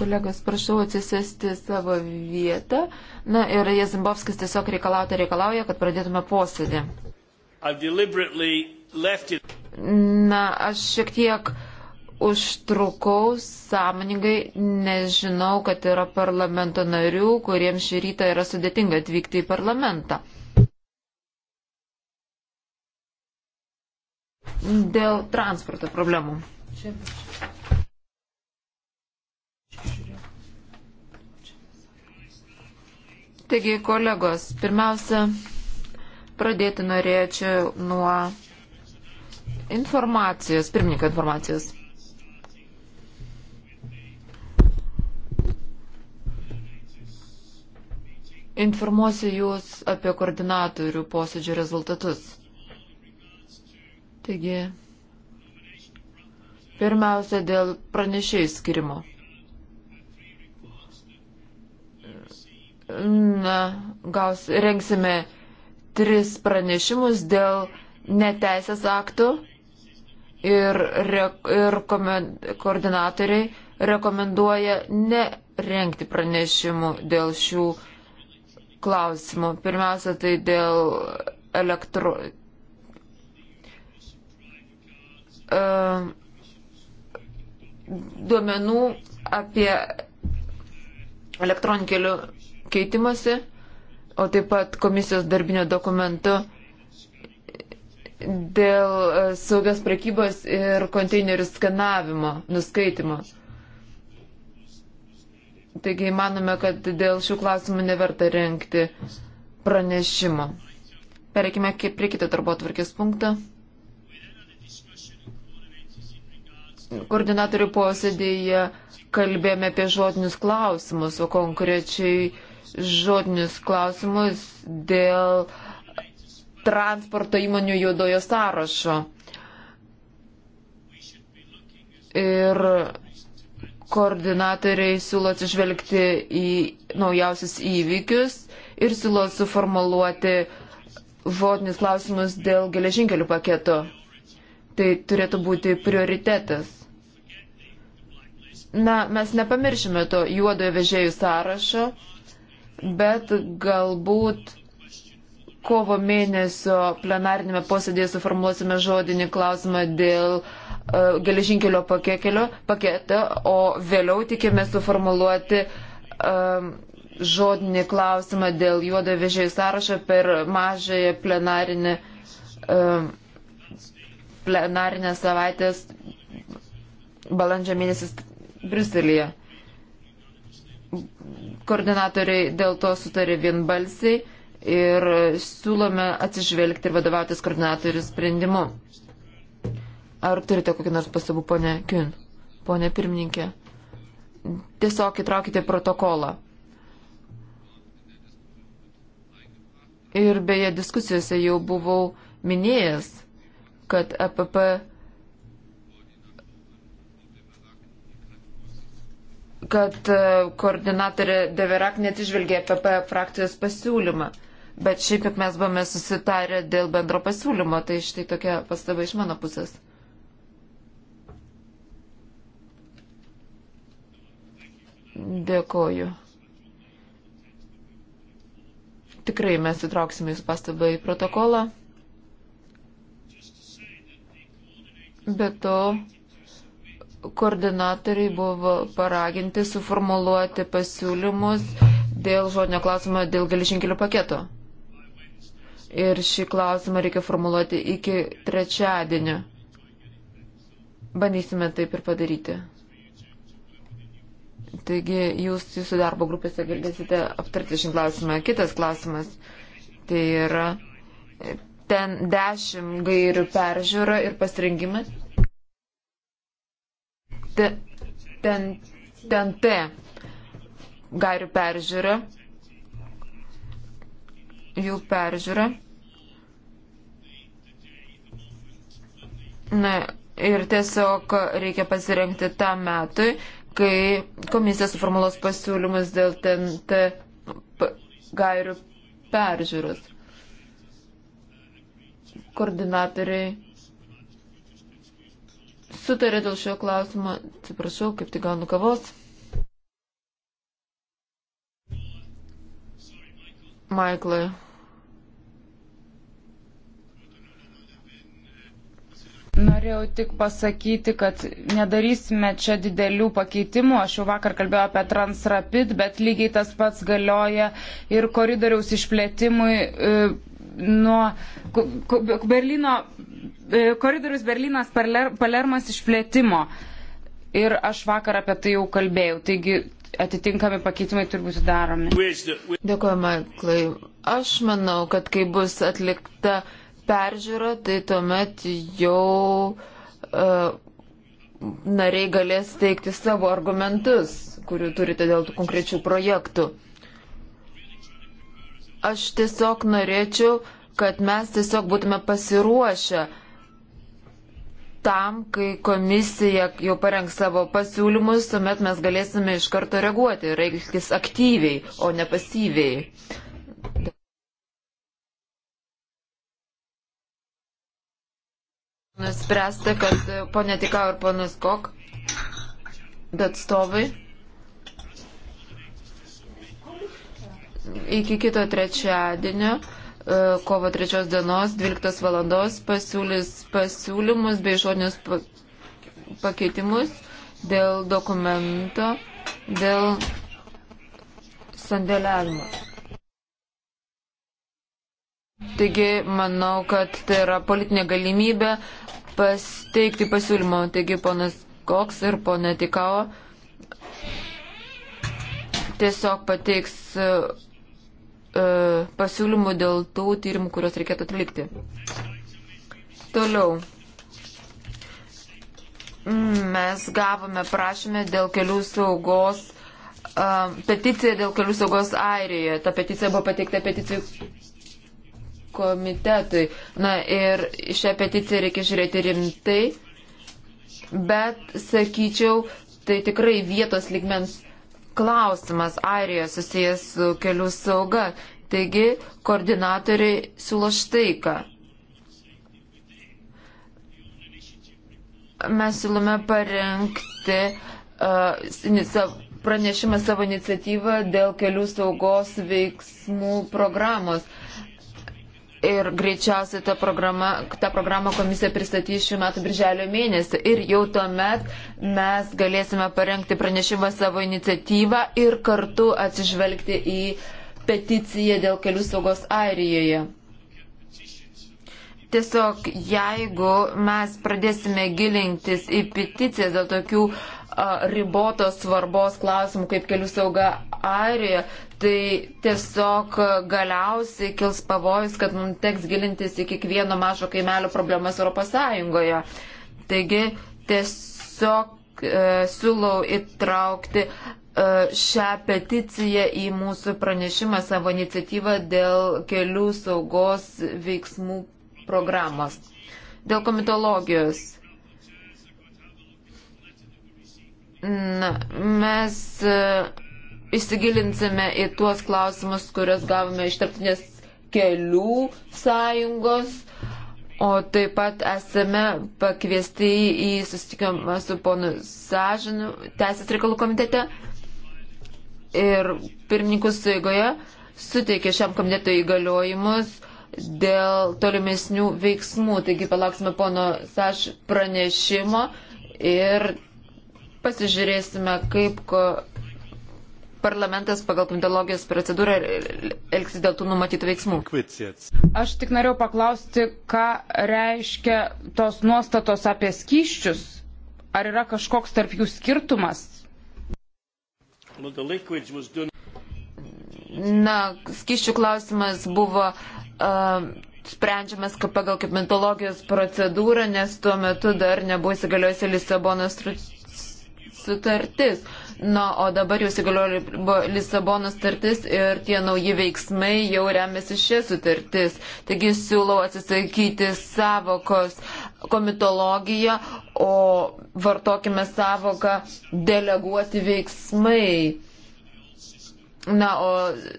Kolegos, prašau atsisėsti savo vietą. Na ir Jazimbovskis tiesiog reikalauja, reikalauja, kad pradėtume posėdį. Na, aš šiek tiek užtrukau sąmoningai, nežinau, kad yra parlamento narių, kuriems šį rytą yra sudėtinga atvykti į parlamentą. dėl transporto problemų. Taigi, kolegos, pirmiausia, pradėti norėčiau nuo informacijos, pirmininko informacijos. Informuosiu Jūs apie koordinatorių posėdžio rezultatus. Taigi, pirmiausia, dėl pranešėjų skirimo. Na, gaus, rengsime tris pranešimus dėl neteisės aktų ir, re, ir komen, koordinatoriai rekomenduoja nerengti pranešimų dėl šių klausimų. Pirmiausia, tai dėl elektro, uh, duomenų apie elektroninių kelių keitimasi, o taip pat komisijos darbinio dokumento dėl e, saugios prekybos ir konteinerių skanavimo, nuskaitimo. Taigi manome, kad dėl šių klausimų neverta renkti pranešimo. Pereikime prie kito darbo atvarkės punkto. koordinatorių posėdėje kalbėjome apie žodinius klausimus, o konkrečiai žodinius klausimus dėl transporto įmonių juodojo sąrašo. Ir koordinatoriai siūlo atsižvelgti į naujausius įvykius ir siūlo suformuluoti žodinius klausimus dėl geležinkelių paketo. Tai turėtų būti prioritetas na, mes nepamiršime to juodojo vežėjų sąrašo, bet galbūt kovo mėnesio plenarinėme posėdėje suformuosime žodinį klausimą dėl uh, geležinkelio paketo, o vėliau tikime suformuluoti um, žodinį klausimą dėl juodo vežėjų sąrašo per mažąją plenarinę, um, plenarinę savaitės balandžio mėnesis Briuselėje. Koordinatoriai dėl to sutarė vienbalsiai ir siūlome atsižvelgti ir vadovautis koordinatorių sprendimu. Ar turite kokį nors pasabų, ponė Kiun, ponė pirmininkė? Tiesiog įtraukite protokolą. Ir beje, diskusijose jau buvau minėjęs, kad EPP kad e, koordinatorė Deverak netižvelgė PP frakcijos pasiūlymą. Bet šiaip juk mes buvome susitarę dėl bendro pasiūlymo, tai štai tokia pastaba iš mano pusės. Dėkoju. Tikrai mes įtrauksime jūsų pastabą į protokolą. Be to, koordinatoriai buvo paraginti suformuluoti pasiūlymus dėl žodinio klausimo dėl geležinkelių paketo. Ir šį klausimą reikia formuluoti iki trečiadienio. Bandysime taip ir padaryti. Taigi jūs jūsų darbo grupėse galėsite aptarti šį klausimą. Kitas klausimas tai yra ten dešimt gairių peržiūra ir pasirinkimas TNT gairių peržiūra, jų peržiūra. Na, ir tiesiog reikia pasirengti tam metui, kai komisija suformulos pasiūlymus dėl TNT gairių peržiūros. Koordinatoriai sutarė dėl šio klausimo. Atsiprašau, kaip tik gaunu kavos. Maiklai. Norėjau tik pasakyti, kad nedarysime čia didelių pakeitimų. Aš jau vakar kalbėjau apie Transrapid, bet lygiai tas pats galioja ir koridoriaus išplėtimui e, nuo Berlyno E, koridorius Berlynas Palermas išplėtimo. Ir aš vakar apie tai jau kalbėjau, taigi atitinkami pakeitimai turi būti daromi. Dėkuoju, Maiklai. Aš manau, kad kai bus atlikta peržiūra, tai tuomet jau uh, nariai galės teikti savo argumentus, kurių turite dėl tų konkrečių projektų. Aš tiesiog norėčiau, kad mes tiesiog būtume pasiruošę uh, tam, kai komisija jau parengs savo pasiūlymus, tuomet mes galėsime iš karto reaguoti ir reikis aktyviai, o ne pasyviai. Nuspręsta, kad ponė Tikau ir ponas Kok, bet stovai. Iki kito trečiadienio E, kovo 3 dienos 12 valandos pasiūlys pasiūlymus bei žodinius pakeitimus dėl dokumento, dėl sandėliavimo. Taigi, manau, kad tai yra politinė galimybė pasteikti pasiūlymą. Taigi, ponas Koks ir ponė Tikao tiesiog pateiks E, pasiūlymų dėl tų tyrimų, kuriuos reikėtų atlikti. Toliau. Mes gavome prašymę dėl kelių saugos, uh, peticiją dėl kelių saugos Airijoje. Ta peticija buvo pateikta peticijų komitetui. Na ir šią peticiją reikia žiūrėti rimtai, bet sakyčiau, tai tikrai vietos ligmens klausimas Airijos susijęs su kelių sauga. Taigi, koordinatoriai siūlo štai ką. Mes siūlome parengti uh, pranešimą savo iniciatyvą dėl kelių saugos veiksmų programos. Uh, ir greičiausiai ta programa, ta programa komisija pristatys šių metų birželio mėnesį. Ir jau tuomet mes galėsime parengti pranešimą savo iniciatyvą ir kartu atsižvelgti į peticiją dėl kelių saugos Airijoje. Tiesiog jeigu mes pradėsime gilintis į peticijas dėl tokių uh, ribotos svarbos klausimų kaip kelių sauga Airijoje, tai tiesiog galiausiai kils pavojus, kad mums teks gilintis į kiekvieno mažo kaimelio problemas Europos Sąjungoje. Taigi tiesiog e, siūlau įtraukti e, šią peticiją į mūsų pranešimą savo iniciatyvą dėl kelių saugos veiksmų programos. Dėl komitologijos Na, mes e, įsigilinsime į tuos klausimus, kuriuos gavome iš tarptinės kelių sąjungos, o taip pat esame pakviesti į susitikimą su ponu Sažinu Teisės reikalų komitete ir pirmininkus suigoje suteikė šiam komitetui įgaliojimus dėl tolimesnių veiksmų. Taigi palauksime pono Saž pranešimo ir Pasižiūrėsime, kaip ko parlamentas pagal pandologijos procedūrą elgsis dėl tų numatytų veiksmų. Aš tik norėjau paklausti, ką reiškia tos nuostatos apie skyščius. Ar yra kažkoks tarp jų skirtumas? Na, skyščių klausimas buvo uh, sprendžiamas pagal kaip mitologijos procedūrą, nes tuo metu dar nebuvo įsigaliojusi Lisabonos strategija sutartis. Na, o dabar jau įsigaliojo Lisabonos sutartis ir tie nauji veiksmai jau remiasi šią sutartis. Taigi siūlau atsisakyti savokos komitologiją, o vartokime savoką deleguoti veiksmai. Na, o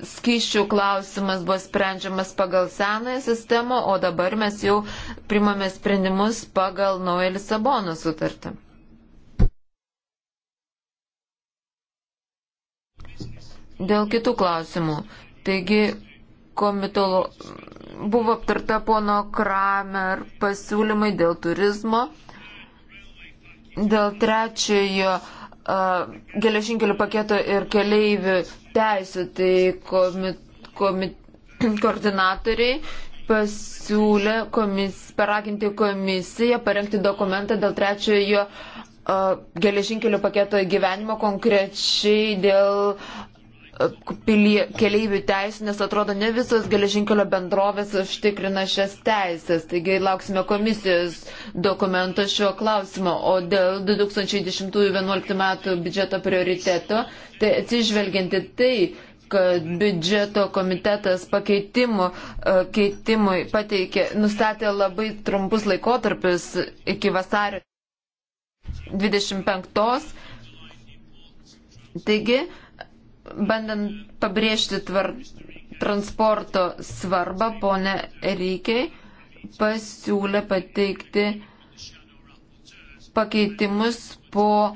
skyšių klausimas buvo sprendžiamas pagal senąją sistemą, o dabar mes jau primame sprendimus pagal naują Lisabono sutartį. dėl kitų klausimų. Taigi, komitolo buvo aptarta pono Kramer pasiūlymai dėl turizmo, dėl trečiojo uh, geležinkelių paketo ir keleivių teisų, tai komit, komit, koordinatoriai pasiūlė komis, paraginti komisiją parengti dokumentą dėl trečiojo uh, geležinkelio paketo gyvenimo konkrečiai dėl uh, pilie, keleivių teisų, nes atrodo ne visos geležinkelio bendrovės užtikrina šias teisės. Taigi lauksime komisijos dokumento šiuo klausimu. O dėl 2010-2011 metų biudžeto prioriteto, tai atsižvelgianti tai, kad biudžeto komitetas pakeitimų e, keitimui pateikė, nustatė labai trumpus laikotarpius iki vasario 25. Taigi, bandant pabrėžti tvar, transporto svarbą, ponė Reikiai pasiūlė pateikti pakeitimus po e,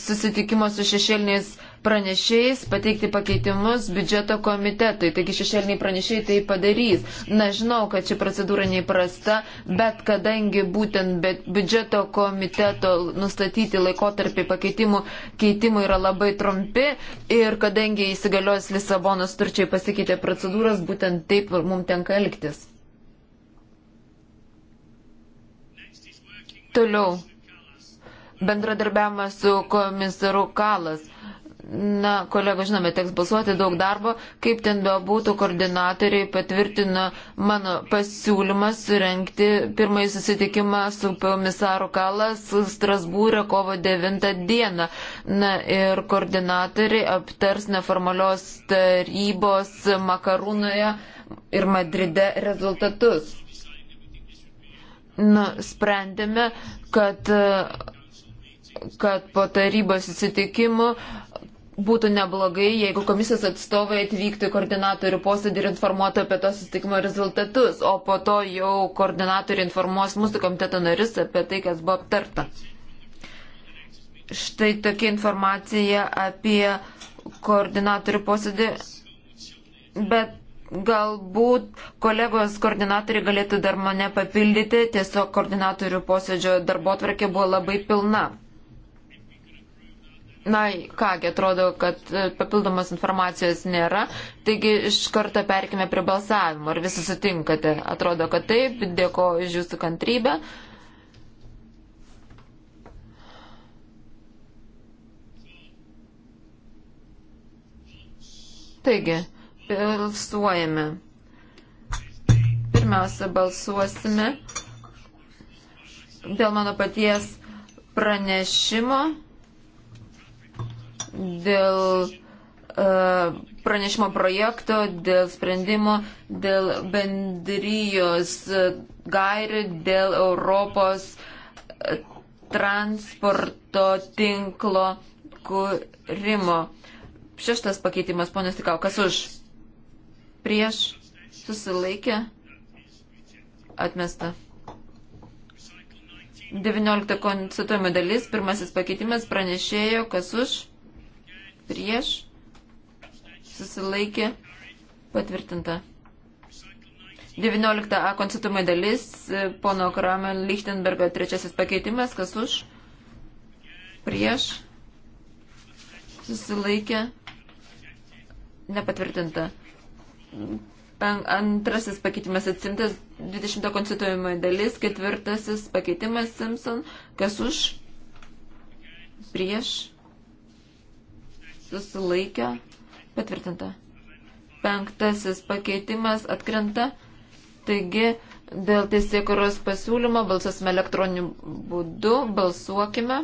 susitikimo su šešėliniais pranešėjais pateikti pakeitimus biudžeto komitetui. Taigi šešėliniai pranešėjai tai padarys. Na, žinau, kad ši procedūra neįprasta, bet kadangi būtent bet biudžeto komiteto nustatyti laikotarpį pakeitimų keitimų yra labai trumpi ir kadangi įsigalios Lisabonos turčiai pasikeitė procedūras, būtent taip mums tenka elgtis. Toliau bendradarbiavimas su komisaru Kalas. Na, kolego, žinome, teks balsuoti daug darbo, kaip ten bebūtų, koordinatoriai patvirtino mano pasiūlymą surenkti pirmąjį susitikimą su komisaru Kalas Strasbūrė kovo 9 dieną. Na ir koordinatoriai aptars neformalios tarybos Makarūnoje ir Madride rezultatus. Na, sprendėme, kad kad po tarybos įsitikimų būtų neblogai, jeigu komisijos atstovai atvyktų į koordinatorių posėdį ir informuotų apie to susitikimo rezultatus, o po to jau koordinatoriai informuos mūsų komiteto narius apie tai, kas buvo aptarta. Štai tokia informacija apie koordinatorių posėdį, bet galbūt kolegos koordinatoriai galėtų dar mane papildyti, tiesiog koordinatorių posėdžio darbo tvarkė buvo labai pilna. Na, kągi, atrodo, kad e, papildomos informacijos nėra, taigi iš karto perkime prie balsavimo. Ar visi sutinkate? Atrodo, kad taip, dėkoju už jūsų kantrybę. Taigi, balsuojame. Pirmiausia, balsuosime dėl mano paties pranešimo dėl e, pranešimo projekto, dėl sprendimo, dėl bendrijos gairių, dėl Europos transporto tinklo kūrimo. Šeštas pakeitimas, ponas Tikau, kas už? Prieš susilaikė? Atmesta. 19 konstituojimo dalis, pirmasis pakeitimas pranešėjo, kas už? prieš, susilaikė, patvirtinta. 19a konstitucijų dalis, pono Kramen Lichtenbergo trečiasis pakeitimas, kas už, prieš, susilaikė, nepatvirtinta. Antrasis pakeitimas atsimtas, 20 konstitucijų dalis, ketvirtasis pakeitimas Simpson, kas už, prieš, susilaikė, patvirtinta. Penktasis pakeitimas atkrenta, taigi dėl teisėkuros pasiūlymo balsuosime elektroniniu būdu, balsuokime.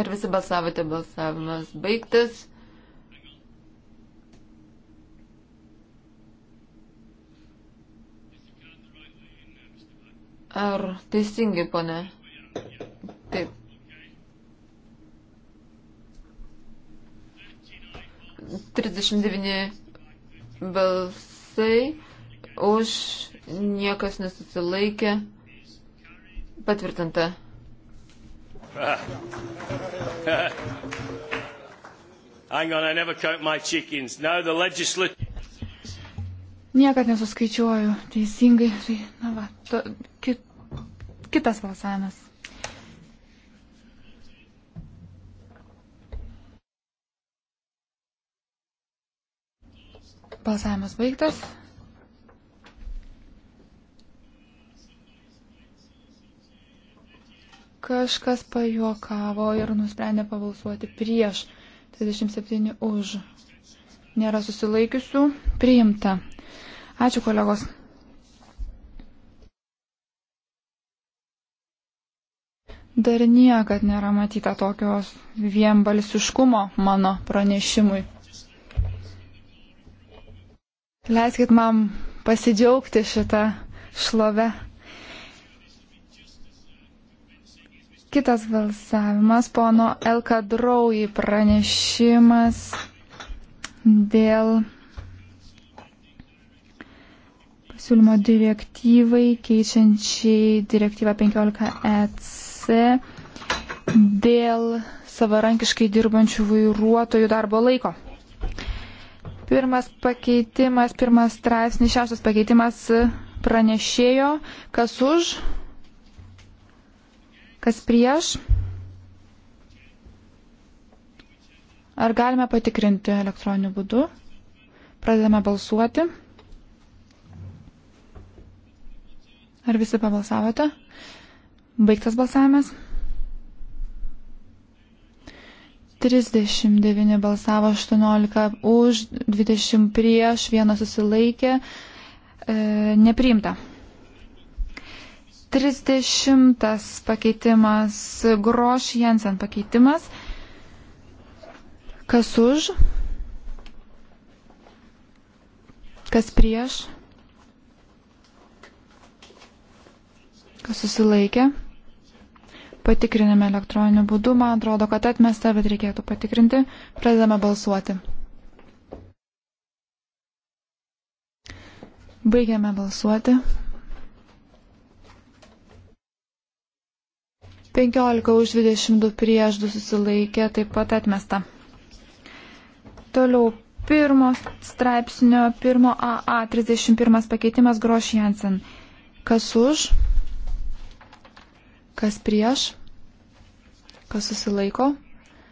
Ar visi balsavote, balsavimas baigtas. Ar teisingai, pone? Taip. 39 balsai už niekas nesusilaikė. Patvirtinta. Hang on, I never count my chickens. Now the legislature. Niekad nesuskaičiuoju teisingai. Tai, na va, to, kit, kitas balsavimas. Balsavimas baigtas. Kažkas pajuokavo ir nusprendė pabalsuoti prieš 27 už. Nėra susilaikiusių. Priimta. Ačiū kolegos. Dar niekad nėra matyta tokios vienbalsiškumo mano pranešimui. Leiskit man pasidžiaugti šitą šlovę. Kitas balsavimas, pono Elka Drauji pranešimas dėl pasiūlymo direktyvai, keičiančiai direktyvą 15EC e dėl savarankiškai dirbančių vairuotojų darbo laiko. Pirmas pakeitimas, pirmas straipsnis, šeštas pakeitimas pranešėjo, kas už, kas prieš. Ar galime patikrinti elektroniniu būdu? Pradedame balsuoti. Ar visi pabalsavote? Baigtas balsavimas. 39 balsavo, 18 už, 20 prieš, vienas susilaikė, e, nepriimta. 30 pakeitimas, Groš Jensen pakeitimas. Kas už? Kas prieš? Kas susilaikė? Patikriname elektroniniu būdu, man atrodo, kad atmesta, bet reikėtų patikrinti. Pradedame balsuoti. Baigiame balsuoti. 15 už 22 prieš 2 susilaikė, taip pat atmesta. Toliau pirmo straipsnio, pirmo AA, 31 pakeitimas Groš Jansen. Kas už? Kas prieš? Kas susilaiko?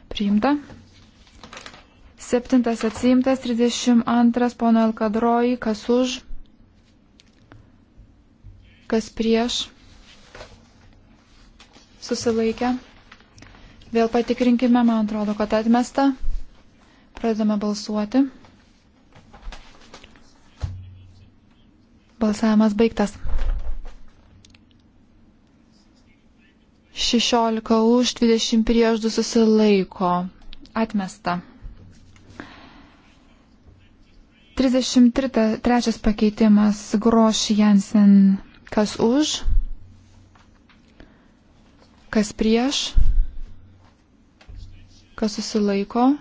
Priimta. Septintas atsiimtas, 32 pono Elkadroji, kas už, kas prieš, susilaikė. Vėl patikrinkime, man atrodo, kad atmesta. Pradedame balsuoti. Balsavimas baigtas. 16 už 20 prieš 2 susilaiko. Atmesta. 33 pakeitimas Groš Jansen. Kas už? Kas prieš? Kas susilaiko?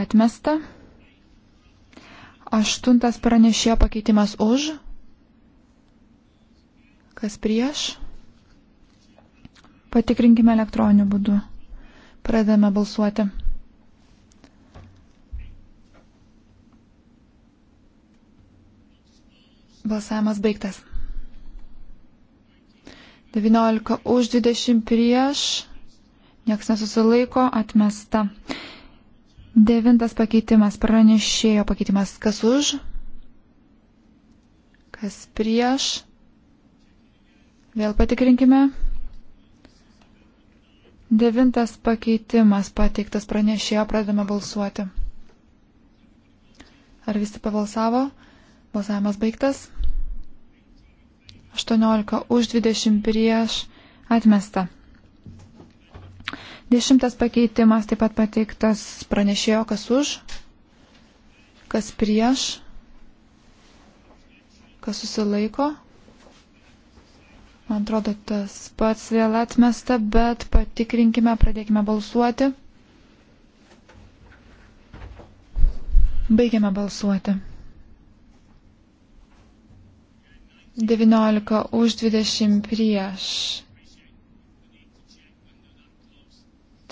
Atmesta. Aštuntas pranešėjo pakeitimas už. Kas prieš? Patikrinkime elektroniniu būdu. Pradedame balsuoti. Balsavimas baigtas. 19 už 20 prieš. Niekas nesusilaiko. Atmesta. Devintas pakeitimas. Pranešėjo pakeitimas. Kas už? Kas prieš? Vėl patikrinkime. Devintas pakeitimas pateiktas pranešėjo, pradame balsuoti. Ar visi pabalsavo? Balsavimas baigtas. 18 už 20 prieš atmesta. Dešimtas pakeitimas taip pat pateiktas pranešėjo, kas už, kas prieš, kas susilaiko, Man atrodo, tas pats vėl atmesta, bet patikrinkime, pradėkime balsuoti. Baigiame balsuoti. 19 už 20 prieš.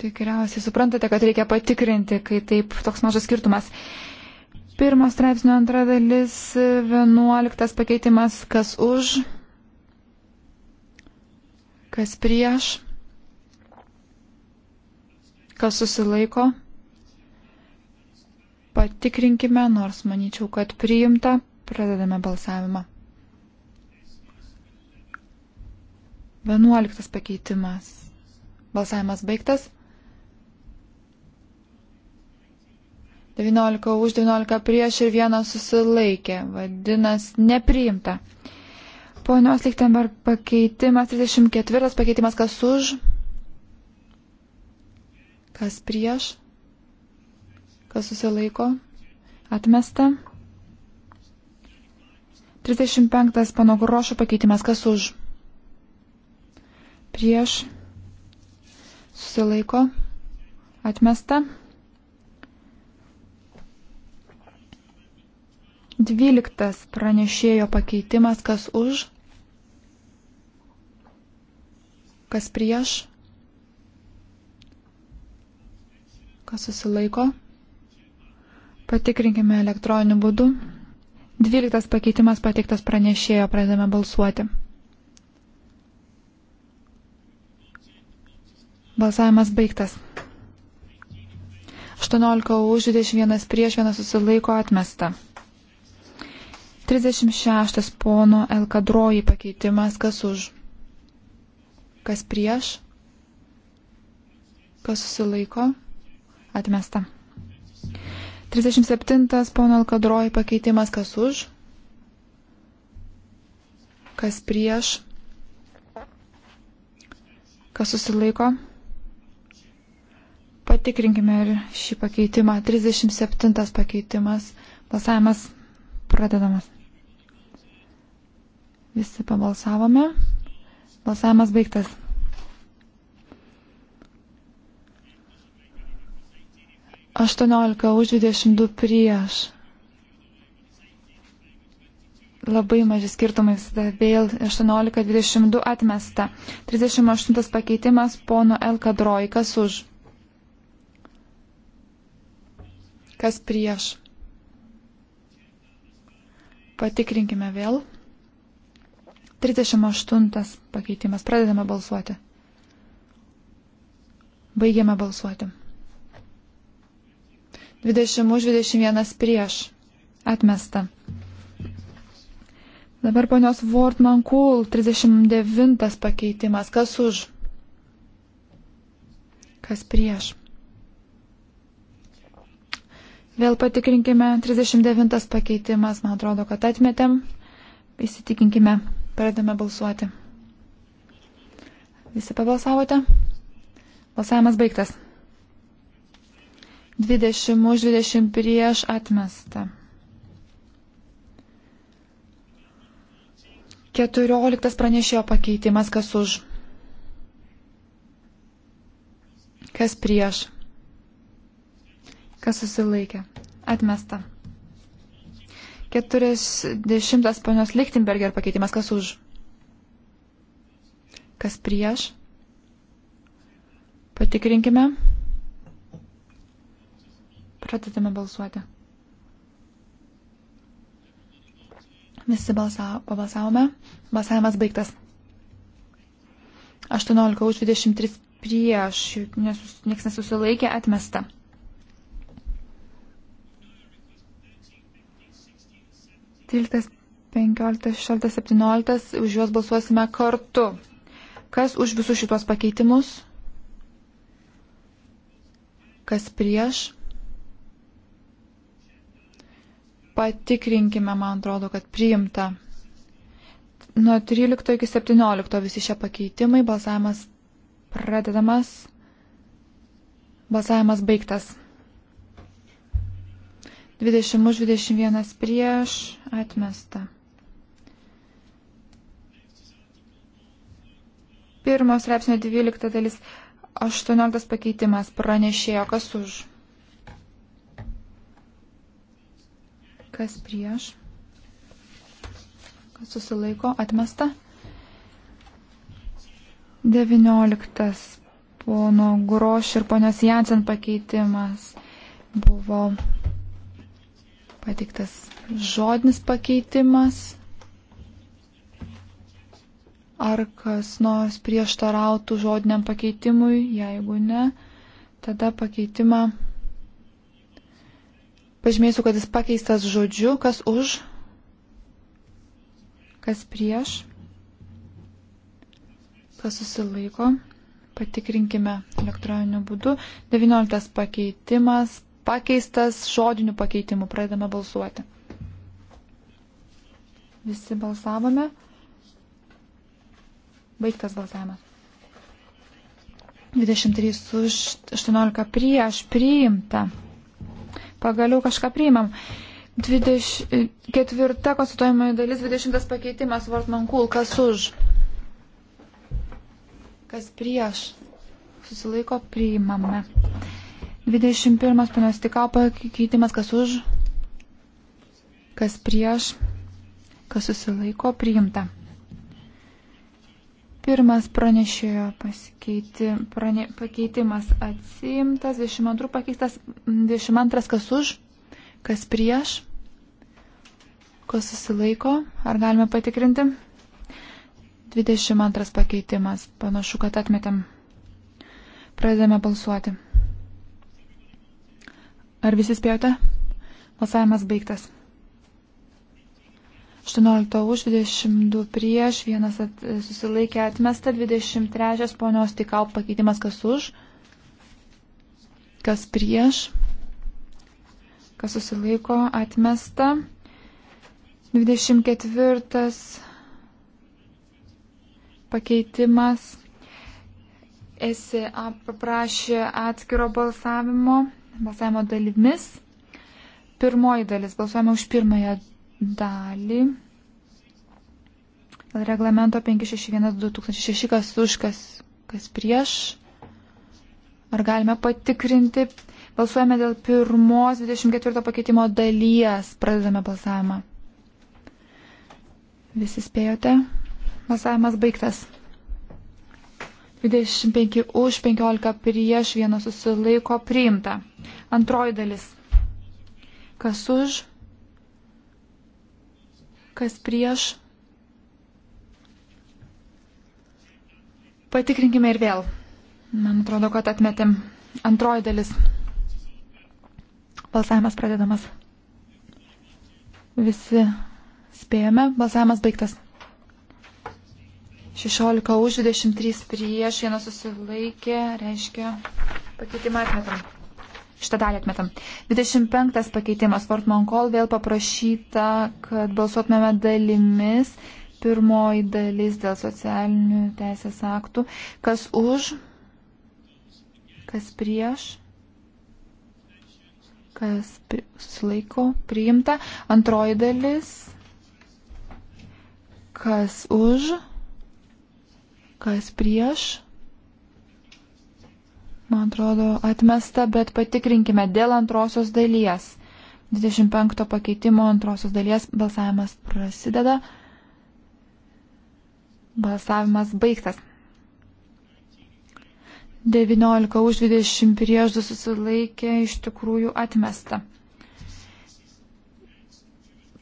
Tikriausiai suprantate, kad reikia patikrinti, kai taip toks mažas skirtumas. Pirmas straipsnio antra dalis, 11 pakeitimas, kas už. Kas prieš? Kas susilaiko? Patikrinkime, nors manyčiau, kad priimta. Pradedame balsavimą. 11 pakeitimas. Balsavimas baigtas. 19 už 19 prieš ir vienas susilaikė. Vadinas, nepriimta. Ponios Lichtenberg pakeitimas, 34 pakeitimas, kas už, kas prieš, kas susilaiko, atmesta. 35 pano Grošo pakeitimas, kas už, prieš, susilaiko, atmesta. 12 pranešėjo pakeitimas, kas už, Kas prieš? Kas susilaiko? Patikrinkime elektroniniu būdu. Dvyliktas pakeitimas pateiktas pranešėjo, pradedame balsuoti. Balsavimas baigtas. 18 už 21 prieš 1 susilaiko atmesta. 36 pono Elkadroji pakeitimas, kas už. Kas prieš? Kas susilaiko? Atmesta. 37. Pono Alkadroji pakeitimas. Kas už? Kas prieš? Kas susilaiko? Patikrinkime ir šį pakeitimą. 37 pakeitimas. Balsavimas pradedamas. Visi pabalsavome. Balsavimas baigtas. Aštuoniolika už dvidešimt du prieš. Labai maži skirtumai visada. Vėl 18-22 atmesta. 38 pakeitimas pono Elka Droikas už. Kas prieš? Patikrinkime vėl. 38 pakeitimas. Pradedame balsuoti. Baigiame balsuoti. 20 už 21 prieš. Atmesta. Dabar ponios Wortman Kul, 39 pakeitimas. Kas už? Kas prieš? Vėl patikrinkime. 39 pakeitimas. Man atrodo, kad atmetėm. Įsitikinkime. Pradame balsuoti. Visi pabalsavote? Balsavimas baigtas. 20 už 20 prieš atmestą. 14 pranešėjo pakeitimas, kas už. Kas prieš. Kas susilaikė. Atmesta. 40 ponios Lichtenberger pakeitimas. Kas už? Kas prieš? Patikrinkime. Pradedame balsuoti. Visi balsavo, pabalsavome. Balsavimas baigtas. 18 už 23 prieš, niekas nesusilaikė, atmesta. 13, 15, 16, 17, už juos balsuosime kartu. Kas už visus šitos pakeitimus? Kas prieš? Patikrinkime, man atrodo, kad priimta. Nuo 13 iki 17 visi šie pakeitimai, balsavimas pradedamas, balsavimas baigtas. 20 už 21 prieš atmesta. Pirmos straipsnio 12 dalis 18 pakeitimas pranešėjo kas už. Kas prieš? Kas susilaiko? Atmesta. 19 pono Groš ir ponios Jansen pakeitimas buvo Pateiktas žodinis pakeitimas. Ar kas nors prieštarautų žodiniam pakeitimui, jeigu ne, tada pakeitimą. Pažymėsiu, kad jis pakeistas žodžiu, kas už, kas prieš, kas susilaiko. Patikrinkime elektroniniu būdu. 19 pakeitimas pakeistas žodiniu pakeitimu. Pradedame balsuoti. Visi balsavome. Baigtas balsavimas. 23 už 18 prieš priimta. Pagaliau kažką priimam. 24 konsultuojamoji dalis, 20 pakeitimas Vartman Kul, kas už, kas prieš, susilaiko priimame. 21 ponios tikau pakeitimas, kas už, kas prieš, kas susilaiko, priimta. Pirmas pranešėjo pasikeiti, prane, pakeitimas atsiimtas, 22 pakeistas, 22 kas už, kas prieš, kas susilaiko, ar galime patikrinti? 22 pakeitimas, panašu, kad atmetėm. Pradedame balsuoti. Ar visi spėjote? Balsavimas baigtas. 18 už, 22 prieš, vienas at, susilaikė atmesta, 23 ponios tikau pakeitimas kas už, kas prieš, kas susilaiko atmesta, 24 pakeitimas. Esi paprašė atskiro balsavimo balsavimo dalimis. Pirmoji dalis balsuojame už pirmąją dalį. Dėl reglamento 561-2006, kas už, kas, kas prieš. Ar galime patikrinti? Balsuojame dėl pirmos 24 pakeitimo dalies. Pradedame balsavimą. Visi spėjote? Balsavimas baigtas. 25 už, 15 prieš, vienas susilaiko priimta. Antroji dalis. Kas už, kas prieš. Patikrinkime ir vėl. Man atrodo, kad atmetėm. Antroji dalis. Balsavimas pradedamas. Visi spėjome. Balsavimas baigtas. 16 už 23 prieš, vienas susilaikė, reiškia pakeitimą atmetam. Šitą dalį atmetam. 25 pakeitimas Fortman Call vėl paprašyta, kad balsuotumėme dalimis. Pirmoji dalis dėl socialinių teisės aktų. Kas už, kas prieš, kas pri, susilaiko, priimta. Antroji dalis. Kas už kas prieš. Man atrodo, atmesta, bet patikrinkime dėl antrosios dalies. 25 pakeitimo antrosios dalies balsavimas prasideda. Balsavimas baigtas. 19 už 20 prieš du susilaikė iš tikrųjų atmesta.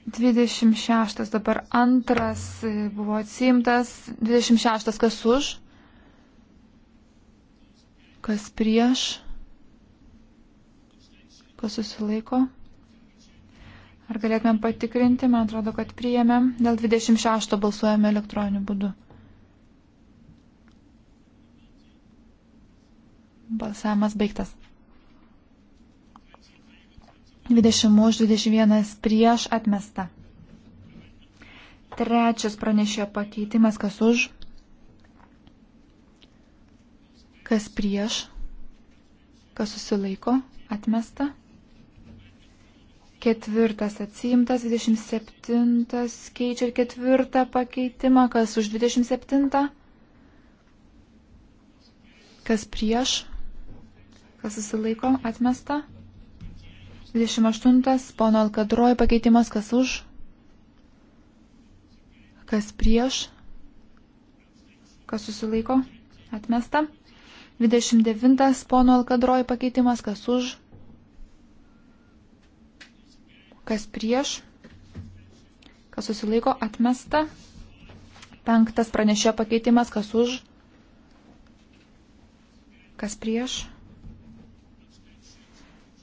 26 dabar antras e, buvo atsimtas. 26 kas už? Kas prieš? Kas susilaiko? Ar galėtumėm patikrinti? Man atrodo, kad priėmėm. Dėl 26 balsuojame elektroniniu būdu. Balsavimas baigtas. 20 už 21 prieš atmesta. Trečias pranešėjo pakeitimas, kas už, kas prieš, kas susilaiko, atmesta. Ketvirtas atsiimtas, 27 keičia ir ketvirtą pakeitimą, kas už 27, kas prieš, kas susilaiko, atmesta. 28. Pono Alkadrojo pakeitimas kas už, kas prieš, kas susilaiko, atmesta. 29. Pono Alkadrojo pakeitimas kas už, kas prieš, kas susilaiko, atmesta. Penktas pranešėjo pakeitimas kas už, kas prieš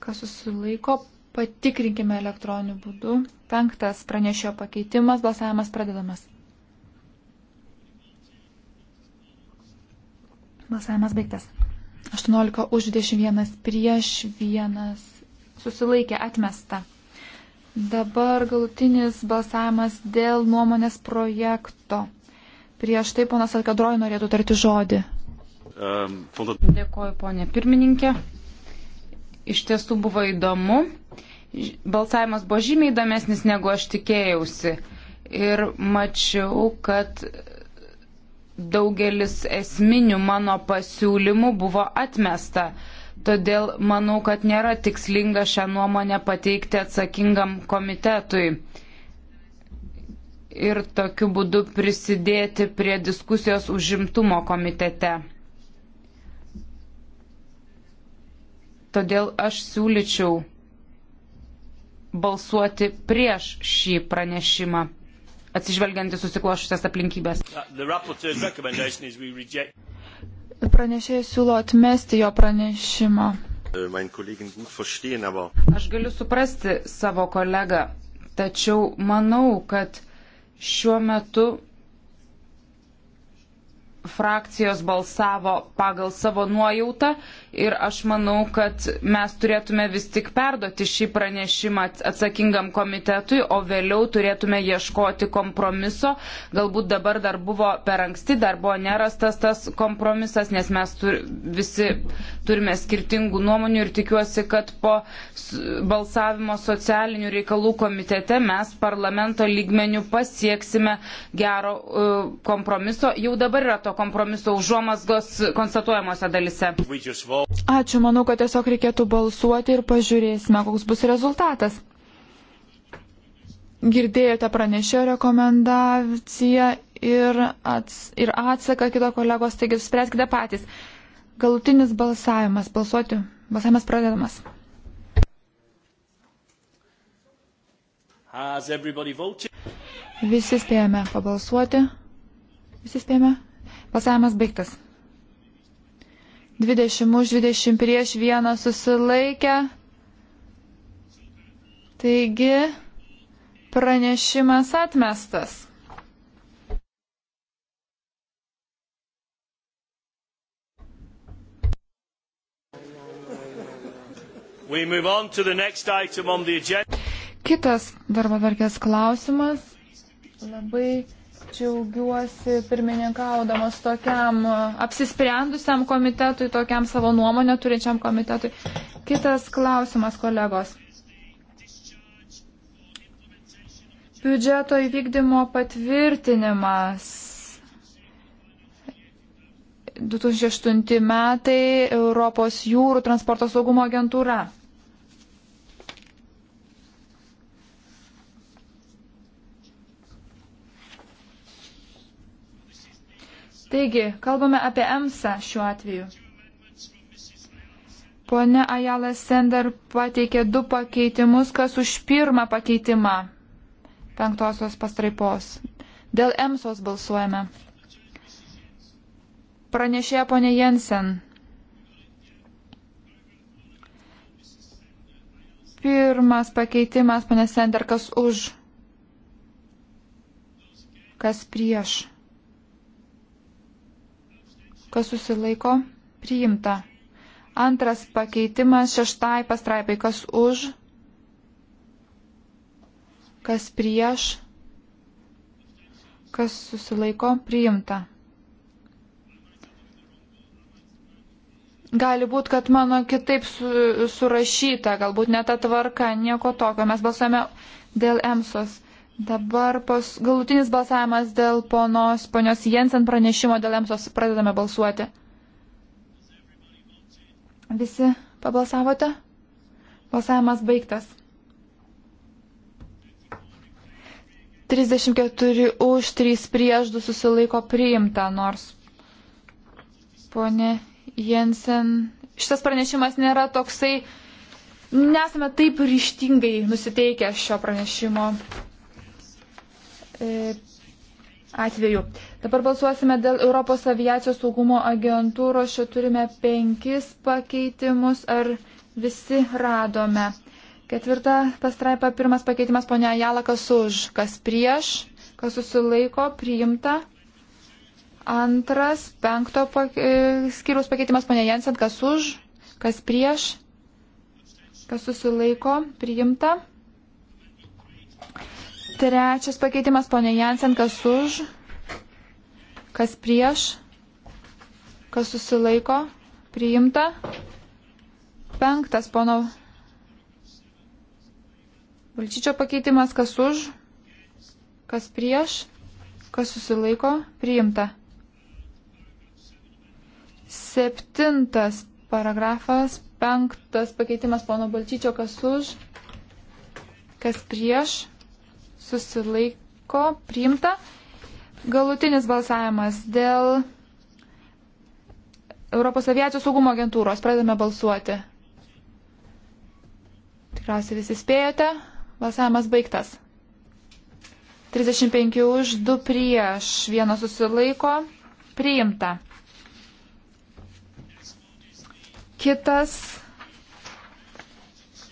kas susilaiko, patikrinkime elektroniniu būdu. Penktas pranešio pakeitimas, balsavimas pradedamas. Balsavimas baigtas. 18 už 21 prieš 1 susilaikė atmesta. Dabar galutinis balsavimas dėl nuomonės projekto. Prieš tai ponas Alkadroj norėtų tarti žodį. Um, Dėkuoju, ponė pirmininkė iš tiesų buvo įdomu. Balsavimas buvo žymiai įdomesnis, negu aš tikėjausi. Ir mačiau, kad daugelis esminių mano pasiūlymų buvo atmesta. Todėl manau, kad nėra tikslinga šią nuomonę pateikti atsakingam komitetui ir tokiu būdu prisidėti prie diskusijos užimtumo komitete. Todėl aš siūlyčiau balsuoti prieš šį pranešimą, atsižvelgiant į susiklošusias aplinkybės. Uh, Pranešėjas siūlo atmesti jo pranešimą. Äh, aš galiu suprasti savo kolegą, tačiau manau, kad šiuo metu frakcijos balsavo pagal savo nuojautą ir aš manau, kad mes turėtume vis tik perduoti šį pranešimą atsakingam komitetui, o vėliau turėtume ieškoti kompromiso. Galbūt dabar dar buvo per anksti, dar buvo nerastas tas kompromisas, nes mes tur, visi turime skirtingų nuomonių ir tikiuosi, kad po balsavimo socialinių reikalų komitete mes parlamento lygmenių pasieksime gero uh, kompromiso. Jau dabar yra to kompromiso užuomasgos konstatuojamosi dalise. Ačiū, manau, kad tiesiog reikėtų balsuoti ir pažiūrėsime, koks bus rezultatas. Girdėjote pranešėjo rekomendaciją ir, ats, ir atsaką kito kolegos, taigi spręskite patys. Galutinis balsavimas, balsuoti, balsavimas pradedamas. Visi spėjame pabalsuoti. Visi spėjame. Balsavimas baigtas. 20 už 20 prieš vieną susilaikę. Taigi pranešimas atmestas. Kitas darbo verkės klausimas. Labai džiaugiuosi pirmininkaudamas tokiam apsisprendusiam komitetui, tokiam savo nuomonę turinčiam komitetui. Kitas klausimas, kolegos. Biudžeto įvykdymo patvirtinimas. 2008 metai Europos jūrų transporto saugumo agentūra. Taigi, kalbame apie EMSA šiuo atveju. Pone Ajala Sender pateikė du pakeitimus, kas už pirmą pakeitimą penktosios pastraipos. Dėl EMSOS balsuojame. Pranešė ponė Jensen. Pirmas pakeitimas, ponė Sender, kas už, kas prieš kas susilaiko, priimta. Antras pakeitimas šeštai pastraipai, kas už, kas prieš, kas susilaiko, priimta. Gali būti, kad mano kitaip su, surašyta, galbūt ne ta tvarka, nieko tokio. Mes balsuojame dėl EMSOS. Dabar pas, galutinis balsavimas dėl ponos, ponios Jensen pranešimo dėl EMSOS pradedame balsuoti. Visi pabalsavote? Balsavimas baigtas. 34 už, 3 prieš, 2 susilaiko priimta, nors ponė Jensen. Šitas pranešimas nėra toksai, nesame taip ryštingai nusiteikę šio pranešimo E, atveju. Dabar balsuosime dėl Europos aviacijos saugumo agentūros. Šio turime penkis pakeitimus. Ar visi radome? Ketvirta pastraipa, pirmas pakeitimas, ponia Jala, kas už, kas prieš, kas susilaiko, priimta. Antras, penkto pake, e, skyrius pakeitimas, ponia Jensen, kas už, kas prieš, kas susilaiko, priimta. Trečias pakeitimas, ponė Jansen, kas už, kas prieš, kas susilaiko, priimta. Penktas, pono Valčyčio pakeitimas, kas už, kas prieš, kas susilaiko, priimta. Septintas paragrafas, penktas pakeitimas pono Balčyčio, kas už, kas prieš, susilaiko priimta. Galutinis balsavimas dėl Europos aviacijos saugumo agentūros. Pradedame balsuoti. Tikriausiai visi spėjote. Balsavimas baigtas. 35 už, 2 prieš, 1 susilaiko. Priimta. Kitas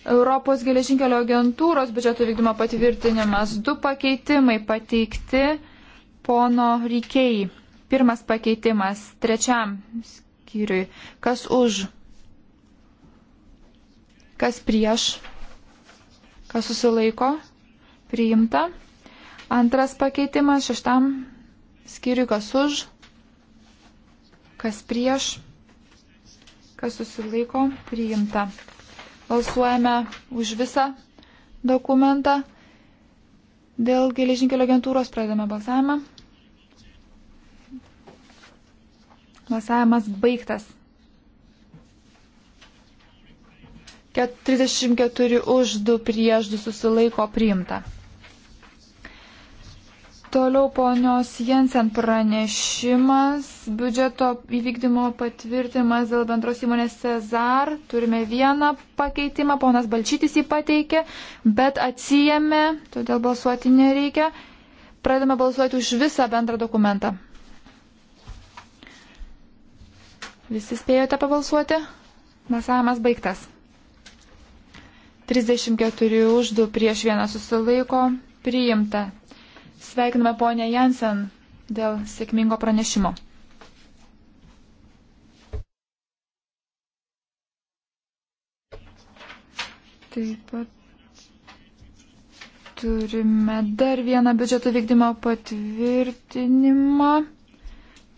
Europos geležinkelio agentūros biudžeto vykdymo patvirtinimas. Du pakeitimai pateikti pono Rykėjai. Pirmas pakeitimas trečiam skyriui. Kas už? Kas prieš? Kas susilaiko? Priimta. Antras pakeitimas šeštam skyriui. Kas už? Kas prieš? Kas susilaiko? Priimta balsuojame už visą dokumentą. Dėl geležinkelio agentūros pradedame balsavimą. Balsavimas baigtas. 34 už 2 prieš 2 susilaiko priimta. Toliau ponios Jensen pranešimas, biudžeto įvykdymo patvirtimas dėl bendros įmonės Cezar. Turime vieną pakeitimą, ponas Balčytis jį pateikė, bet atsijėmė, todėl balsuoti nereikia. Pradame balsuoti už visą bendrą dokumentą. Visi spėjote pabalsuoti? Balsavimas baigtas. 34 už 2 prieš 1 susilaiko. Priimta. Sveikiname ponę Jansen dėl sėkmingo pranešimo. Taip pat turime dar vieną biudžeto vykdymo patvirtinimą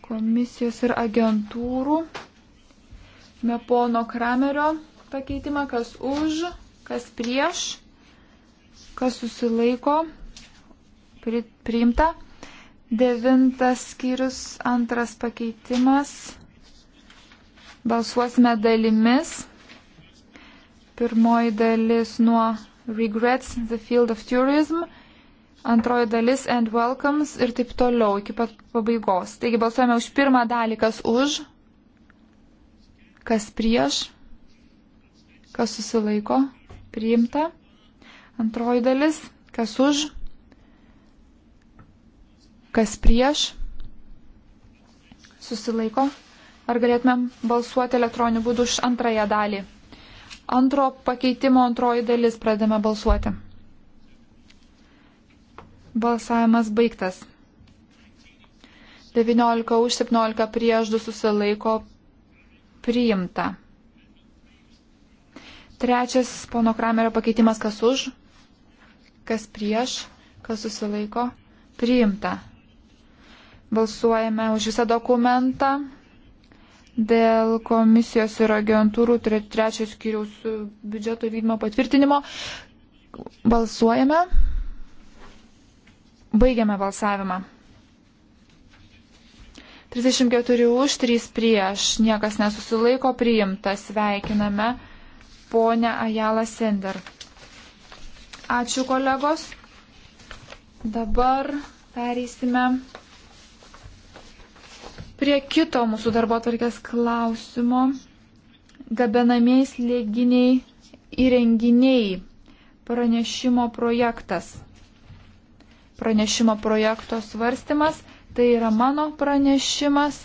komisijos ir agentūrų. Mepono Kramerio pakeitimą, kas už, kas prieš, kas susilaiko pri, priimta. Devintas skyrius, antras pakeitimas. Balsuosime dalimis. Pirmoji dalis nuo Regrets in the Field of Tourism. Antroji dalis And Welcomes ir taip toliau iki pat pabaigos. Taigi balsuojame už pirmą dalį, kas už, kas prieš, kas susilaiko, priimta. Antroji dalis, kas už, kas prieš, susilaiko. Ar galėtumėm balsuoti elektroniniu būdu už antrąją dalį? Antro pakeitimo antroji dalis pradėme balsuoti. Balsavimas baigtas. 19 už 17 prieš 2 susilaiko priimta. Trečias pono Kramerio pakeitimas kas už, kas prieš, kas susilaiko priimta. Balsuojame už visą dokumentą dėl komisijos ir agentūrų tre, trečios skiriaus e, biudžeto vykdymo patvirtinimo. Balsuojame. Baigiame balsavimą. 34 už, 3 prieš, niekas nesusilaiko, priimta, sveikiname ponę Ajalą Sender. Ačiū kolegos. Dabar perėsime. Prie kito mūsų darbo atvarkės klausimo - gabenamiai slėginiai įrenginiai pranešimo projektas. Pranešimo projekto svarstymas - tai yra mano pranešimas.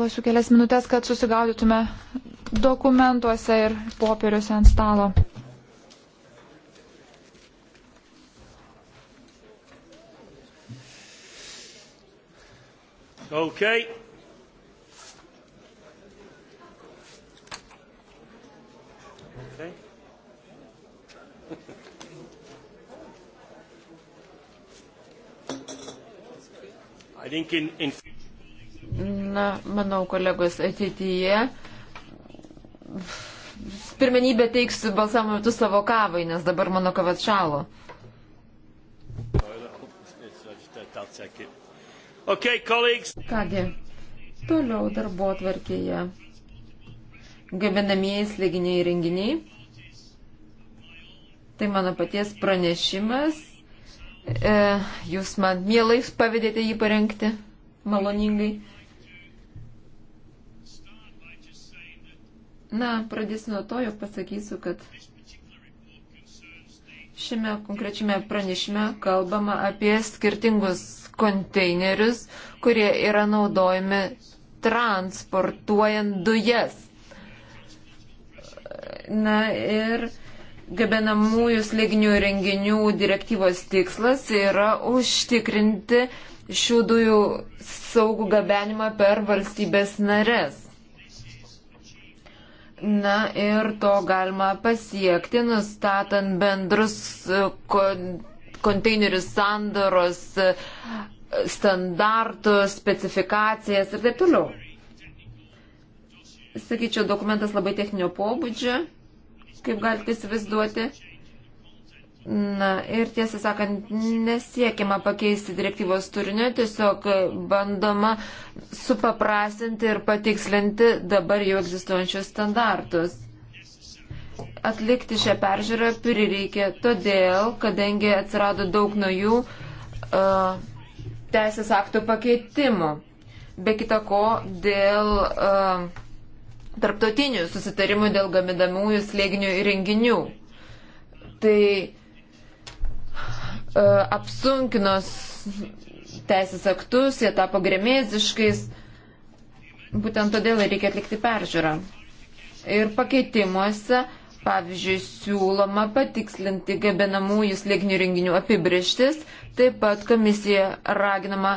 Duosiu kelias minutės, kad susigaudytume dokumentuose ir popieriuose ant stalo. Okay. Okay. I think in, in... Na, manau, kolegos, ateityje pirmenybę teiksiu balsavimo metu savo kavai, nes dabar mano kava atšalo. I'll take it. Okay, colleagues. Kągi, toliau darbo atvarkėje. Gabenamieji slėginiai renginiai. Tai mano paties pranešimas. E, jūs man mielai pavydėte jį parengti maloningai. Na, pradėsiu nuo to, jog pasakysiu, kad šiame konkrečiame pranešime kalbama apie skirtingus konteinerius, kurie yra naudojami transportuojant dujas. Na ir gabenamųjų slėginių renginių direktyvos tikslas yra užtikrinti šių dujų saugų gabenimą per valstybės narės. Na ir to galima pasiekti, nustatant bendrus konteinerių sandaros, standartus, specifikacijas ir taip toliau. Sakyčiau, dokumentas labai techninio pobūdžio, kaip galite įsivaizduoti. Na ir tiesą sakant, nesiekiama pakeisti direktyvos turinio, tiesiog bandoma supaprastinti ir patikslinti dabar jau egzistuojančius standartus atlikti šią peržiūrą prireikė todėl, kadangi atsirado daug naujų uh, teisės aktų pakeitimų. Be kita ko, dėl uh, tarptautinių susitarimų dėl gaminamųjų slėginių įrenginių. Tai uh, e, apsunkinos teisės aktus, jie tapo grėmėziškais. Būtent todėl reikia atlikti peržiūrą. Ir pakeitimuose uh, Pavyzdžiui, siūloma patikslinti gabenamųjų slėginių renginių apibrištis, taip pat komisija raginama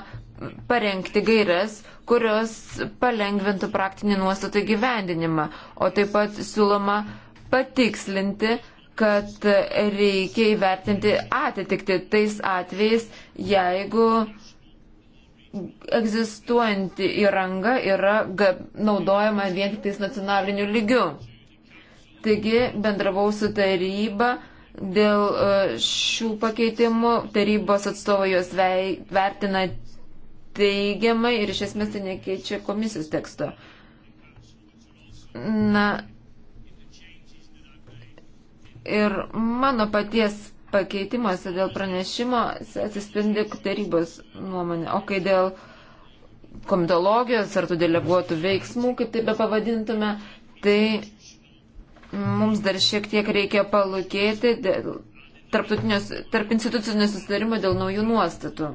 parengti gairias, kurios palengvintų praktinį nuostatą gyvendinimą, o taip pat siūloma patikslinti, kad reikia įvertinti atitikti tais atvejais, jeigu egzistuojanti įranga yra naudojama vien tik tais nacionaliniu lygiu. Taigi bendravau su taryba dėl e, šių pakeitimų. Tarybos atstovai juos vertina teigiamai ir iš esmės tai nekeičia komisijos teksto. Na, ir mano paties pakeitimuose dėl pranešimo atsispindi tarybos nuomonė. O kai dėl komitologijos ar tų deleguotų veiksmų, kaip tai be pavadintume, tai mums dar šiek tiek reikia palūkėti tarp institucinio sustarimo dėl naujų nuostatų.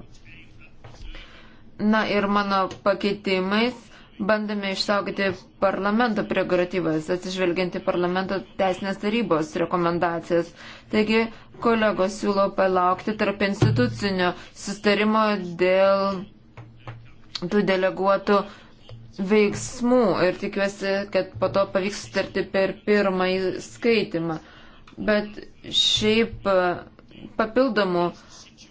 Na ir mano pakeitimais bandome išsaugoti parlamento prerogatyvas, atsižvelgianti parlamento teisinės tarybos rekomendacijas. Taigi, kolegos siūlo palaukti tarp institucinio sustarimo dėl tų deleguotų uh, veiksmų ir tikiuosi, kad po to pavyks sutarti per pirmąjį skaitimą. Bet šiaip e, papildomų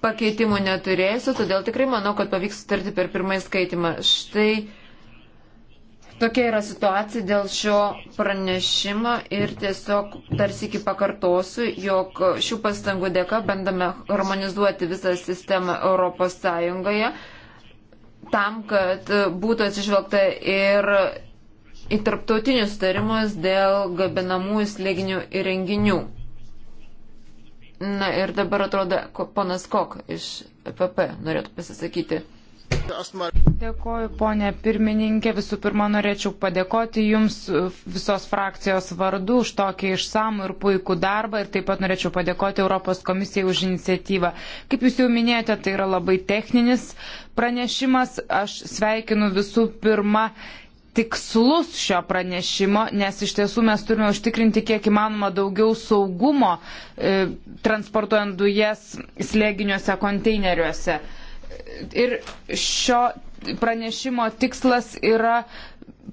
pakeitimų neturėsiu, todėl tikrai manau, kad pavyks sutarti per pirmąjį skaitimą. Štai tokia yra situacija dėl šio pranešimo ir tiesiog tarsi iki pakartosiu, jog šių pastangų dėka bandame harmonizuoti visą sistemą Europos Sąjungoje tam, kad būtų atsižvelgta ir į tarptautinius tarimus dėl gabinamų slėginių įrenginių. Na ir dabar atrodo, ponas Kok iš PP norėtų pasisakyti. Dėkoju, ponė pirmininkė. Visų pirma, norėčiau padėkoti Jums uh, visos frakcijos vardu už tokį išsamų ir puikų darbą ir taip pat norėčiau padėkoti Europos komisijai už iniciatyvą. Kaip Jūs jau minėjote, tai yra labai techninis pranešimas. Aš sveikinu visų pirma tikslus šio pranešimo, nes iš tiesų mes turime užtikrinti kiek įmanoma daugiau saugumo e, transportuojant dujas slėginiuose konteineriuose. E, ir šio pranešimo tikslas yra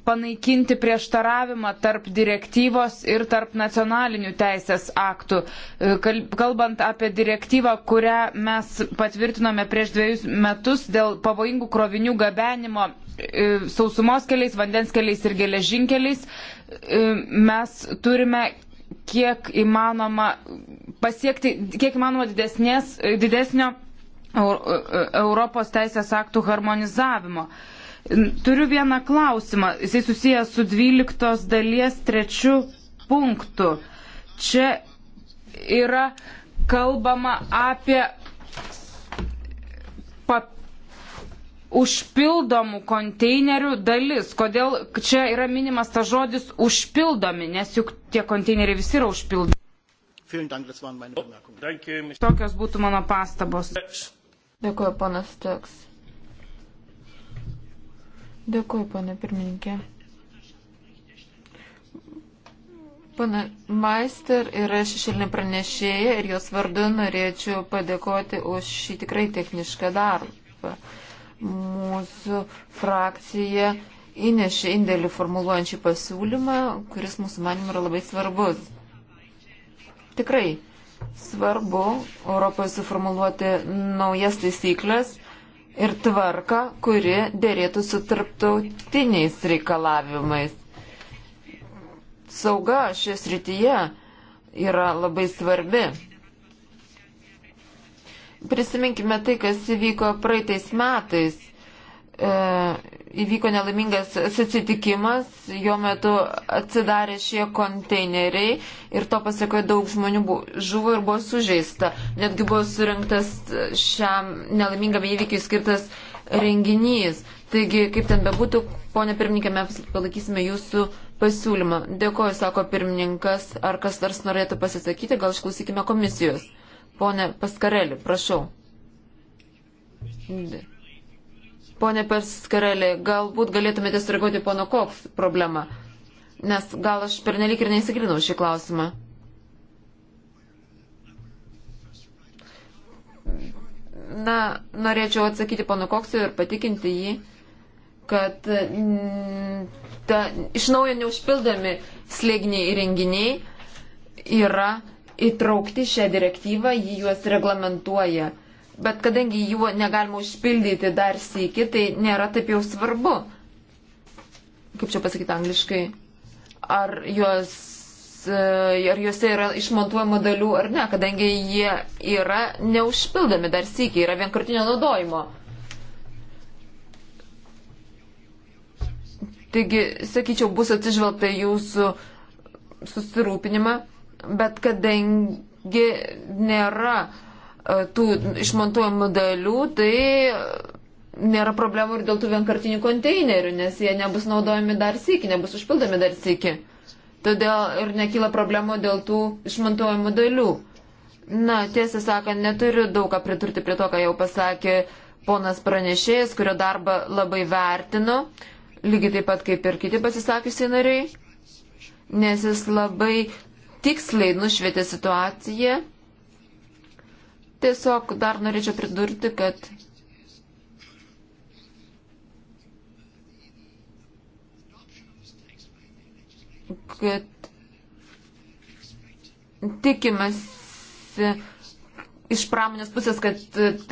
panaikinti prieštaravimą tarp direktyvos ir tarp nacionalinių teisės aktų. E, kalbant apie direktyvą, kurią mes patvirtinome prieš dviejus metus dėl pavojingų krovinių gabenimo e, sausumos keliais, vandens keliais ir geležinkeliais, e, mes turime kiek įmanoma pasiekti, kiek įmanoma didesnės, didesnio E, e, Europos teisės aktų harmonizavimo. Turiu vieną klausimą. Jisai susijęs su 12 dalies trečiu punktu. Čia yra kalbama apie pap... užpildomų konteinerių dalis. Kodėl čia yra minimas ta žodis užpildomi, nes juk tie konteineriai visi yra užpildomi. Oh, Tokios būtų mano pastabos. Dėkuoju, ponas Toks. Dėkuoju, ponė pirmininkė. Pana Maister yra šešėlinė pranešėja ir jos vardu norėčiau padėkoti už šį tikrai technišką darbą. Mūsų frakcija įnešė indėlį formuluojant šį pasiūlymą, kuris mūsų manim yra labai svarbus. Tikrai Svarbu Europoje suformuluoti naujas taisyklės ir tvarką, kuri dėrėtų su tarptautiniais reikalavimais. Sauga šios rytyje yra labai svarbi. Prisiminkime tai, kas įvyko praeitais metais. E, įvyko nelaimingas susitikimas, jo metu atsidarė šie konteineriai ir to pasakoja daug žmonių buvo, žuvo ir buvo sužeista. Netgi buvo surinktas šiam nelaimingam įvykiui skirtas renginys. Taigi, kaip ten bebūtų, ponė pirmininkė, mes palaikysime jūsų pasiūlymą. Dėkoju, sako pirmininkas. Ar kas nors norėtų pasisakyti, gal išklausykime komisijos. Pone Paskarelį, prašau. Dėkui. Pone Perskarelė, galbūt galėtumėte sureaguoti pono Koks problemą, nes gal aš pernelik ir neįsigilinau šį klausimą. Na, norėčiau atsakyti pono Koksui ir patikinti jį, kad mm, ta, iš naujo neužpildami slėginiai įrenginiai yra įtraukti šią direktyvą, jį juos reglamentuoja bet kadangi jų negalima užpildyti dar sėki, tai nėra taip jau svarbu. Kaip čia pasakyti angliškai? Ar juos e, ar juose yra išmontuojama dalių ar ne, kadangi jie yra neužpildomi dar sėkiai, yra vienkartinio naudojimo. Taigi, sakyčiau, bus atsižvelgta jūsų susirūpinimą, bet kadangi nėra uh, E, tų išmontuojamų dalių, tai e, nėra problemų ir dėl tų vienkartinių konteinerių, nes jie nebus naudojami dar sėki, nebus užpildomi dar sėki. Todėl ir nekyla problemų dėl tų išmontuojamų dalių. Na, tiesą sakant, neturiu daug ką priturti prie to, ką jau pasakė ponas pranešėjas, kurio darbą labai vertinu, lygiai taip pat kaip ir kiti pasisakysi nariai, nes jis labai tiksliai nušvietė situaciją Tiesiog dar norėčiau pridurti, kad kad tikimasi iš pramonės pusės, kad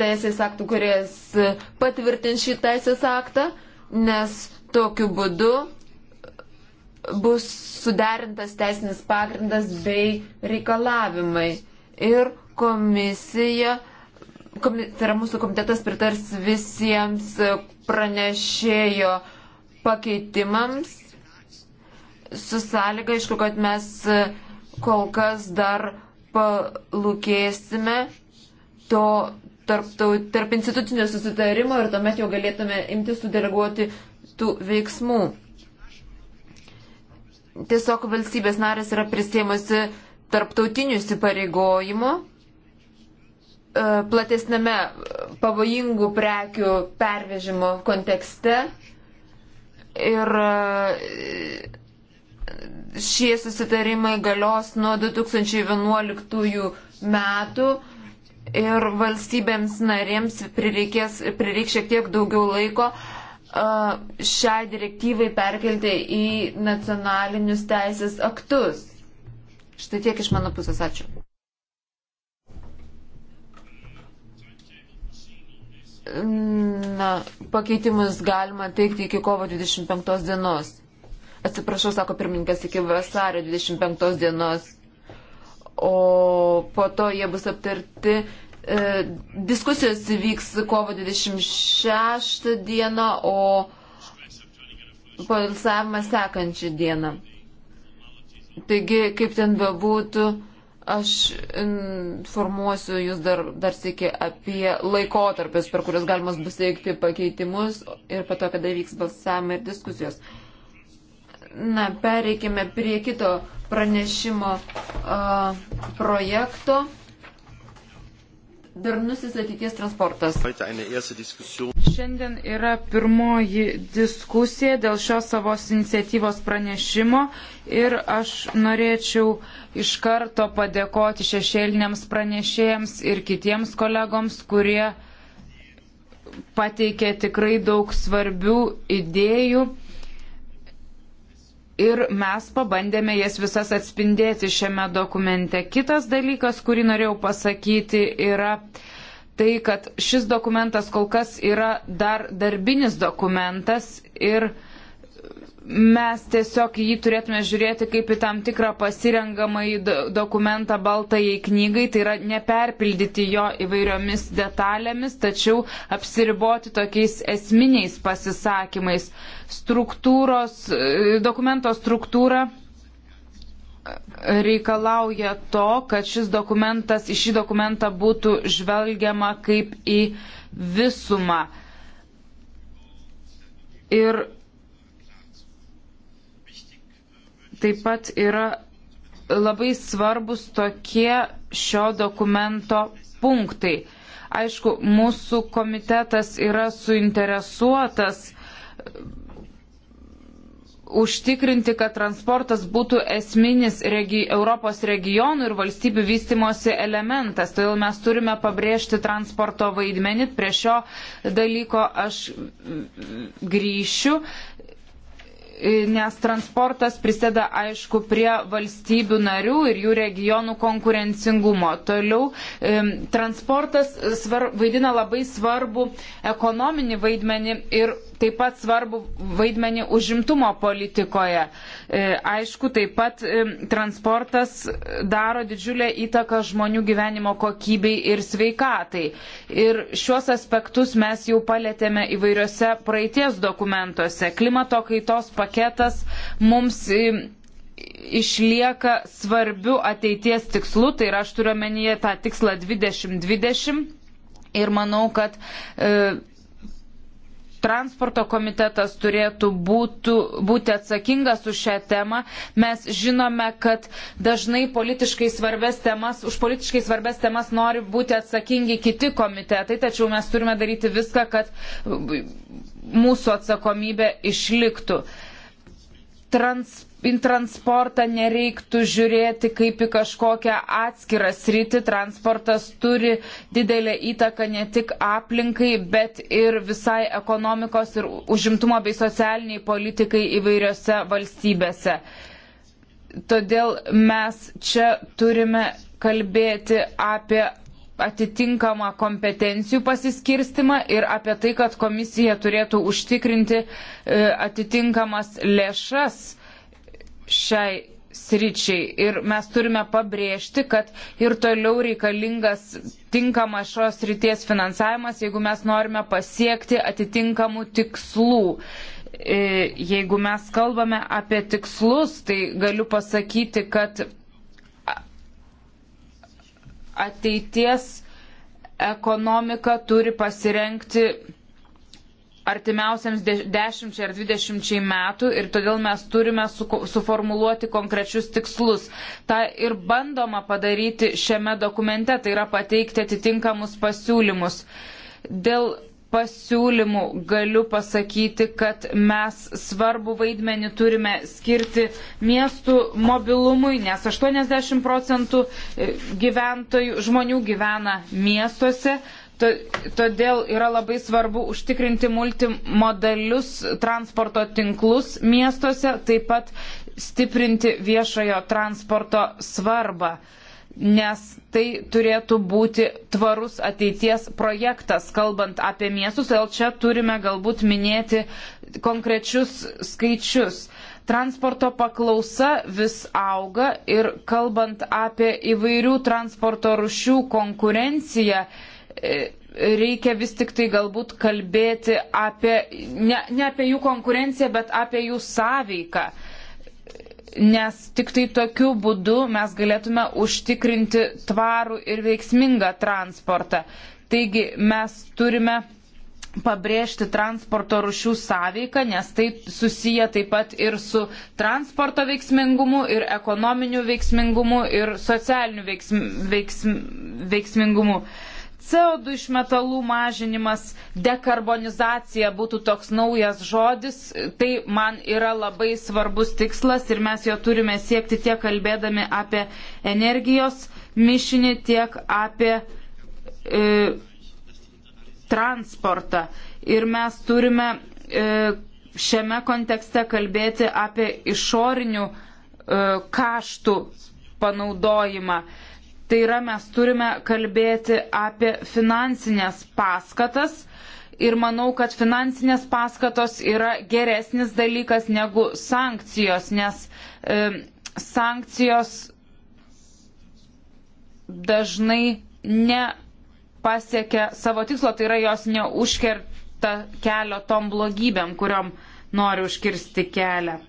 teisės aktų, kuris patvirtins šį teisės aktą, nes tokiu būdu bus suderintas teisinis pagrindas bei reikalavimai. Ir komisija, komi, tai yra mūsų komitetas pritars visiems pranešėjo pakeitimams su sąlyga, aišku, kad mes kol kas dar palūkėsime to tarp, tarp institucinio susitarimo ir tuomet jau galėtume imti sudeleguoti tų veiksmų. Tiesiog valstybės narės yra prisėmusi tarptautinių įsipareigojimų E, platesnėme e, pavojingų prekių pervežimo kontekste. Ir e, šie susitarimai galios nuo 2011 metų ir valstybėms narėms prireikės, prireiks šiek tiek daugiau laiko šią direktyvai perkelti į nacionalinius teisės aktus. Štai tiek iš mano pusės. Ačiū. Na, pakeitimus galima teikti iki kovo 25 dienos. Atsiprašau, sako pirmininkas, iki vasario 25 dienos. O po to jie bus aptarti. E, diskusijos vyks kovo 26 dieną, o balsavimas sekančią dieną. Taigi, kaip ten bebūtų, Aš informuosiu jūs dar, dar sėki apie laikotarpius, per kurias galimas bus teikti pakeitimus ir po to, kada vyks balsavimai ir diskusijos. Na, pereikime prie kito pranešimo uh, projekto darnusis ateities transportas. Šiandien yra pirmoji diskusija dėl šios savos iniciatyvos pranešimo ir aš norėčiau iš karto padėkoti šešėliniams pranešėjams ir kitiems kolegoms, kurie pateikė tikrai daug svarbių idėjų ir mes pabandėme jas visas atspindėti šiame dokumente. Kitas dalykas, kurį norėjau pasakyti, yra tai, kad šis dokumentas kol kas yra dar darbinis dokumentas ir uh, mes tiesiog jį turėtume žiūrėti kaip į tam tikrą pasirengamąjį dokumentą baltajai knygai, tai yra neperpildyti jo įvairiomis detalėmis, tačiau apsiriboti tokiais esminiais pasisakymais. Struktūros, e, dokumento struktūra reikalauja to, kad šis dokumentas, į šį dokumentą būtų žvelgiama kaip į visumą. Ir taip pat yra labai svarbus tokie šio dokumento punktai. Aišku, mūsų komitetas yra suinteresuotas uh, užtikrinti, kad transportas būtų esminis regi Europos regionų ir valstybių vystimosi elementas. Todėl mes turime pabrėžti transporto vaidmenį. Prie šio dalyko aš mm, grįšiu nes transportas prisėda aišku prie valstybių narių ir jų regionų konkurencingumo. Toliau transportas svar, vaidina labai svarbu ekonominį vaidmenį ir taip pat svarbu vaidmenį užimtumo politikoje. E, aišku, taip pat e, transportas daro didžiulę įtaką žmonių gyvenimo kokybei ir sveikatai. Ir šiuos aspektus mes jau palėtėme įvairiose praeities dokumentuose. Klimato kaitos paketas mums e, išlieka svarbiu ateities tikslu, tai yra aš turiu omenyje tą tikslą 2020 ir manau, kad e, transporto komitetas turėtų būtų, būti atsakingas už šią temą. Mes žinome, kad dažnai politiškai svarbės temas, už politiškai svarbės temas nori būti atsakingi kiti komitetai, tačiau mes turime daryti viską, kad mūsų atsakomybė išliktų. Trans į transportą nereiktų žiūrėti kaip į kažkokią atskirą sritį. Transportas turi didelę įtaką ne tik aplinkai, bet ir visai ekonomikos ir užimtumo bei socialiniai politikai įvairiose valstybėse. Todėl mes čia turime kalbėti apie atitinkamą kompetencijų pasiskirstimą ir apie tai, kad komisija turėtų užtikrinti e, atitinkamas lėšas šiai sričiai ir mes turime pabrėžti, kad ir toliau reikalingas tinkamas šios ryties finansavimas, jeigu mes norime pasiekti atitinkamų tikslų. E, jeigu mes kalbame apie tikslus, tai galiu pasakyti, kad ateities ekonomika turi pasirenkti artimiausiams 10 ar 20 metų ir todėl mes turime su, suformuluoti konkrečius tikslus. Ta ir bandoma padaryti šiame dokumente, tai yra pateikti atitinkamus pasiūlymus. Dėl pasiūlymų galiu pasakyti, kad mes svarbu vaidmenį turime skirti miestų mobilumui, nes 80 procentų e, gyventojų, žmonių gyvena miestuose, Todėl yra labai svarbu užtikrinti multimodalius transporto tinklus miestuose, taip pat stiprinti viešojo transporto svarbą, nes tai turėtų būti tvarus ateities projektas, kalbant apie miestus, todėl čia turime galbūt minėti konkrečius skaičius transporto paklausa vis auga ir kalbant apie įvairių transporto rušių konkurenciją, reikia vis tik tai galbūt kalbėti apie, ne, ne apie jų konkurenciją, bet apie jų sąveiką. Nes tik tai tokiu būdu mes galėtume užtikrinti tvarų ir veiksmingą transportą. Taigi mes turime pabrėžti transporto rušių sąveiką, nes tai susiję taip pat ir su transporto veiksmingumu, ir ekonominiu veiksmingumu, ir socialiniu veiksm, veiksm, veiksmingumu. Veiksm, CO2 iš metalų mažinimas, dekarbonizacija būtų toks naujas žodis. Tai man yra labai svarbus tikslas ir mes jo turime siekti tiek kalbėdami apie energijos mišinį, tiek apie e, transportą. Ir mes turime e, šiame kontekste kalbėti apie išorinių e, kaštų panaudojimą. E, Tai yra, mes turime kalbėti apie finansinės paskatas ir manau, kad finansinės paskatos yra geresnis dalykas negu sankcijos, nes e, sankcijos dažnai nepasiekia savo tikslo, tai yra jos neužkerta kelio tom blogybėm, kuriom nori užkirsti kelią.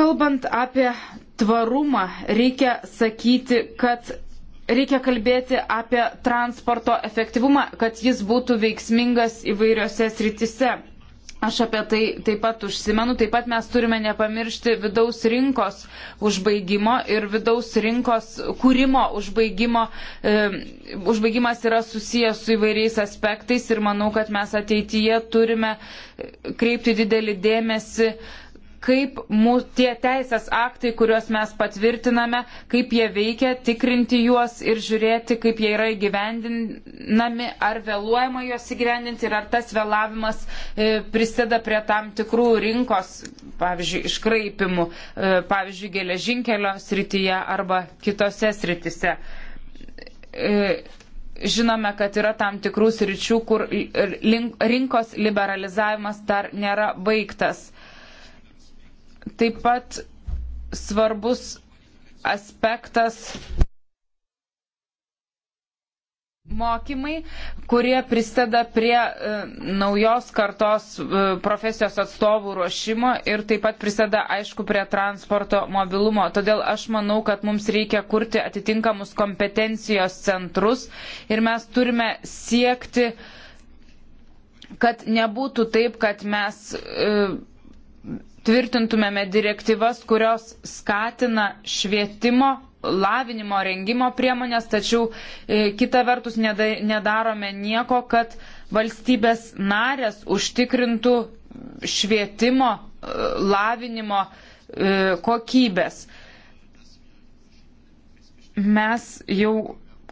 Kalbant apie tvarumą, reikia sakyti, kad reikia kalbėti apie transporto efektyvumą, kad jis būtų veiksmingas įvairiose sritise. Aš apie tai taip pat užsimenu, taip pat mes turime nepamiršti vidaus rinkos užbaigimo ir vidaus rinkos kūrimo užbaigimo. E, užbaigimas yra susijęs su įvairiais aspektais ir manau, kad mes ateityje turime kreipti didelį dėmesį e, kaip mū, tie teisės aktai, kuriuos mes patvirtiname, kaip jie veikia, tikrinti juos ir žiūrėti, kaip jie yra įgyvendinami, ar vėluojama juos įgyvendinti ir ar tas vėlavimas e, prisideda prie tam tikrų rinkos, pavyzdžiui, iškraipimų, e, pavyzdžiui, geležinkelio srityje arba kitose srityse. E, žinome, kad yra tam tikrų sričių, kur rinkos liberalizavimas dar nėra baigtas taip pat svarbus aspektas mokymai, kurie prisideda prie e, naujos kartos e, profesijos atstovų ruošimo ir taip pat prisideda, aišku, prie transporto mobilumo. Todėl aš manau, kad mums reikia kurti atitinkamus kompetencijos centrus ir mes turime siekti, kad nebūtų taip, kad mes e, tvirtintumėme direktyvas, kurios skatina švietimo, lavinimo, rengimo priemonės, tačiau e, kita vertus nedarome nieko, kad valstybės narės užtikrintų švietimo, e, lavinimo e, kokybės. Mes jau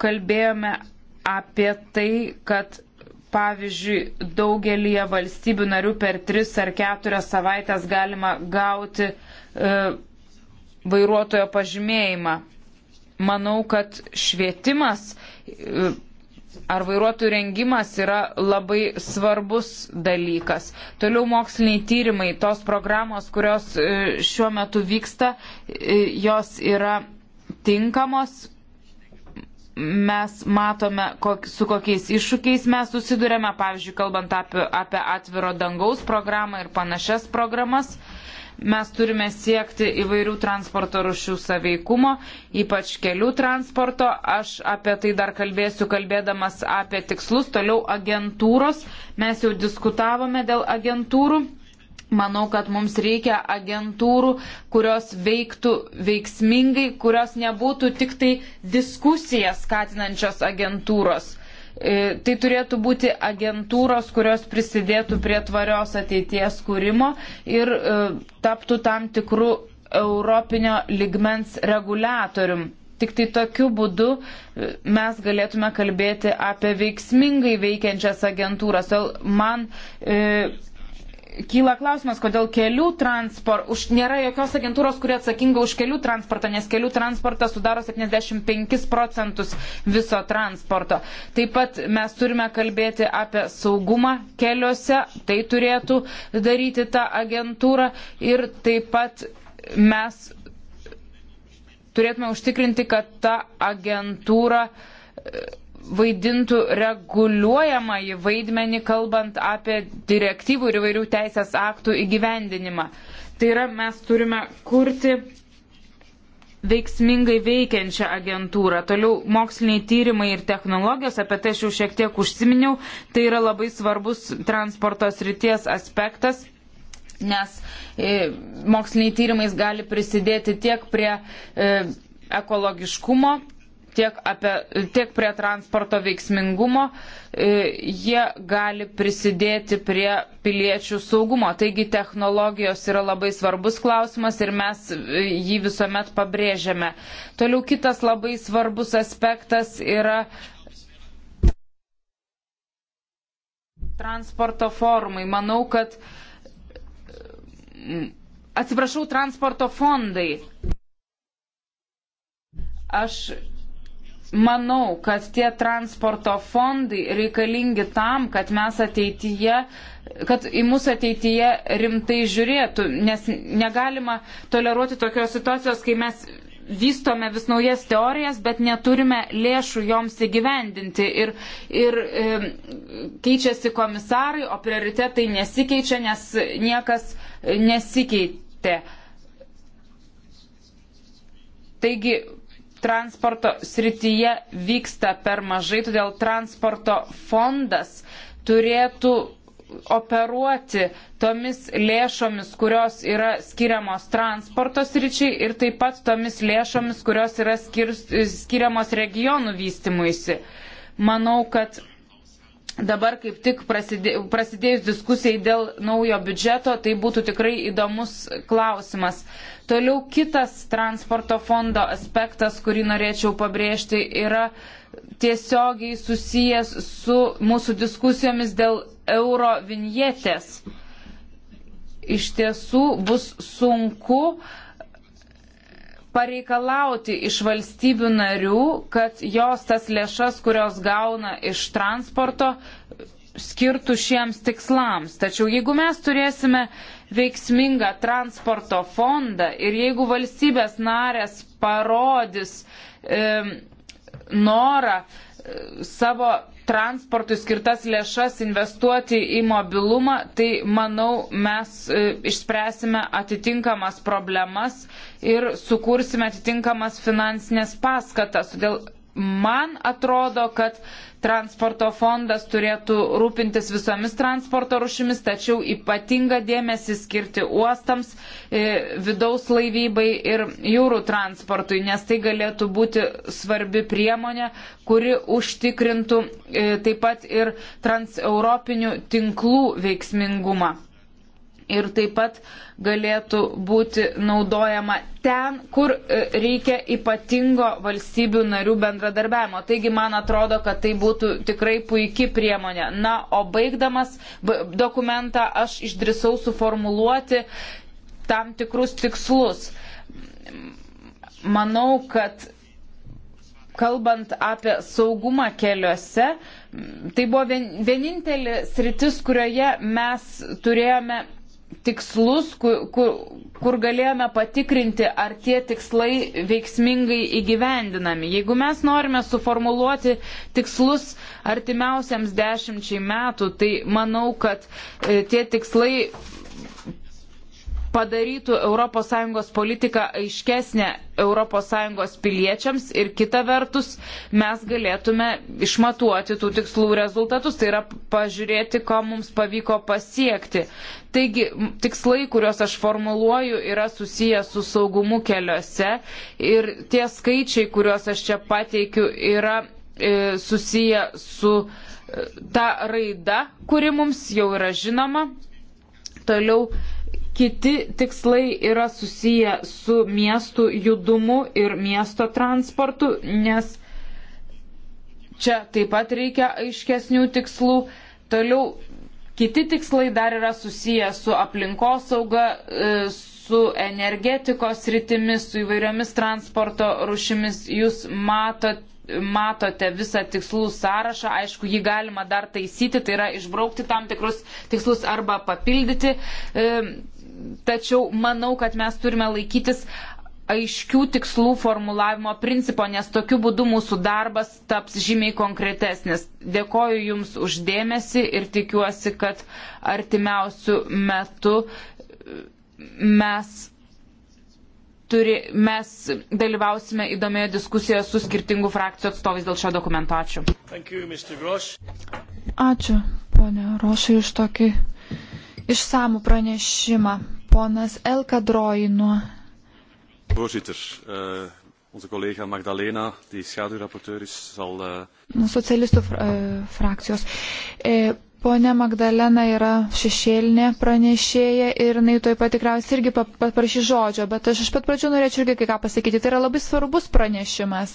kalbėjome apie tai, kad Pavyzdžiui, daugelie valstybių narių per tris ar keturias savaitės galima gauti e, vairuotojo pažymėjimą. Manau, kad švietimas e, ar vairuotojų rengimas yra labai svarbus dalykas. Toliau moksliniai tyrimai, tos programos, kurios e, šiuo metu vyksta, e, jos yra tinkamos, mes matome, kok, su kokiais iššūkiais mes susidurėme, pavyzdžiui, kalbant apie, apie atviro dangaus programą ir panašias programas. Mes turime siekti įvairių transporto rušių saveikumo, ypač kelių transporto. Aš apie tai dar kalbėsiu, kalbėdamas apie tikslus. Toliau agentūros. Mes jau diskutavome dėl agentūrų. Manau, kad mums reikia agentūrų, kurios veiktų veiksmingai, kurios nebūtų tik tai diskusiją skatinančios agentūros. E, tai turėtų būti agentūros, kurios prisidėtų prie tvarios ateities kūrimo ir e, taptų tam tikrų europinio ligmens reguliatorium. Tik tai tokiu būdu e, mes galėtume kalbėti apie veiksmingai veikiančias agentūras. Man e, kyla klausimas, kodėl kelių transportas, už, nėra jokios agentūros, kurie atsakinga už kelių transportą, nes kelių transportas sudaro 75 procentus viso transporto. Taip pat mes turime kalbėti apie saugumą keliuose, tai turėtų daryti ta agentūra ir taip pat mes turėtume užtikrinti, kad ta agentūra vaidintų reguliuojamąjį vaidmenį, kalbant apie direktyvų ir įvairių teisės aktų įgyvendinimą. Tai yra, mes turime kurti veiksmingai veikiančią agentūrą. Toliau moksliniai tyrimai ir technologijos, apie tai aš jau šiek tiek užsiminiau, tai yra labai svarbus transporto srities aspektas, nes e, moksliniai tyrimais gali prisidėti tiek prie e, ekologiškumo, tiek, apie, tiek prie transporto veiksmingumo, e, jie gali prisidėti prie piliečių saugumo. Taigi technologijos yra labai svarbus klausimas ir mes e, jį visuomet pabrėžiame. Toliau kitas labai svarbus aspektas yra transporto forumai. Manau, kad atsiprašau, transporto fondai. Aš manau, kad tie transporto fondai reikalingi tam, kad mes ateityje kad į mūsų ateityje rimtai žiūrėtų, nes negalima toleruoti tokios situacijos, kai mes vystome vis naujas teorijas, bet neturime lėšų joms įgyvendinti. Ir, ir e, keičiasi komisarai, o prioritetai nesikeičia, nes niekas nesikeitė. Taigi transporto srityje vyksta per mažai, todėl transporto fondas turėtų operuoti tomis lėšomis, kurios yra skiriamos transporto sričiai ir taip pat tomis lėšomis, kurios yra skir skiriamos regionų vystimuisi. Manau, kad dabar kaip tik prasidė, prasidėjus diskusijai dėl naujo biudžeto, tai būtų tikrai įdomus klausimas. Toliau kitas transporto fondo aspektas, kurį norėčiau pabrėžti, yra tiesiogiai susijęs su mūsų diskusijomis dėl euro vinjetės. Iš tiesų bus sunku uh, pareikalauti iš valstybių narių, kad jos tas lėšas, kurios gauna iš transporto, skirtų šiems tikslams. Tačiau jeigu mes turėsime veiksmingą transporto fondą ir jeigu valstybės narės parodys e, norą e, savo transportui skirtas lėšas investuoti į mobilumą, tai manau mes e, išspręsime atitinkamas problemas ir sukursime atitinkamas finansinės paskatas. Todėl man atrodo, kad transporto fondas turėtų rūpintis visomis transporto rušimis, tačiau ypatinga dėmesį skirti uostams, e, vidaus laivybai ir jūrų transportui, nes tai galėtų būti svarbi priemonė, kuri užtikrintų e, taip pat ir transeuropinių tinklų veiksmingumą ir taip pat galėtų būti naudojama ten, kur e, reikia ypatingo valstybių narių bendradarbiavimo. Taigi, man atrodo, kad tai būtų tikrai puikia priemonė. Na, o baigdamas dokumentą aš išdrisau suformuluoti tam tikrus tikslus. Manau, kad kalbant apie saugumą keliuose, tai buvo vienintelė sritis, kurioje mes turėjome tikslus, kur, kur, kur galėjome patikrinti, ar tie tikslai veiksmingai įgyvendinami. Jeigu mes norime suformuluoti tikslus artimiausiams dešimčiai metų, tai manau, kad e, tie tikslai padarytų ES politiką aiškesnę ES piliečiams ir kita vertus mes galėtume išmatuoti tų tikslų rezultatus, tai yra pažiūrėti, ko mums pavyko pasiekti. Taigi tikslai, kuriuos aš formuluoju, yra susiję su saugumu keliuose ir tie skaičiai, kuriuos aš čia pateikiu, yra e, susiję su e, ta raida, kuri mums jau yra žinoma. Toliau Kiti tikslai yra susiję su miestų judumu ir miesto transportu, nes čia taip pat reikia aiškesnių tikslų. Toliau kiti tikslai dar yra susiję su aplinkosauga, e, su energetikos rytimis, su įvairiomis transporto rušimis. Jūs matote matote visą tikslų sąrašą, aišku, jį galima dar taisyti, tai yra išbraukti tam tikrus tikslus arba papildyti. E, tačiau manau, kad mes turime laikytis aiškių tikslų formulavimo principo, nes tokiu būdu mūsų darbas taps žymiai konkretesnis. Dėkoju Jums uždėmesi ir tikiuosi, kad artimiausių metų mes, turi, mes dalyvausime įdomioje diskusijoje su skirtingų frakcijų atstovais dėl šio dokumento. Ačiū. You, Ačiū, ponė Rošai, už tokį išsamų pranešimą. Ponas Elkadroji nuo. Voorzitter, uh, onze collega Magdalena, die schaduwrapporteur is, zal. Eh, uh... Socialistų uh, eh, frakcijos. E, Pone Magdalena yra šešėlinė pranešėja ir jinai toj pat tikriausiai irgi paprašy žodžio, bet aš iš pat pradžių norėčiau irgi kai ką pasakyti. Tai yra labai svarbus pranešimas.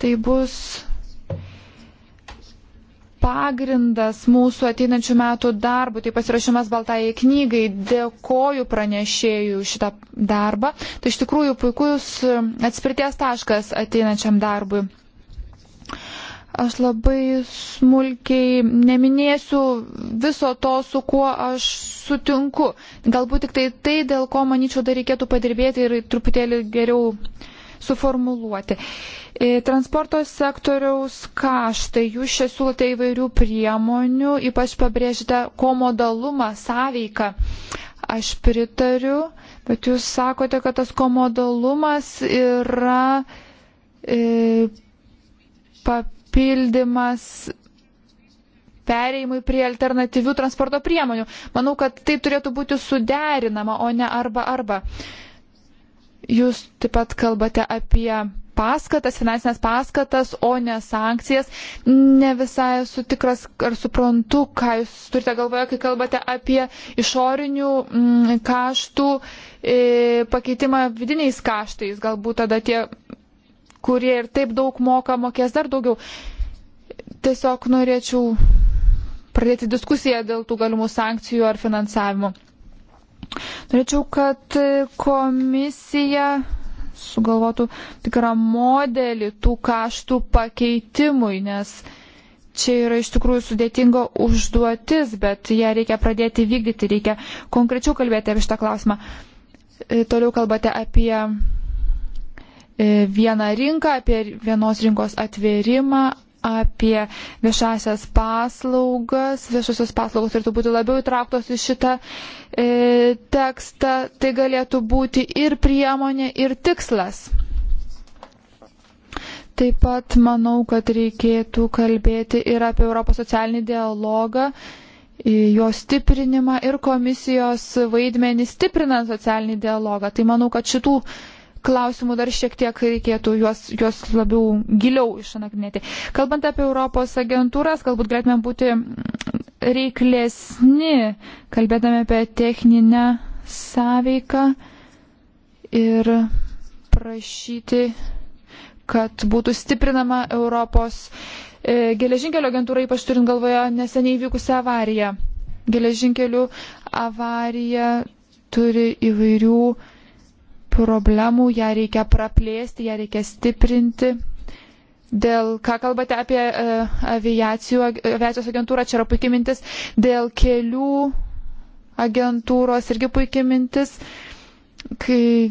Tai bus pagrindas mūsų ateinančių metų darbų, tai pasirašymas Baltajai knygai. Dėkoju pranešėjų šitą darbą. Tai iš tikrųjų puikus atspirties taškas ateinančiam darbui. Aš labai smulkiai neminėsiu viso to, su kuo aš sutinku. Galbūt tik tai tai, dėl ko, manyčiau, dar reikėtų padirbėti ir truputėlį geriau uh, suformuluoti. E, transporto sektoriaus kaštai, jūs čia siūlote įvairių priemonių, ypač pabrėžite komodalumą, sąveiką. Aš pritariu, bet jūs sakote, kad tas komodalumas yra e, papildymas pereimui prie alternatyvių transporto priemonių. Manau, kad tai turėtų būti suderinama, o ne arba arba. E, Jūs taip pat kalbate apie paskatas, finansinės paskatas, o ne sankcijas. Ne visai esu tikras ar suprantu, ką jūs turite galvoje, kai kalbate apie išorinių m, mm, kaštų e, pakeitimą vidiniais kaštais. Galbūt tada tie, kurie ir taip daug moka, mokės dar daugiau. Tiesiog norėčiau pradėti diskusiją dėl tų galimų sankcijų ar finansavimo. Norėčiau, kad komisija sugalvotų tikrą modelį tų kaštų pakeitimui, nes čia yra iš tikrųjų sudėtinga užduotis, bet ją reikia pradėti vykdyti, reikia konkrečiau kalbėti apie šitą klausimą. E, toliau kalbate apie e, vieną rinką, apie vienos rinkos atvėrimą, apie viešasias paslaugas. Viešasios paslaugos turėtų būti labiau įtrauktos į šitą e, tekstą. Tai galėtų būti ir priemonė, ir tikslas. Taip pat manau, kad reikėtų kalbėti ir apie Europos socialinį dialogą, jo stiprinimą ir komisijos vaidmenį stiprinant socialinį dialogą. Tai manau, kad šitų klausimų dar šiek tiek reikėtų juos, juos labiau giliau išanagrinėti. Kalbant apie Europos agentūras, galbūt galėtume būti reiklesni, kalbėdami apie techninę sąveiką ir prašyti, kad būtų stiprinama Europos e, geležinkelio agentūra, ypač turint galvoje neseniai vykusią avariją. Geležinkelių avarija turi įvairių problemų, ją reikia praplėsti, ją reikia stiprinti. Dėl, ką kalbate apie uh, aviacijos agentūrą, čia yra puikiai mintis. Dėl kelių agentūros irgi puikiai mintis, kai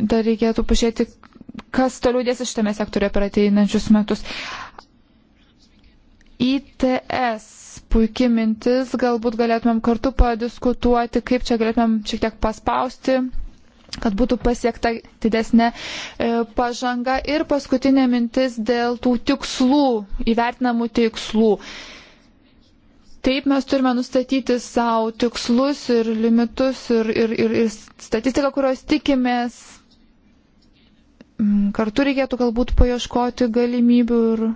dar reikėtų pažiūrėti, kas toliau dės šitame sektoriuje per ateinančius metus. ITS puikiai mintis, galbūt galėtumėm kartu padiskutuoti, kaip čia galėtumėm šiek tiek paspausti kad būtų pasiekta didesnė e, pažanga. Ir paskutinė mintis dėl tų tikslų, įvertinamų tikslų. Taip mes turime nustatyti savo tikslus ir limitus ir, ir, ir, ir statistiką, kurios tikimės. Mm, kartu reikėtų galbūt paieškoti galimybių ir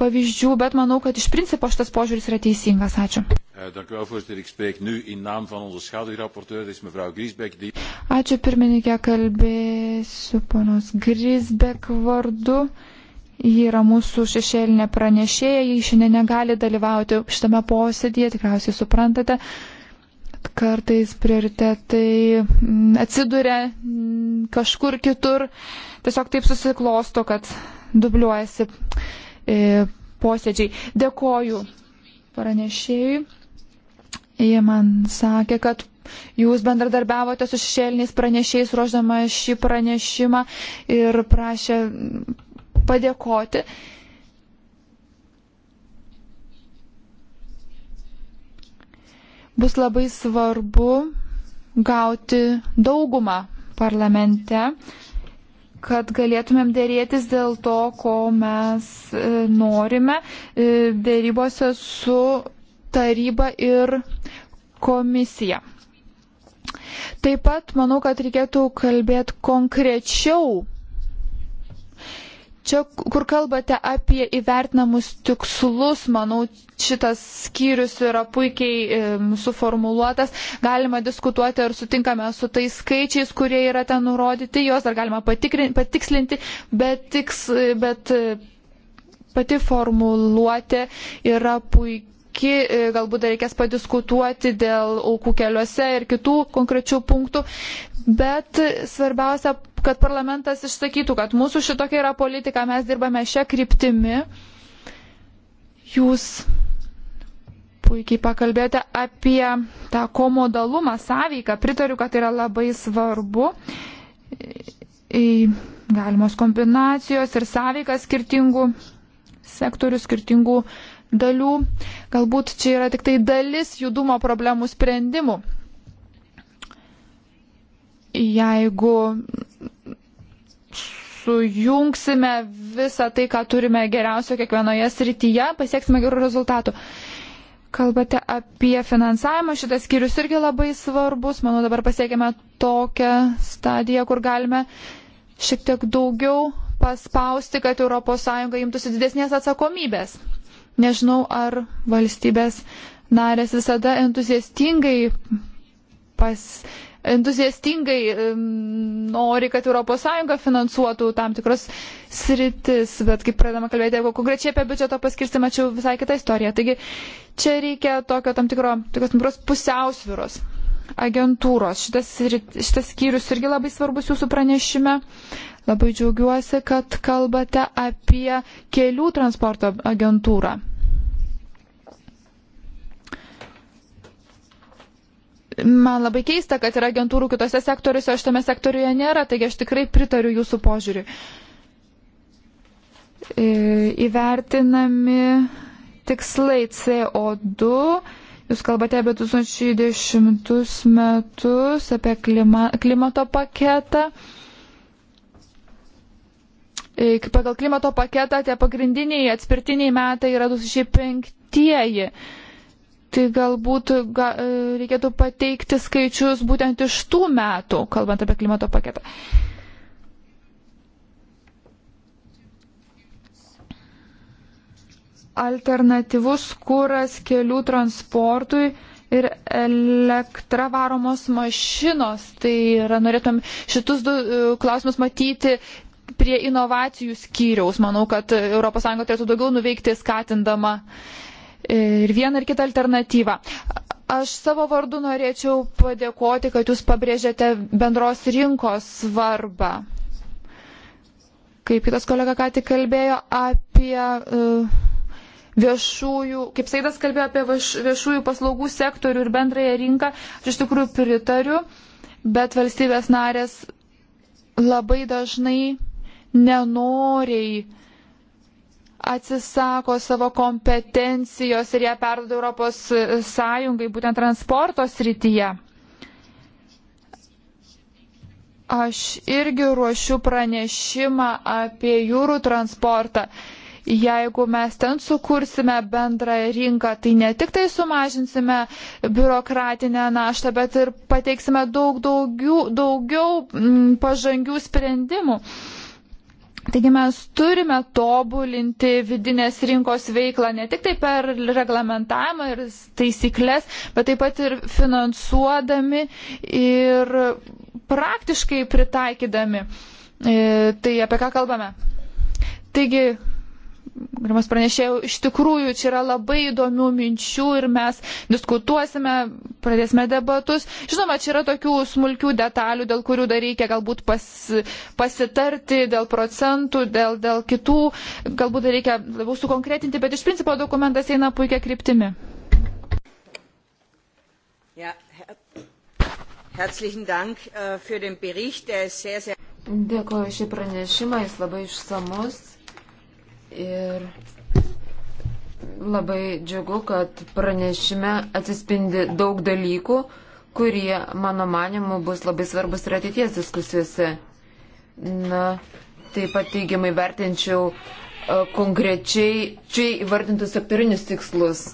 pavyzdžių, bet manau, kad iš principo šitas požiūris yra teisingas. Ačiū. Eh, dank u wel, voorzitter. Ik spreek nu in naam van onze schaduwrapporteur, dat is mevrouw Griesbeck. Die... Ačiū pirmininkė, kalbėsiu ponos Grisbek vardu. Ji yra mūsų šešėlinė pranešėja, ji šiandien negali dalyvauti šitame posėdėje, tikriausiai suprantate. Kartais prioritetai mm, atsiduria mm, kažkur kitur, tiesiog taip susiklosto, kad dubliuojasi e, posėdžiai. Dėkoju pranešėjui. Jie man sakė, kad Jūs bendradarbiavote su šešėliniais pranešiais, ruoždama šį pranešimą ir prašė padėkoti. Bus labai svarbu gauti daugumą parlamente kad galėtumėm dėrėtis dėl to, ko mes e, norime e, dėrybose su taryba ir komisija. Taip pat manau, kad reikėtų kalbėti konkrečiau. Čia, kur kalbate apie įvertinamus tikslus, manau, šitas skyrius yra puikiai e, suformuluotas. Galima diskutuoti, ar sutinkame su tais skaičiais, kurie yra ten nurodyti, juos dar galima patikslinti, bet, tiks, bet pati formuluotė yra puikiai palanki, e, galbūt dar reikės padiskutuoti dėl aukų keliuose ir kitų konkrečių punktų, bet svarbiausia, kad parlamentas išsakytų, kad mūsų šitokia yra politika, mes dirbame šią kryptimį. Jūs puikiai pakalbėjote apie tą komodalumą, sąveiką. Pritariu, kad tai yra labai svarbu. E, galimos kombinacijos ir sąveika skirtingų sektorių, skirtingų dalių. Galbūt čia yra tik tai dalis judumo problemų sprendimų. Jeigu sujungsime visą tai, ką turime geriausio kiekvienoje srityje, pasieksime gerų rezultatų. Kalbate apie finansavimą, šitas skyrius irgi labai svarbus. Manau, dabar pasiekime tokią stadiją, kur galime šiek tiek daugiau paspausti, kad ES imtųsi didesnės atsakomybės. Nežinau, ar valstybės narės visada entuziastingai pas. Entuziastingai nori, kad ES finansuotų tam tikros sritis, bet kai pradama kalbėti jeigu, konkrečiai apie biudžeto paskirstimą, čia visai kita istorija. Taigi čia reikia tokio tam tikro, tokios tam tikros pusiausviros agentūros. Šitas, šitas skyrius irgi labai svarbus jūsų pranešime. Labai džiaugiuosi, kad kalbate apie kelių transporto agentūrą. Man labai keista, kad yra agentūrų kitose sektoriuose, o šitame sektoriuje nėra, taigi aš tikrai pritariu jūsų požiūriui. E, įvertinami tikslai CO2. Jūs kalbate apie 2010 metus, apie klima, klimato paketą. E, pagal klimato paketą tie pagrindiniai atspirtiniai metai yra 2005. -tieji. Tai galbūt ga, e, reikėtų pateikti skaičius būtent iš tų metų, kalbant apie klimato paketą. Alternatyvus kūras kelių transportui ir elektra varomos mašinos. Tai yra, norėtum šitus du e, klausimus matyti prie inovacijų skyriaus. Manau, kad ES turėtų daugiau nuveikti skatindama uh, ir vieną ir kitą alternatyvą. Aš savo vardu norėčiau padėkoti, kad jūs pabrėžėte bendros rinkos svarbą. Kaip kitas kolega ką tik kalbėjo apie uh, viešųjų, kaip Saidas kalbėjo apie viešųjų paslaugų sektorių ir bendrąją rinką, aš iš tikrųjų pritariu, bet valstybės narės labai dažnai nenoriai atsisako savo kompetencijos ir ją perduoda Europos Sąjungai, būtent transporto srityje. Aš irgi ruošiu pranešimą apie jūrų transportą. Jeigu mes ten sukursime bendrą rinką, tai ne tik tai sumažinsime biurokratinę naštą, bet ir pateiksime daug daugiau, daugiau mm, pažangių sprendimų. Mm, Taigi mes turime tobulinti vidinės rinkos veiklą ne tik tai per reglamentavimą ir taisyklės, bet taip pat ir finansuodami ir praktiškai pritaikydami. E, tai apie ką kalbame? Taigi Gerimas pranešėjau, iš tikrųjų čia yra labai įdomių minčių ir mes diskutuosime, pradėsime debatus. Žinoma, čia yra tokių smulkių detalių, dėl kurių dar reikia galbūt pas, pasitarti, dėl procentų, dėl, dėl kitų, galbūt dar reikia labiau sukonkretinti, bet iš principo dokumentas eina puikia kryptimi. Ja, herzlichen Dank äh, für den Bericht, der ist sehr, sehr. Dėkuoju šį pranešimą, jis labai išsamus Ir labai džiugu, kad pranešime atsispindi daug dalykų, kurie, mano manimu, bus labai svarbus ir ateities diskusijose. Na, taip pat teigiamai vertinčiau e, konkrečiai čia įvardintus sektorinius tikslus.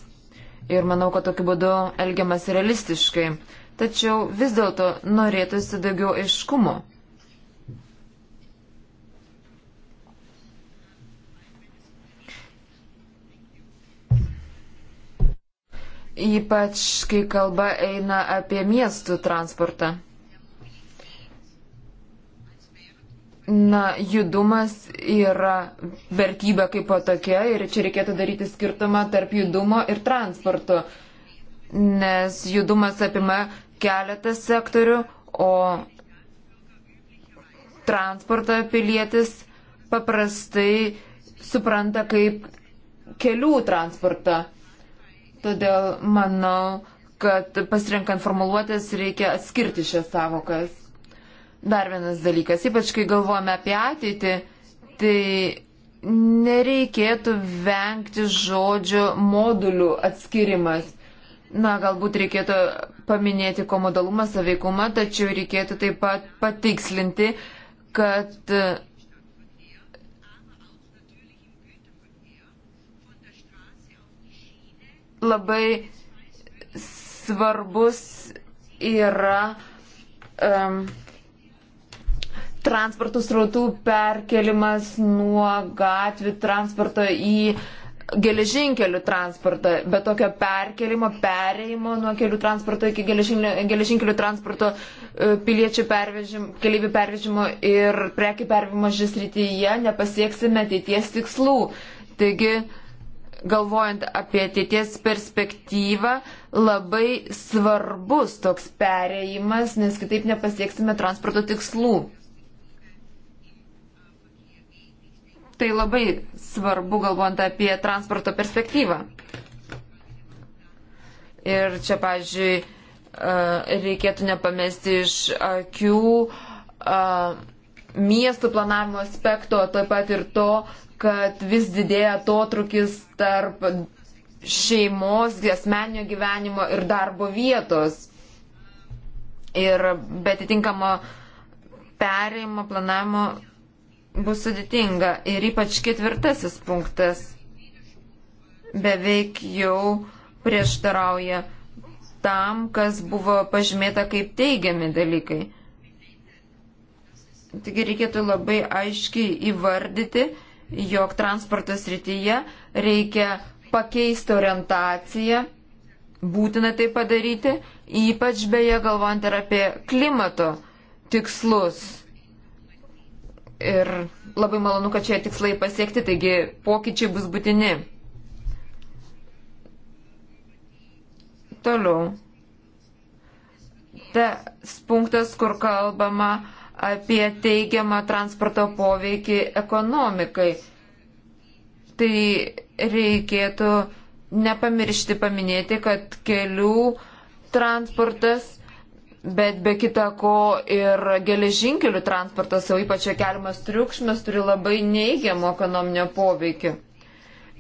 Ir manau, kad tokiu būdu elgiamas realistiškai. Tačiau vis dėlto norėtųsi daugiau aiškumo. ypač kai kalba eina apie miestų transportą. Na, judumas yra vertybė kaip po tokia ir čia reikėtų daryti skirtumą tarp judumo ir transporto, nes judumas apima keletą sektorių, o transportą pilietis paprastai supranta kaip kelių transportą. Todėl manau, kad pasirinkant formuluotės reikia atskirti šias savokas. Dar vienas dalykas, ypač kai galvojame apie ateitį, tai nereikėtų vengti žodžio modulių atskirimas. Na, galbūt reikėtų paminėti komodalumą, saveikumą, tačiau reikėtų taip pat patikslinti, kad labai svarbus yra um, transporto srautų perkelimas nuo gatvių transporto į geležinkelių transportą, bet tokio perkelimo, pereimo nuo kelių transporto iki geležinkelių transporto e, piliečių pervežim, keliaivių pervežimo ir prekių pervežimo žisrityje nepasieksime ateities tikslų. Taigi, uh, galvojant apie ateities perspektyvą, labai svarbus toks pereimas, nes kitaip nepasieksime transporto tikslų. Tai labai svarbu galvojant apie transporto perspektyvą. Ir čia, pavyzdžiui, e, reikėtų nepamesti iš akių e, miestų planavimo aspekto, taip pat ir to, kad vis didėja atotrukis tarp šeimos, asmenio gyvenimo ir darbo vietos. Ir be atitinkamo perėjimo planavimo bus sudėtinga. Ir ypač ketvirtasis punktas beveik jau prieštarauja tam, kas buvo pažymėta kaip teigiami dalykai. Taigi reikėtų labai aiškiai įvardyti, jog transporto srityje reikia pakeisti orientaciją, būtina tai padaryti, ypač beje galvojant ir apie klimato tikslus. Ir labai malonu, kad šie tikslai pasiekti, taigi pokyčiai bus būtini. Toliau. Tas punktas, kur kalbama apie teigiamą transporto poveikį ekonomikai. Tai reikėtų nepamiršti paminėti, kad kelių transportas, bet be kita ko ir geležinkelių transportas, o ypač keliamas triukšmas, turi labai neigiamo ekonominio poveikio.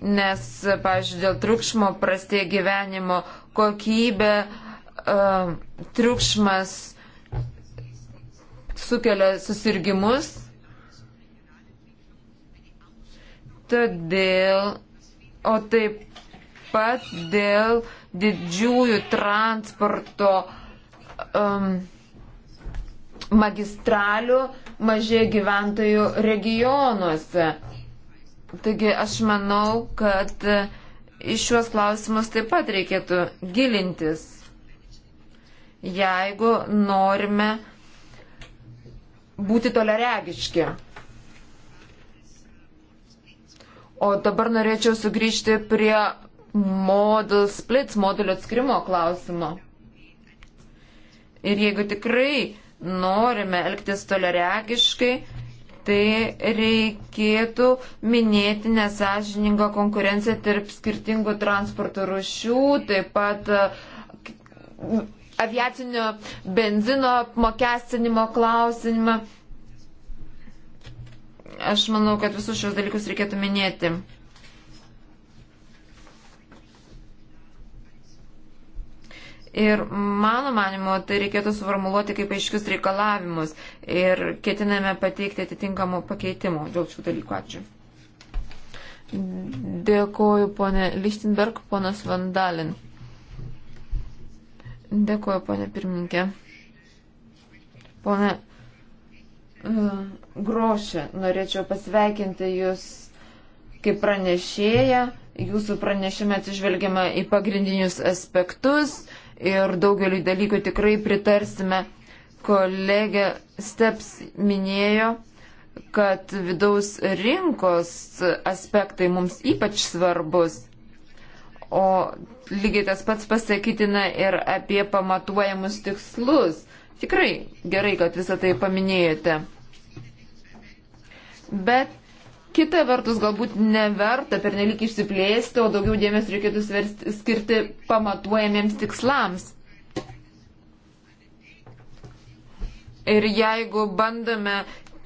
Nes, pavyzdžiui, dėl triukšmo prastė gyvenimo kokybė, e, triukšmas sukelia susirgymus. Todėl, o taip pat dėl didžiųjų transporto um, magistralių mažė gyventojų regionuose. Taigi aš manau, kad e, į šiuos klausimus taip pat reikėtų gilintis, jeigu norime būti toleregiški. O dabar norėčiau sugrįžti prie model splits, modulio atskirimo klausimo. Ir jeigu tikrai norime elgtis toleregiškai, tai reikėtų minėti nesažiningą konkurenciją tarp skirtingų transporto rušių, taip pat aviacinio benzino apmokestinimo klausimą. Aš manau, kad visus šios dalykus reikėtų minėti. Ir mano manimo, tai reikėtų suformuluoti kaip aiškius reikalavimus ir ketiname pateikti atitinkamų pakeitimų dėl šių dalykų. Ačiū. Dėkoju, ponė Lichtenberg, ponas Vandalin. Dėkuoju, ponė pirmininkė. Pone uh, Grošė, norėčiau pasveikinti Jūs kaip pranešėją. Jūsų pranešime atsižvelgiama į pagrindinius aspektus ir daugelį dalykų tikrai pritarsime. Kolegė Steps minėjo, kad vidaus rinkos aspektai mums ypač svarbus. O lygiai tas pats pasakytina ir apie pamatuojamus tikslus. Tikrai gerai, kad visą tai paminėjote. Bet kita vertus galbūt neverta pernelik išsiplėsti, o daugiau dėmesio reikėtų sversti, skirti pamatuojamiems tikslams. Ir jeigu bandome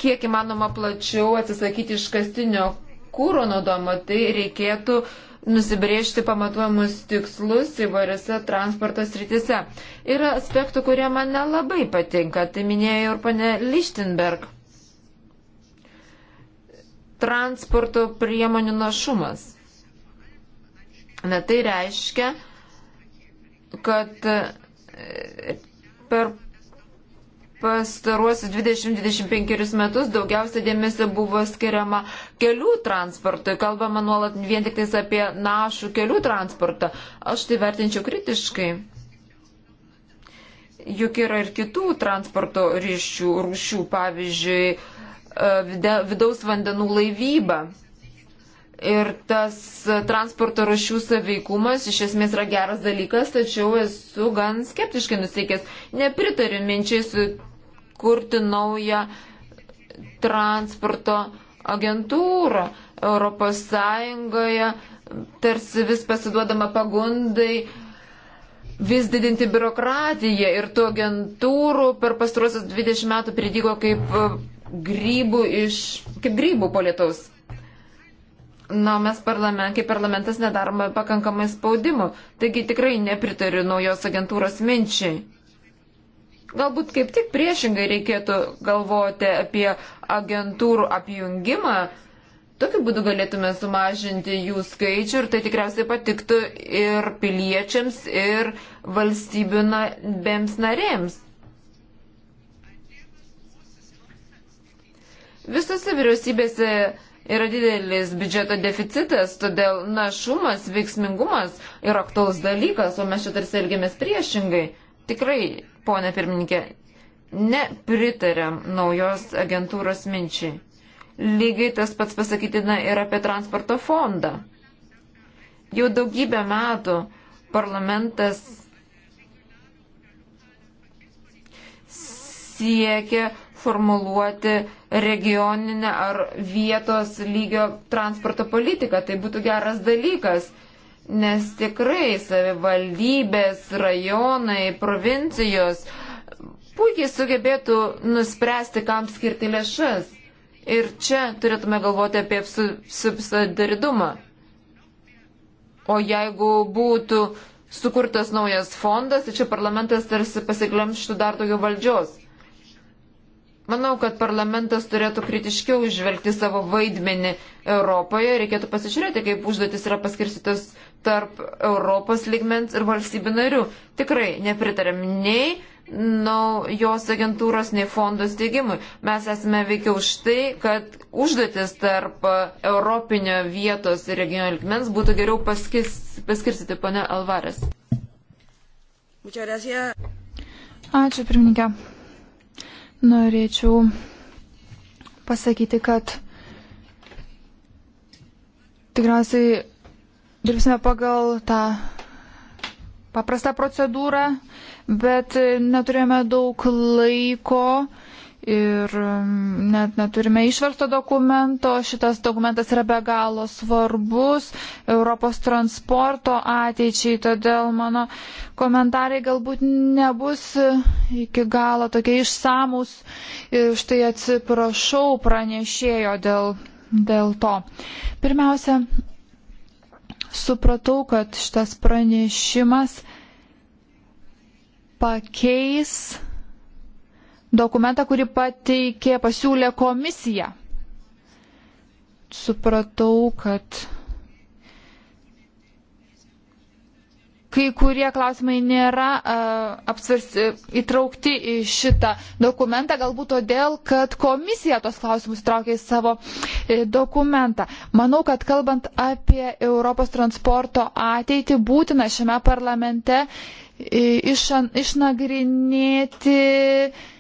kiek įmanoma plačiau atsisakyti iškastinio kūro naudojimo, tai reikėtų uh, nusibriežti pamatuojamus tikslus įvairiose transporto srityse. Yra aspektų, kurie man nelabai patinka, tai minėjo ir pane Lichtenberg. Transporto priemonių našumas. Na tai reiškia, kad e, per pastaruosius 20-25 metus daugiausia dėmesio buvo skiriama kelių transportui. Kalbama nuolat vien tik apie našų kelių transportą. Aš tai vertinčiau kritiškai. Juk yra ir kitų transporto ryšių, rūšių, pavyzdžiui, e, vidaus vandenų laivyba. Ir tas transporto rašių saveikumas iš esmės yra geras dalykas, tačiau esu gan skeptiškai nusteikęs. Nepritariu minčiai su kurti naują transporto agentūrą Europos Sąjungoje, tarsi vis pasiduodama pagundai vis didinti biurokratiją ir tų agentūrų per pastaruosius 20 metų pridygo kaip e, grybų iš, kaip grybų po lietaus. Na, mes parlament, kaip parlamentas nedarome pakankamai spaudimų, taigi tikrai nepritariu naujos agentūros minčiai. Galbūt kaip tik priešingai reikėtų galvoti apie agentūrų apjungimą. Tokiu būdu galėtume sumažinti jų skaičių ir tai tikriausiai patiktų ir piliečiams, ir valstybių bėms narėms. Visose vyriausybėse yra didelis biudžeto deficitas, todėl našumas, veiksmingumas yra aktuolus dalykas, o mes čia tarsi elgiamės priešingai. Tikrai ponė pirmininkė, nepritariam naujos agentūros minčiai. Lygiai tas pats pasakytina ir apie transporto fondą. Jau daugybę metų parlamentas siekia formuluoti regioninę ar vietos lygio transporto politiką. Tai būtų geras dalykas nes tikrai savivaldybės, rajonai, provincijos puikiai sugebėtų nuspręsti, kam skirti lėšas. Ir čia turėtume galvoti apie subsidaridumą. O jeigu būtų sukurtas naujas fondas, tai čia parlamentas tarsi pasiglemštų dar daugiau valdžios. Manau, kad parlamentas turėtų kritiškiau žvelgti savo vaidmenį Europoje. Reikėtų pasižiūrėti, kaip užduotis yra paskirstytos tarp Europos ligmens ir valstybių narių. Tikrai nepritarėm nei naujos agentūros, nei fondo steigimui. Mes esame veikiau už tai, kad užduotis tarp europinio vietos ir regionio ligmens būtų geriau paskis, paskirstyti, pane Alvarės. Ačiū, pirmininkė. Norėčiau pasakyti, kad tikriausiai dirbsime pagal tą paprastą procedūrą, bet neturėjome daug laiko ir um, net neturime išversto dokumento. Šitas dokumentas yra be galo svarbus Europos transporto ateičiai, todėl mano komentarai galbūt nebus iki galo tokie išsamūs. Štai atsiprašau pranešėjo dėl, dėl to. Pirmiausia, supratau, kad šitas pranešimas pakeis dokumentą, kurį pateikė, pasiūlė komisija. Supratau, kad kai kurie klausimai nėra uh, apsvarsti, įtraukti į šitą dokumentą, galbūt todėl, kad komisija tos klausimus įtraukė į savo uh, dokumentą. Manau, kad kalbant apie Europos transporto ateitį, būtina šiame parlamente uh, e, išanagrinėti. Iš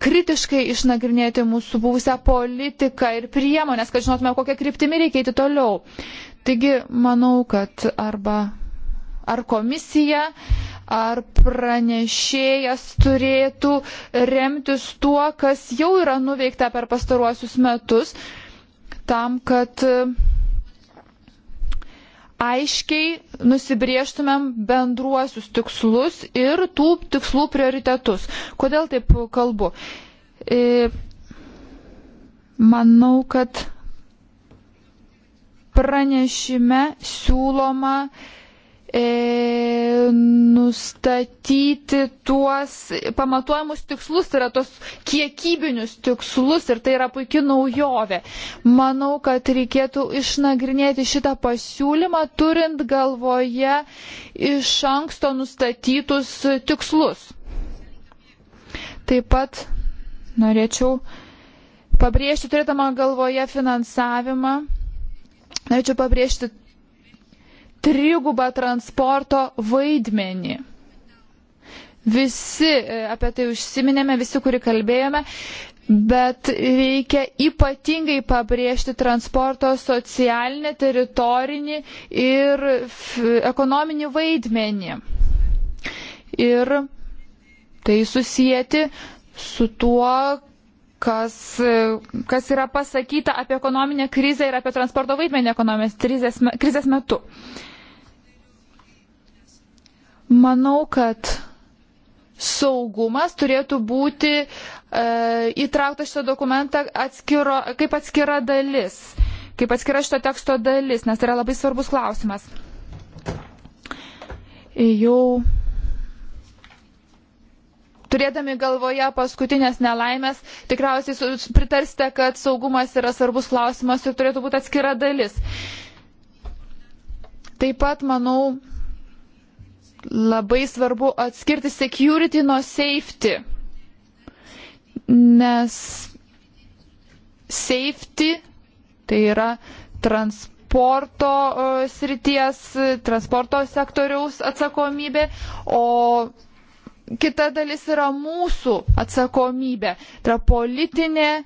kritiškai išnagrinėti mūsų buvusią politiką ir priemonės, kad žinotume, kokią kryptimį reikia eiti toliau. Taigi, manau, kad arba ar komisija, ar pranešėjas turėtų remtis tuo, kas jau yra nuveikta per pastaruosius metus, tam, kad aiškiai nusibrieštumėm bendruosius tikslus ir tų tikslų prioritetus. Kodėl taip kalbu? E, manau, kad pranešime siūloma e, e, nustatyti tuos pamatuojamus tikslus, tai yra tos kiekybinius tikslus ir tai yra puikia naujovė. Manau, kad reikėtų išnagrinėti šitą pasiūlymą, turint galvoje iš anksto nustatytus tikslus. Taip pat norėčiau pabrėžti, turėtama galvoje finansavimą, norėčiau pabrėžti trigubą transporto vaidmenį. Visi e, apie tai užsiminėme, visi, kuri kalbėjome, bet reikia ypatingai pabrėžti transporto socialinį, teritorinį ir ekonominį vaidmenį. Ir tai susijęti su tuo, kas, e, kas yra pasakyta apie ekonominę krizę ir apie transporto vaidmenį ekonominės krizės, krizės metu. Uh, Manau, kad saugumas turėtų būti e, įtrauktas šitą dokumentą atskiro, kaip atskira dalis, kaip atskira šito teksto dalis, nes tai yra labai svarbus klausimas. Jau turėdami galvoje paskutinės nelaimės, tikriausiai pritarsite, kad saugumas yra svarbus klausimas ir turėtų būti atskira dalis. Taip pat, manau, labai svarbu atskirti security nuo safety, nes safety tai yra transportas transporto e, srities, transporto sektoriaus atsakomybė, o kita dalis yra mūsų atsakomybė. Tai yra politinė e,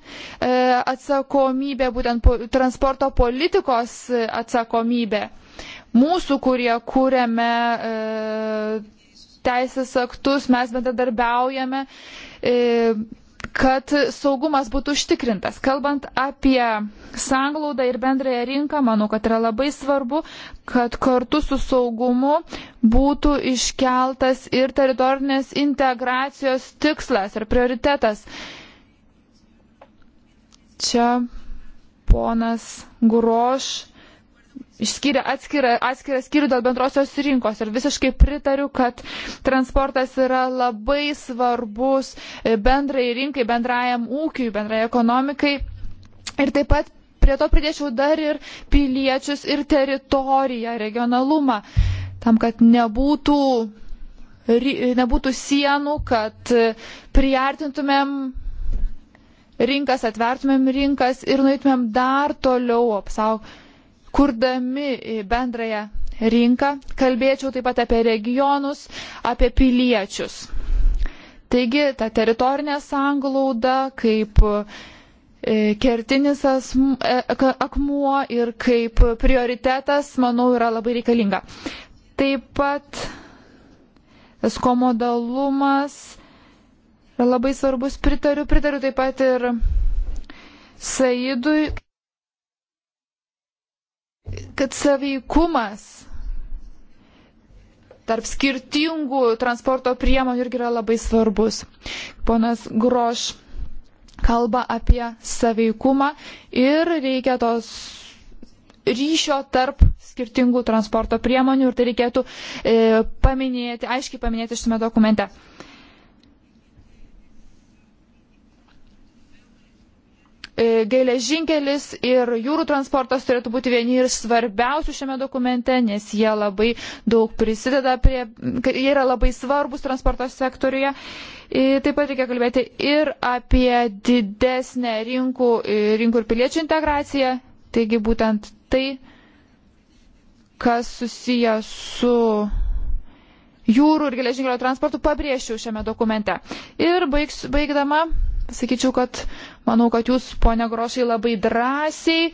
atsakomybė, būtent transporto politikos e, atsakomybė mūsų, kurie kūrėme e, teisės aktus, mes bendradarbiaujame, e, kad saugumas būtų užtikrintas. Kalbant apie sanglaudą ir bendrąją rinką, manau, kad yra labai svarbu, kad kartu su saugumu būtų iškeltas ir teritorinės integracijos tikslas ir prioritetas. Čia ponas Guroš išskyrė atskirą, atskirą skyrių dėl bendrosios rinkos ir visiškai pritariu, kad transportas yra labai svarbus bendrai rinkai, bendrajam ūkiui, bendrai ekonomikai. Ir taip pat prie to pridėčiau dar ir piliečius, ir teritoriją, regionalumą, tam, kad nebūtų, nebūtų sienų, kad priartintumėm rinkas, atvertumėm rinkas ir nueitumėm dar toliau apsaugoti kurdami e, bendrąją rinką, kalbėčiau taip pat apie regionus, apie piliečius. Taigi ta teritorinė sanglauda kaip e, kertinis asm, e, akmuo ir kaip prioritetas, manau, yra labai reikalinga. Taip pat tas komodalumas yra labai svarbus, pritariu, pritariu taip pat ir Saidui kad saveikumas tarp skirtingų transporto priemonių irgi yra labai svarbus. Ponas Groš kalba apie saveikumą ir reikia tos ryšio tarp skirtingų transporto priemonių ir tai reikėtų e, paminėti, aiškiai paminėti šiame dokumente. E, E, geležinkelis ir jūrų transportas turėtų būti vieni ir svarbiausių šiame dokumente, nes jie labai daug prisideda prie, jie yra labai svarbus transporto sektoriuje. E, taip pat reikia kalbėti ir apie didesnę rinkų, e, rinkų ir piliečių integraciją. Taigi būtent tai, kas susiję su jūrų ir geležinkelio transportu, pabrėžčiau šiame dokumente. Ir baigs, baigdama sakyčiau, kad manau, kad jūs, ponia Grošai, labai drąsiai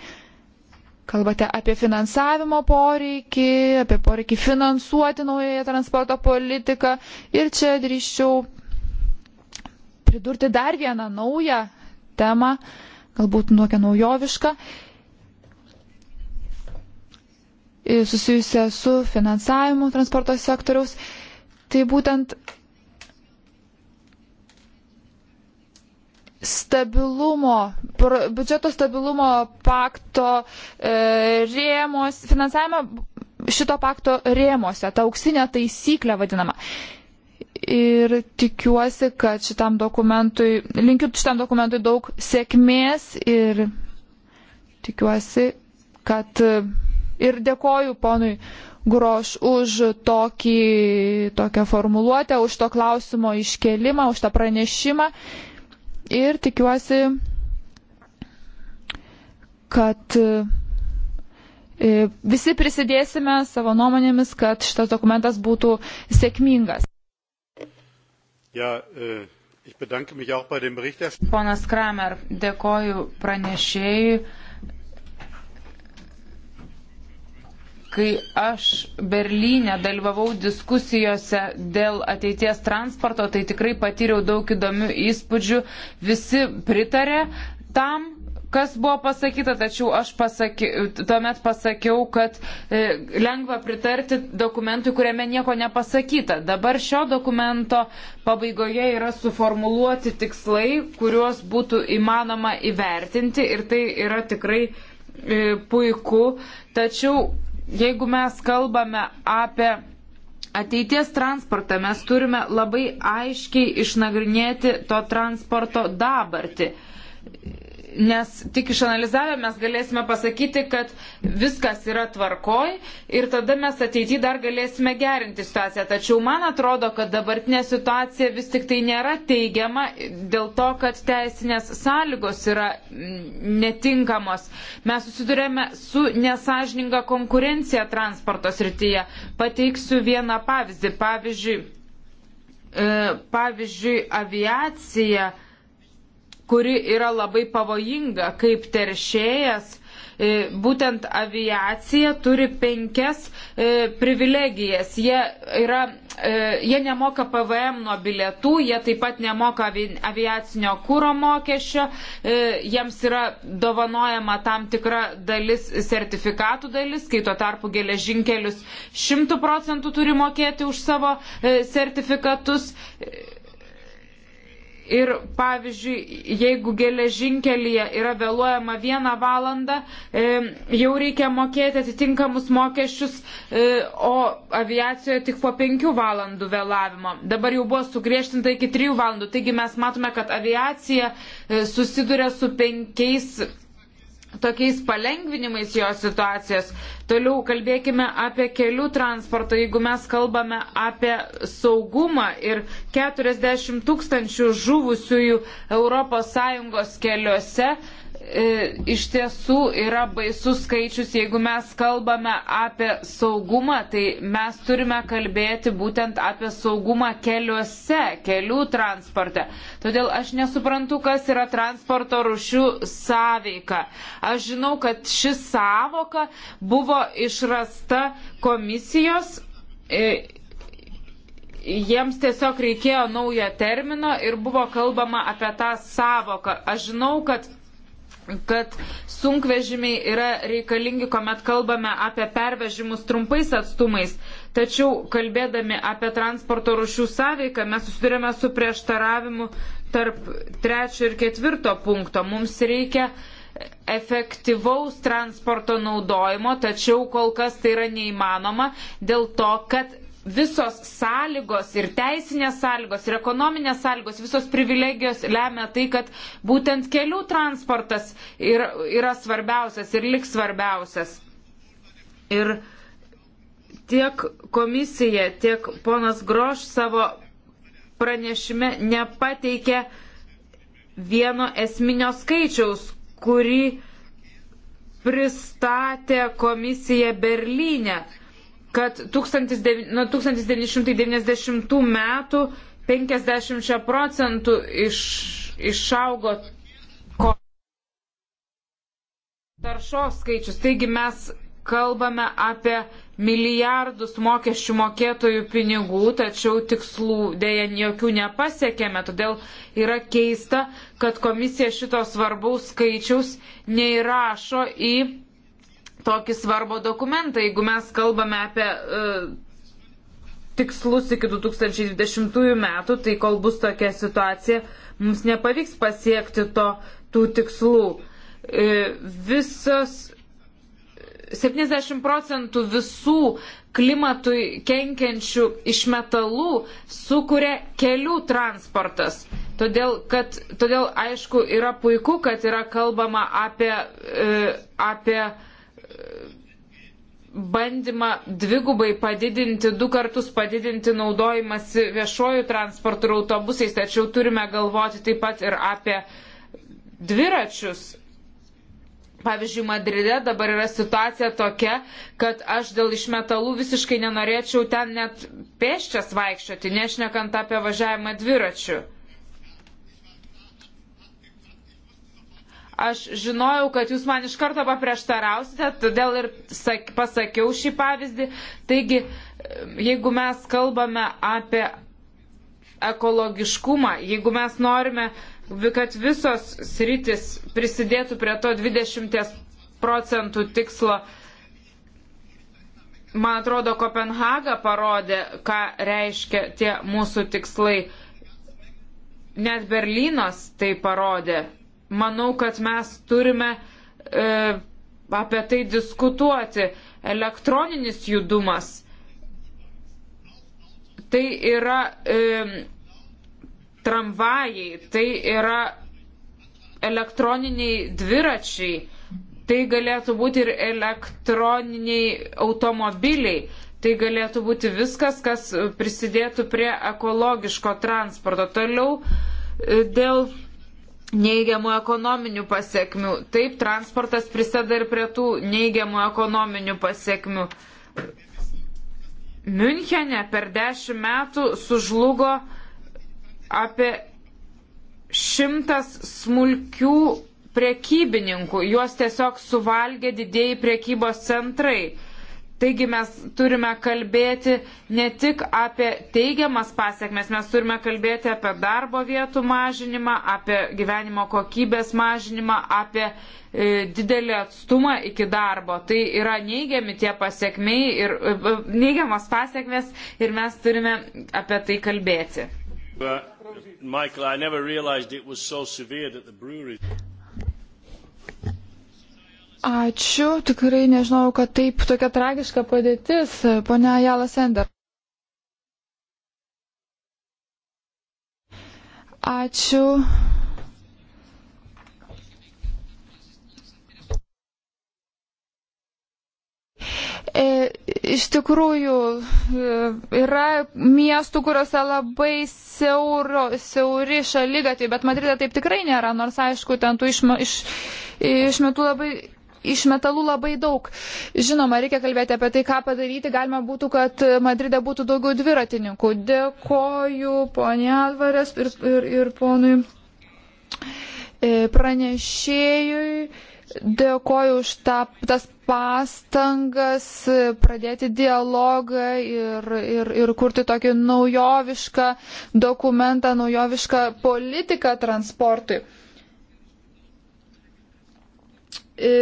kalbate apie finansavimo poreikį, apie poreikį finansuoti naująją transporto politiką. Ir čia drįščiau pridurti dar vieną naują temą, galbūt nuokia naujovišką, susijusią su finansavimu transporto sektoriaus. Tai būtent stabilumo, biudžeto stabilumo pakto e, rėmos, finansavimo šito pakto rėmose, ta auksinė taisyklė vadinama. Ir tikiuosi, kad šitam dokumentui, linkiu šitam dokumentui daug sėkmės ir tikiuosi, kad e, ir dėkoju ponui Groš už tokį, tokią formuluotę, už to klausimo iškelimą, už tą pranešimą ir tikiuosi, kad e, visi prisidėsime savo nuomonėmis, kad šitas dokumentas būtų sėkmingas. Ja, e... Ponas Kramer, dėkoju pranešėjui. kai aš Berlyne dalyvavau diskusijose dėl ateities transporto, tai tikrai patyriau daug įdomių įspūdžių. Visi pritarė tam, kas buvo pasakyta, tačiau aš pasaky, tuomet pasakiau, kad e, lengva pritarti dokumentui, kuriame nieko nepasakyta. Dabar šio dokumento pabaigoje yra suformuluoti tikslai, kuriuos būtų įmanoma įvertinti ir tai yra tikrai e, puiku. Tačiau jeigu mes kalbame apie ateities transportą, mes turime labai aiškiai išnagrinėti to transporto dabartį nes tik išanalizavę mes galėsime pasakyti, kad viskas yra tvarkoj ir tada mes ateityje dar galėsime gerinti situaciją. Tačiau man atrodo, kad dabartinė situacija vis tik tai nėra teigiama dėl to, kad teisinės sąlygos yra netinkamos. Mes susidurėme su nesažininga konkurencija transporto srityje. Pateiksiu vieną pavyzdį. Pavyzdžiui, e, pavyzdžiui aviacija kuri yra labai pavojinga kaip teršėjas. E, būtent aviacija turi penkias e, privilegijas. Jie, yra, e, jie nemoka PVM nuo bilietų, jie taip pat nemoka avi, aviacinio kūro mokesčio, e, jiems yra dovanojama tam tikra dalis sertifikatų dalis, kai tuo tarpu geležinkelius 100 procentų turi mokėti už savo e, sertifikatus. E, Ir pavyzdžiui, jeigu geležinkelyje yra vėluojama vieną valandą, e, jau reikia mokėti atitinkamus mokesčius, e, o aviacijoje tik po penkių valandų vėlavimo. Dabar jau buvo sugriežtinta iki trijų valandų, taigi mes matome, kad aviacija e, susiduria su penkiais tokiais palengvinimais jo situacijos. Toliau kalbėkime apie kelių transportą, jeigu mes kalbame apie saugumą ir 40 tūkstančių žuvusiųjų ES keliuose. E, iš tiesų yra baisus skaičius, jeigu mes kalbame apie saugumą, tai mes turime kalbėti būtent apie saugumą keliuose, kelių transporte. Todėl aš nesuprantu, kas yra transporto rušių sąveika. Aš žinau, kad ši savoka buvo išrasta komisijos e, jiems tiesiog reikėjo naujo termino ir buvo kalbama apie tą savoką. Aš žinau, kad kad sunkvežimiai yra reikalingi, kuomet kalbame apie pervežimus trumpais atstumais. Tačiau kalbėdami apie transporto rušių sąveiką, mes susidurėme su prieštaravimu tarp trečio ir ketvirto punkto. Mums reikia efektyvaus transporto naudojimo, tačiau kol kas tai yra neįmanoma dėl to, kad visos sąlygos ir teisinės sąlygos ir ekonominės sąlygos, visos privilegijos lemia tai, kad būtent kelių transportas yra, yra svarbiausias ir liks svarbiausias. Ir tiek komisija, tiek ponas Groš savo pranešime nepateikė vieno esminio skaičiaus, kurį pristatė komisija Berlyne kad 19, nuo 1990 metų 50 procentų iš, išaugo taršos skaičius. Taigi mes kalbame apie milijardus mokesčių mokėtojų pinigų, tačiau tikslų dėja jokių nepasiekėme. Todėl yra keista, kad komisija šito svarbaus skaičiaus neįrašo į tokį svarbą dokumentą, jeigu mes kalbame apie e, tikslus iki 2020 metų, tai kol bus tokia situacija, mums nepavyks pasiekti to, tų tikslų. E, visos 70 procentų visų klimatui kenkiančių išmetalų sukuria kelių transportas. Todėl, kad, todėl aišku, yra puiku, kad yra kalbama apie, e, apie bandymą dvigubai padidinti, du kartus padidinti naudojimąsi viešojų transportų ir autobusais, tačiau turime galvoti taip pat ir apie dviračius. Pavyzdžiui, Madride dabar yra situacija tokia, kad aš dėl išmetalų visiškai nenorėčiau ten net pėščias vaikščioti, nešnekant apie važiavimą dviračiu. Aš žinojau, kad jūs man iš karto paprieštarausite, todėl ir sak, pasakiau šį pavyzdį. Taigi, jeigu mes kalbame apie ekologiškumą, jeigu mes norime, kad visos sritis prisidėtų prie to 20 procentų tikslo, man atrodo, Kopenhaga parodė, ką reiškia tie mūsų tikslai. Net Berlynas tai parodė manau, kad mes turime e, apie tai diskutuoti. Elektroninis judumas. Tai yra e, tramvajai, tai yra elektroniniai dviračiai, tai galėtų būti ir elektroniniai automobiliai. Tai galėtų būti viskas, kas prisidėtų prie ekologiško transporto. Toliau e, dėl neigiamų ekonominių pasiekmių. Taip, transportas prisėda ir prie tų neigiamų ekonominių pasiekmių. Münchene per dešimt metų sužlugo apie šimtas smulkių prekybininkų. Juos tiesiog suvalgė didėjai prekybos centrai. Taigi mes turime kalbėti ne tik apie teigiamas pasiekmes, mes turime kalbėti apie darbo vietų mažinimą, apie gyvenimo kokybės mažinimą, apie e, didelį atstumą iki darbo. Tai yra neigiami tie pasiekmei ir e, e neigiamas pasiekmes ir mes turime apie tai kalbėti. But, Michael, Ačiū, tikrai nežinau, kad taip tokia tragiška padėtis, ponia Jala Sender. Ačiū. E, iš tikrųjų, e, yra miestų, kuriuose labai siauro, siauri šalygatviai, bet Madride taip tikrai nėra, nors aišku, ten tų išmetų iš, iš labai išmetalų labai daug. Žinoma, reikia kalbėti apie tai, ką padaryti. Galima būtų, kad Madride būtų daugiau dviratininkų. Dėkoju ponė Alvarės ir, ir, ir ponui e, pranešėjui. Dėkoju už ta, tas pastangas pradėti dialogą ir, ir, ir kurti tokį naujovišką dokumentą, naujovišką politiką transportui. E,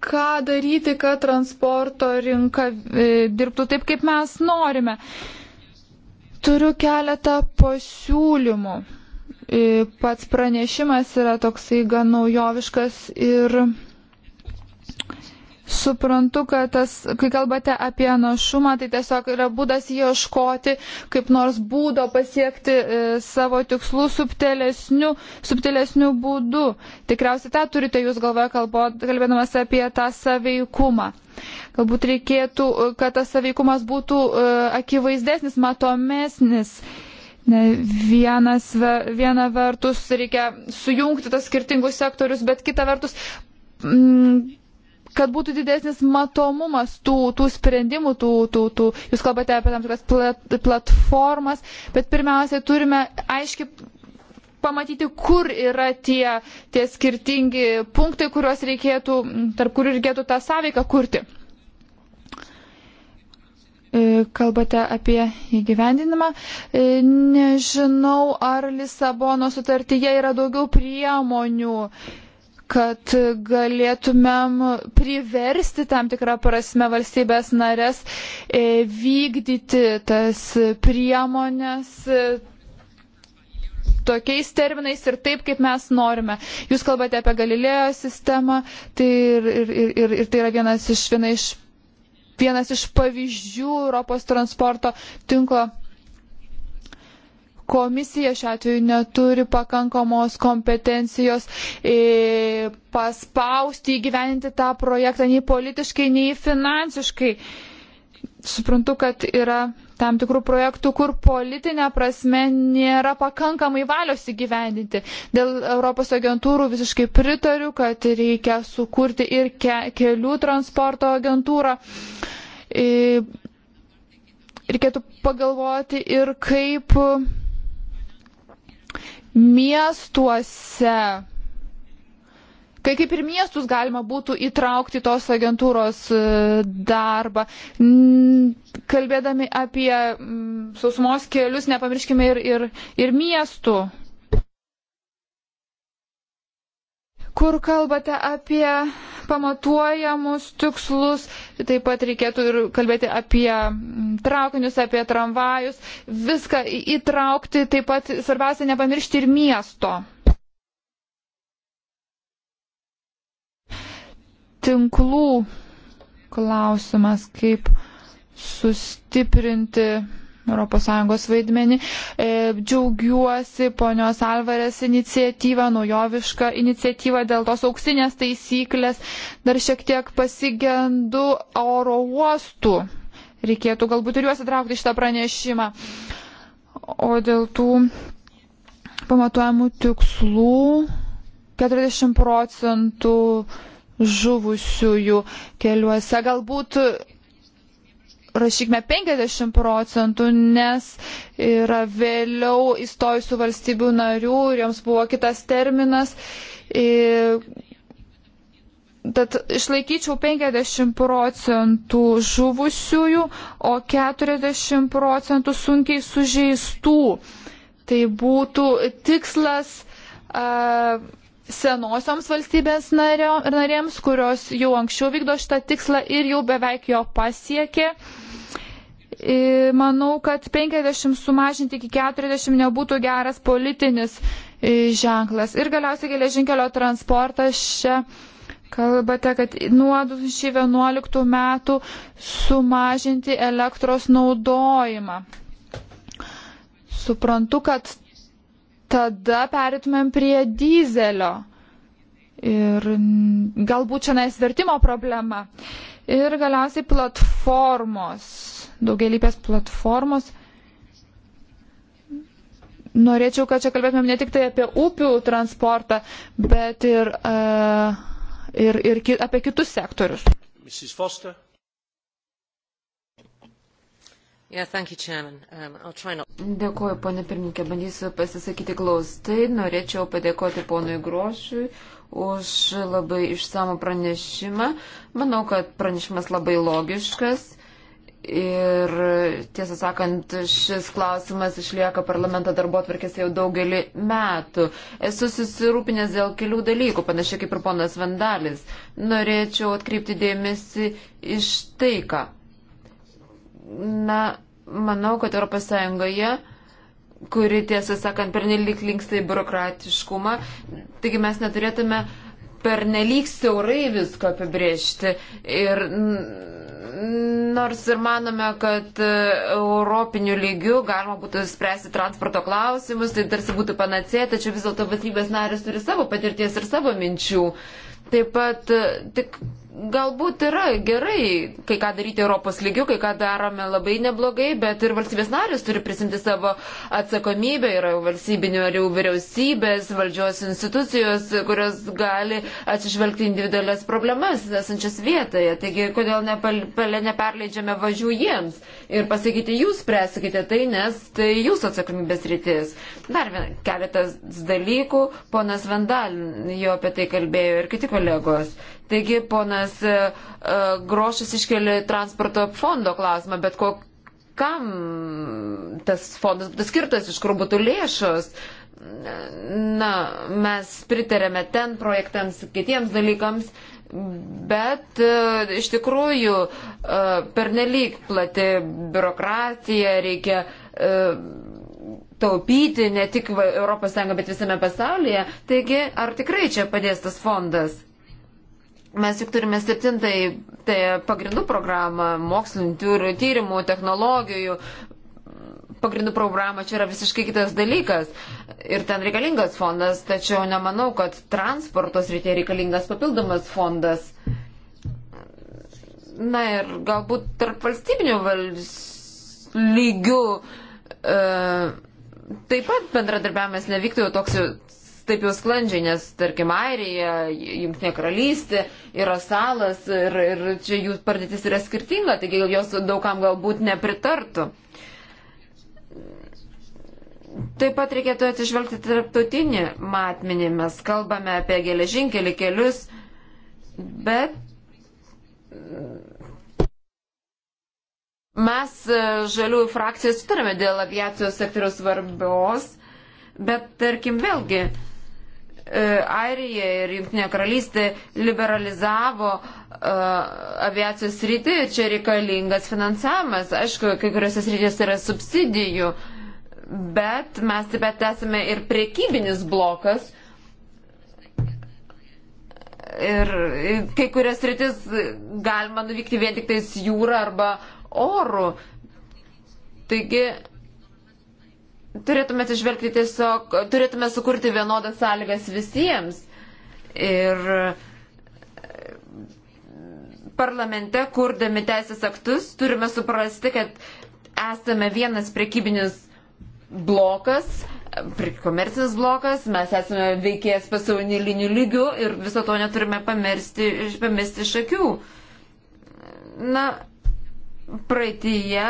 ką daryti, kad transporto rinka e, dirbtų taip, kaip mes norime. Turiu keletą pasiūlymų. E, pats pranešimas yra toksai gan naujoviškas ir suprantu, kad tas, kai kalbate apie našumą, tai tiesiog yra būdas ieškoti kaip nors būdo pasiekti e, savo tikslų subtilesniu, subtilesniu būdu. Tikriausiai tą turite jūs galvoje kalbėdamas apie tą saveikumą. Galbūt reikėtų, e, kad tas saveikumas būtų e, akivaizdesnis, matomesnis. Ne, vienas, viena vertus reikia sujungti tas skirtingus sektorius, bet kita vertus. Mm, kad būtų didesnis matomumas tų, tų sprendimų, tų, tų, tų, jūs kalbate apie tam tikras plat, platformas, bet pirmiausia, turime aiškiai pamatyti, kur yra tie, tie skirtingi punktai, kuriuos reikėtų, tarp kurių reikėtų tą sąveiką kurti. E, kalbate apie įgyvendinimą. E, nežinau, ar Lisabono sutartyje yra daugiau priemonių kad galėtumėm priversti tam tikrą prasme valstybės narės e, vykdyti tas priemonės e, tokiais terminais ir taip, kaip mes norime. Jūs kalbate apie Galilėjo sistemą, tai ir, ir, ir, ir tai yra vienas iš, viena iš, vienas iš pavyzdžių Europos transporto tinklo komisija šiuo atveju neturi pakankamos kompetencijos e, paspausti įgyveninti tą projektą nei politiškai, nei finansiškai. Suprantu, kad yra tam tikrų projektų, kur politinė prasme nėra pakankamai valios įgyvendinti. Dėl Europos agentūrų visiškai pritariu, kad reikia sukurti ir ke kelių transporto agentūrą. E, reikėtų pagalvoti ir kaip miestuose Kai kaip ir miestus galima būtų įtraukti tos agentūros e, darbą. Kalbėdami apie sausumos kelius, nepamirškime ir, ir, ir miestų kur kalbate apie pamatuojamus tikslus, taip pat reikėtų ir kalbėti apie mm, traukinius, apie tramvajus, viską įtraukti, taip pat svarbiausia nepamiršti ir miesto. Tinklų klausimas, kaip sustiprinti ES vaidmenį. E, džiaugiuosi ponios Alvarės iniciatyvą, naujovišką iniciatyvą dėl tos auksinės taisyklės. Dar šiek tiek pasigendu oro uostų. Reikėtų galbūt ir juos įtraukti šitą pranešimą. O dėl tų pamatuojamų tikslų 40 procentų žuvusiųjų keliuose. Galbūt rašykime 50 procentų, nes yra vėliau įstojusių valstybių narių ir joms buvo kitas terminas. Ir e, Tad išlaikyčiau 50 procentų žuvusiųjų, o 40 procentų sunkiai sužeistų. Tai būtų tikslas. Uh, senosioms valstybės nario, narėms, kurios jau anksčiau vykdo šitą tikslą ir jau beveik jo pasiekė. Manau, kad 50 sumažinti iki 40 nebūtų geras politinis ženklas. Ir galiausiai geležinkelio transportas čia. Kalbate, kad nuo 2011 metų sumažinti elektros naudojimą. Suprantu, kad tada perėtumėm prie dizelio. Ir galbūt čia nesvertimo problema. Ir galiausiai platformos, daugelįpės platformos. Norėčiau, kad čia kalbėtumėm ne tik tai apie upių transportą, bet ir, uh, ir, ir ki apie kitus sektorius. Mrs. Foster. Yeah, you, um, not... Dėkuoju, ponė pirmininkė, bandysiu pasisakyti glaustai. Norėčiau padėkoti ponui Grošui už labai išsamų pranešimą. Manau, kad pranešimas labai logiškas. Ir tiesą sakant, šis klausimas išlieka parlamento darbo atvarkės jau daugelį metų. Esu susirūpinęs dėl kelių dalykų, panašiai kaip ir ponas Vandalis. Norėčiau atkreipti dėmesį iš tai, ką Na, manau, kad ES, kuri tiesą sakant pernelyg linksta į biurokratiškumą, taigi mes neturėtume pernelyg siaurai visko apibriežti. Ir nors ir manome, kad e, europiniu lygiu galima būtų spręsti transporto klausimus, tai tarsi būtų panacėja, tačiau vis dėlto valstybės narės turi savo patirties ir savo minčių. Taip pat e, tik galbūt yra gerai kai ką daryti Europos lygių, kai ką darome labai neblogai, bet ir valstybės narės turi prisimti savo atsakomybę, yra valstybinių ar jau vyriausybės, valdžios institucijos, kurios gali atsižvelgti individualias problemas esančias vietoje. Taigi, kodėl nepal, neperleidžiame važių jiems ir pasakyti, jūs spręskite tai, nes tai jūsų atsakomybės rytis. Dar vien, keletas dalykų, ponas Vandal, jo apie tai kalbėjo ir kiti kolegos. Taigi ponas e, e, Grošas iškelia transporto fondo klausimą, bet ko, kam tas fondas būtų skirtas, iš kur būtų lėšos. Na, mes pritarėme ten projektams, kitiems dalykams, Bet e, iš tikrųjų pernelyg plati biurokratija, reikia taupyti ne tik ES, bet visame pasaulyje. Taigi, ar tikrai čia padės tas fondas? Mes juk turime septintai tai pagrindų programą mokslinių tyrimų, technologijų. Pagrindų programa čia yra visiškai kitas dalykas ir ten reikalingas fondas, tačiau nemanau, kad transportos rytė reikalingas papildomas fondas. Na ir galbūt tarp valstybinių vals... lygių e, taip pat bendradarbiavimas nevyktų toks taip jau sklandžiai, nes tarkim Airija, Junktinė karalystė yra salas ir, ir čia jų padėtis yra skirtinga, taigi jos daugam galbūt nepritartų. Taip pat reikėtų atsižvelgti tarptautinį matmenį. Mes kalbame apie geležinkelį kelius, bet mes e, žaliųjų frakcijos sutarėme dėl aviacijos sektoriaus svarbios, bet tarkim vėlgi E, Airija ir Junktinė karalystė liberalizavo uh, aviacijos rytį, čia reikalingas finansavimas. Aišku, kai kuriuose srityse yra subsidijų, bet mes taip pat esame ir priekybinis blokas. Ir kai kurias rytis galima nuvykti vien tik tais jūrą arba orų. Taigi turėtume atsižvelgti tiesiog, turėtume sukurti vienodas sąlygas visiems. Ir e, parlamente, kurdami teisės aktus, turime suprasti, kad esame vienas prekybinis blokas, komercinis blokas, mes esame veikėjas pasaulinių lygių ir viso to neturime pamirsti, pamesti iš akių. Na, praeitįje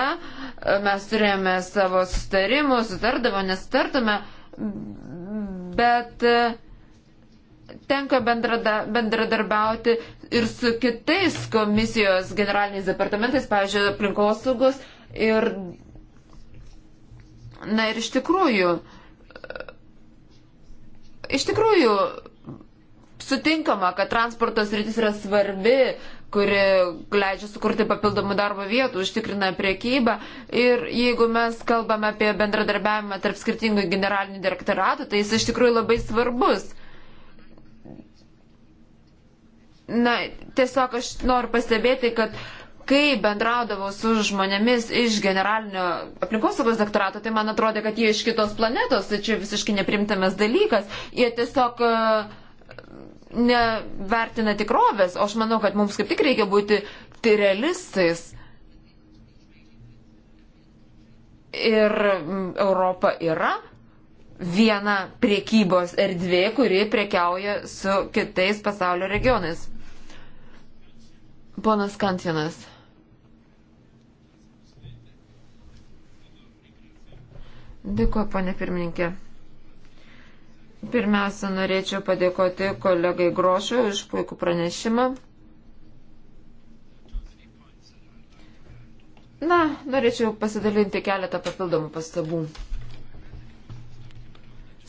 mes turėjome savo sustarimus, sutardavo, nesutartume, bet e, tenka bendrada, bendradarbiauti ir su kitais komisijos generaliniais departamentais, pavyzdžiui, aplinkosaugos ir. Na ir iš tikrųjų, e, iš tikrųjų, sutinkama, kad transporto sritis yra svarbi kuri leidžia sukurti papildomų darbo vietų, užtikrina priekybą. Ir jeigu mes kalbame apie bendradarbiavimą tarp skirtingų generalinių direktoratų, tai jis iš tikrųjų labai svarbus. Na, tiesiog aš noriu pastebėti, kad kai bendraudavau su žmonėmis iš generalinio aplinkosaugos doktorato, tai man atrodė, kad jie iš kitos planetos, tai čia visiškai neprimtamas dalykas. Jie tiesiog uh, nevertina tikrovės, o aš manau, kad mums kaip tik reikia būti realistais. Ir mm, Europa yra viena priekybos erdvė, kuri prekiauja su kitais pasaulio regionais. Ponas Kantinas. Dėkuoju, ponė pirmininkė. Pirmiausia, norėčiau padėkoti kolegai Grošui už puikų pranešimą. Na, norėčiau pasidalinti keletą papildomų pastabų.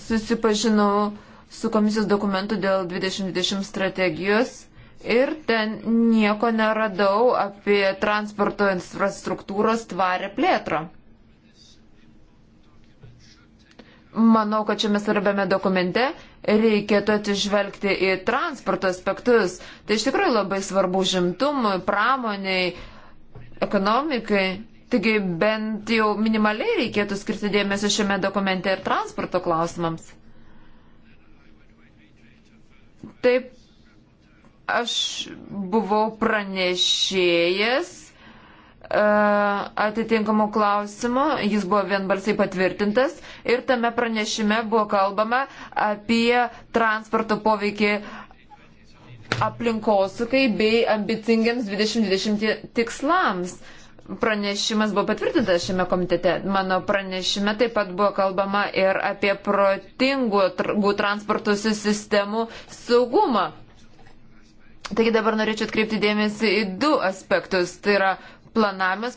Susipažinau su komisijos dokumentu dėl 2020 strategijos ir ten nieko neradau apie transporto infrastruktūros tvarę plėtrą. Manau, kad šiame svarbiame dokumente reikėtų atsižvelgti į transporto aspektus. Tai iš tikrųjų labai svarbu žimtumui, pramoniai, ekonomikai. Taigi bent jau minimaliai reikėtų skirti dėmesio šiame dokumente ir transporto klausimams. Taip, aš buvau pranešėjęs atitinkamų klausimų, jis buvo vienbalsiai patvirtintas ir tame pranešime buvo kalbama apie transporto poveikį aplinkosukai bei ambicingiams 2020 tikslams. Pranešimas buvo patvirtintas šiame komitete. Mano pranešime taip pat buvo kalbama ir apie protingų transporto sistemų saugumą. Taigi dabar norėčiau atkreipti dėmesį į du aspektus. Tai yra planavimas,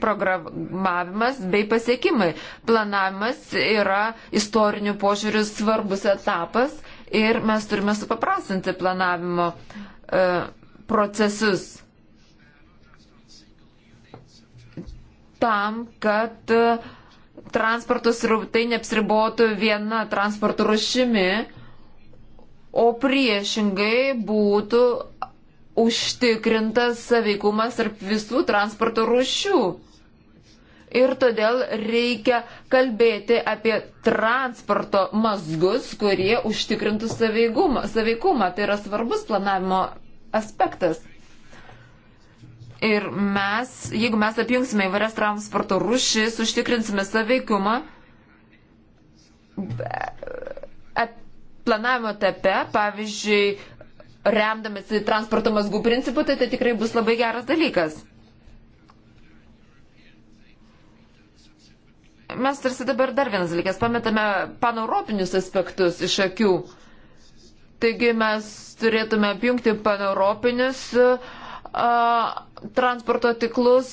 programavimas bei pasiekimai. Planavimas yra istorinių požiūrių svarbus etapas ir mes turime supaprastinti planavimo e, procesus tam, kad e, transporto srautai neapsiribotų viena transporto rušimi, o priešingai būtų užtikrintas saveikumas tarp visų transporto rūšių. Ir todėl reikia kalbėti apie transporto mazgus, kurie užtikrintų saveikumą. saveikumą. Tai yra svarbus planavimo aspektas. Ir mes, jeigu mes apjungsime įvairias transporto rūšis, užtikrinsime saveikumą, planavimo etape, pavyzdžiui, remdamasi transporto mazgų principu, tai tai tikrai bus labai geras dalykas. Mes tarsi dabar dar vienas dalykas, pametame paneuropinius aspektus iš akių. Taigi mes turėtume apjungti paneuropinius uh, transporto tiklus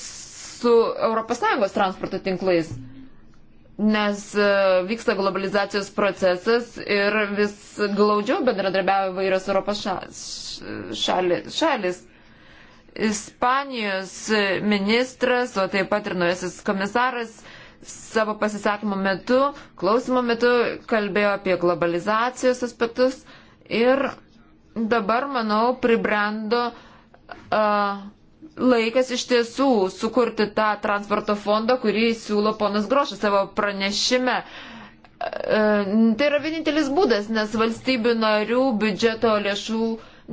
su ES transporto tinklais. Mm nes e, vyksta globalizacijos procesas ir vis glaudžiau bendradarbiavo įvairios Europos šalis. Ispanijos ministras, o taip pat ir naujasis komisaras savo pasisakymo metu, klausimo metu kalbėjo apie globalizacijos aspektus ir dabar, manau, pribrendo uh, laikas iš tiesų sukurti tą transporto fondą, kurį siūlo ponas Grošas savo pranešime. E, tai yra vienintelis būdas, nes valstybių narių biudžeto lėšų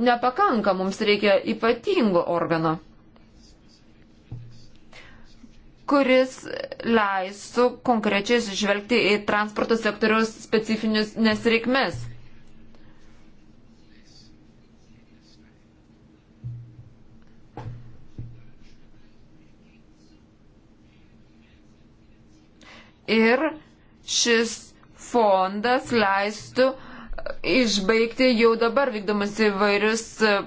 nepakanka, mums reikia ypatingo organo, kuris leistų konkrečiai sužvelgti į transporto sektoriaus specifinius nesreikmes. ir šis fondas leistų išbaigti jau dabar vykdomus įvairius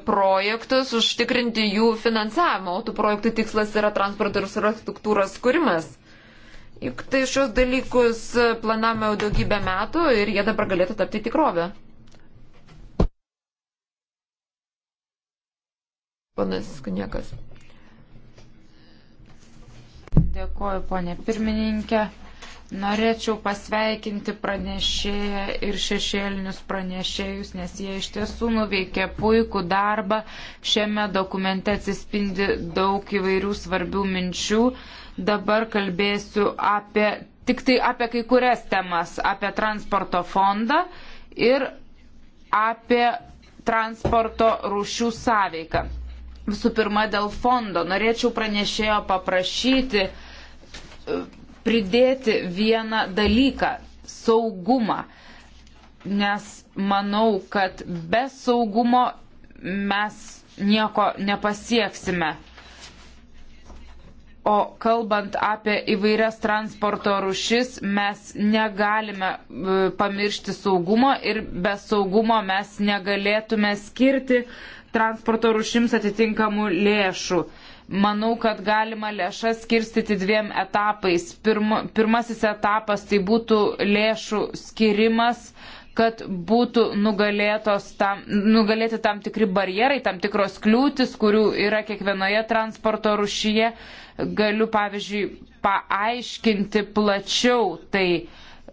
projektus, užtikrinti jų finansavimą, o tų projektų tikslas yra transporto ir infrastruktūros kūrimas. Juk tai šios dalykus planavome jau daugybę metų ir jie dabar galėtų tapti tikrovę. Panas Kniekas. Dėkuoju, ponė pirmininkė. Norėčiau pasveikinti pranešėją ir šešėlinius pranešėjus, nes jie iš tiesų nuveikė puikų darbą. Šiame dokumente atsispindi daug įvairių svarbių minčių. Dabar kalbėsiu apie, tik tai apie kai kurias temas - apie transporto fondą ir apie transporto rūšių sąveiką. Visų pirma, dėl fondo norėčiau pranešėjo paprašyti pridėti vieną dalyką - saugumą. Nes manau, kad be saugumo mes nieko nepasieksime. O kalbant apie įvairias transporto rušis, mes negalime e, pamiršti saugumo ir be saugumo mes negalėtume skirti transporto rušims atitinkamų lėšų. Manau, kad galima lėšas skirstyti dviem etapais. Pirma, pirmasis etapas tai būtų lėšų skirimas kad būtų tam, nugalėti tam tikri barjerai, tam tikros kliūtis, kurių yra kiekvienoje transporto rušyje. Galiu, pavyzdžiui, paaiškinti plačiau tai.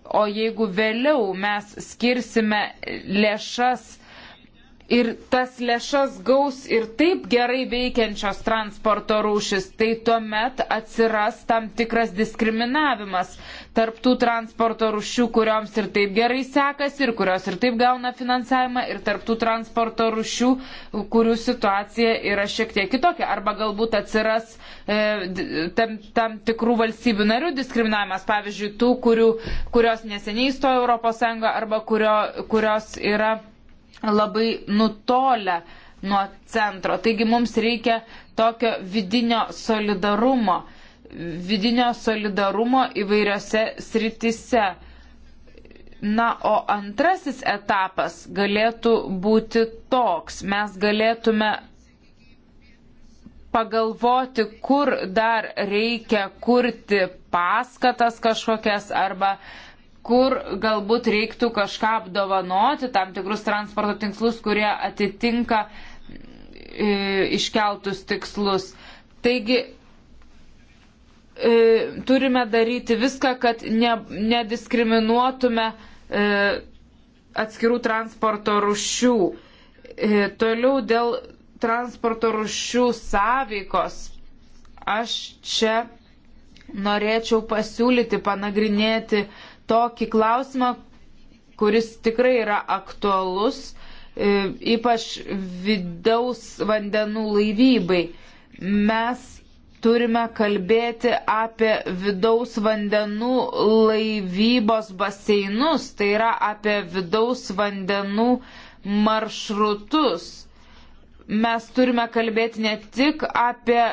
O jeigu vėliau mes skirsime lėšas ir tas lėšas gaus ir taip gerai veikiančios transporto rūšis, tai tuomet atsiras tam tikras diskriminavimas tarptų transporto rūšių, kurioms ir taip gerai sekasi ir kurios ir taip gauna finansavimą, ir tarptų transporto rūšių, kurių situacija yra šiek tiek kitokia. Arba galbūt atsiras e, tam, tam tikrų valstybių narių diskriminavimas, pavyzdžiui, tų, kurių, kurios neseniai įstojo Europos Sąjungą arba kurio, kurios yra labai nutolę nuo centro. Taigi mums reikia tokio vidinio solidarumo, vidinio solidarumo įvairiose sritise. Na, o antrasis etapas galėtų būti toks. Mes galėtume pagalvoti, kur dar reikia kurti paskatas kažkokias arba uh, kur galbūt reiktų kažką apdovanoti, tam tikrus transporto tinklus, kurie atitinka e, iškeltus tikslus. Taigi, e, turime daryti viską, kad ne, nediskriminuotume e, atskirų transporto rušių. E, toliau dėl transporto rušių sąveikos. Aš čia norėčiau pasiūlyti panagrinėti e, tokį klausimą, kuris tikrai yra aktualus, e, ypač vidaus vandenų laivybai. Mes turime kalbėti apie vidaus vandenų laivybos baseinus, tai yra apie vidaus vandenų maršrutus. Mes turime kalbėti ne tik apie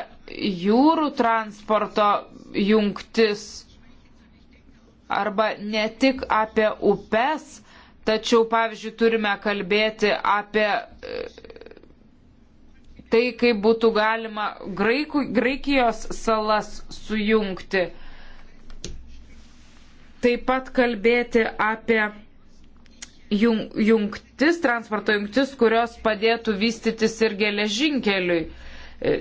jūrų transporto jungtis, arba ne tik apie upes, tačiau, pavyzdžiui, turime kalbėti apie e, tai, kaip būtų galima Graikų, Graikijos salas sujungti. Taip pat kalbėti apie jung, jungtis, transporto jungtis, kurios padėtų vystytis ir geležinkeliui. E,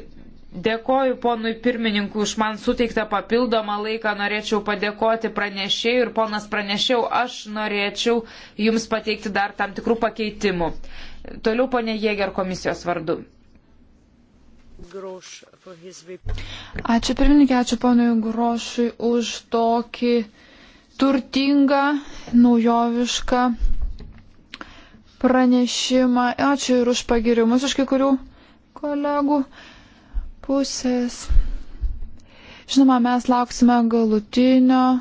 Dėkoju ponui pirmininkui už man suteiktą papildomą laiką. Norėčiau padėkoti pranešėjui ir ponas pranešiau, aš norėčiau jums pateikti dar tam tikrų pakeitimų. Toliau ponė Jėger komisijos vardu. Ačiū pirmininkė, ačiū ponui Grošui už tokį turtingą, naujovišką pranešimą. Ačiū ir už pagirimus iš kai kurių kolegų pusės. Žinoma, mes lauksime galutinio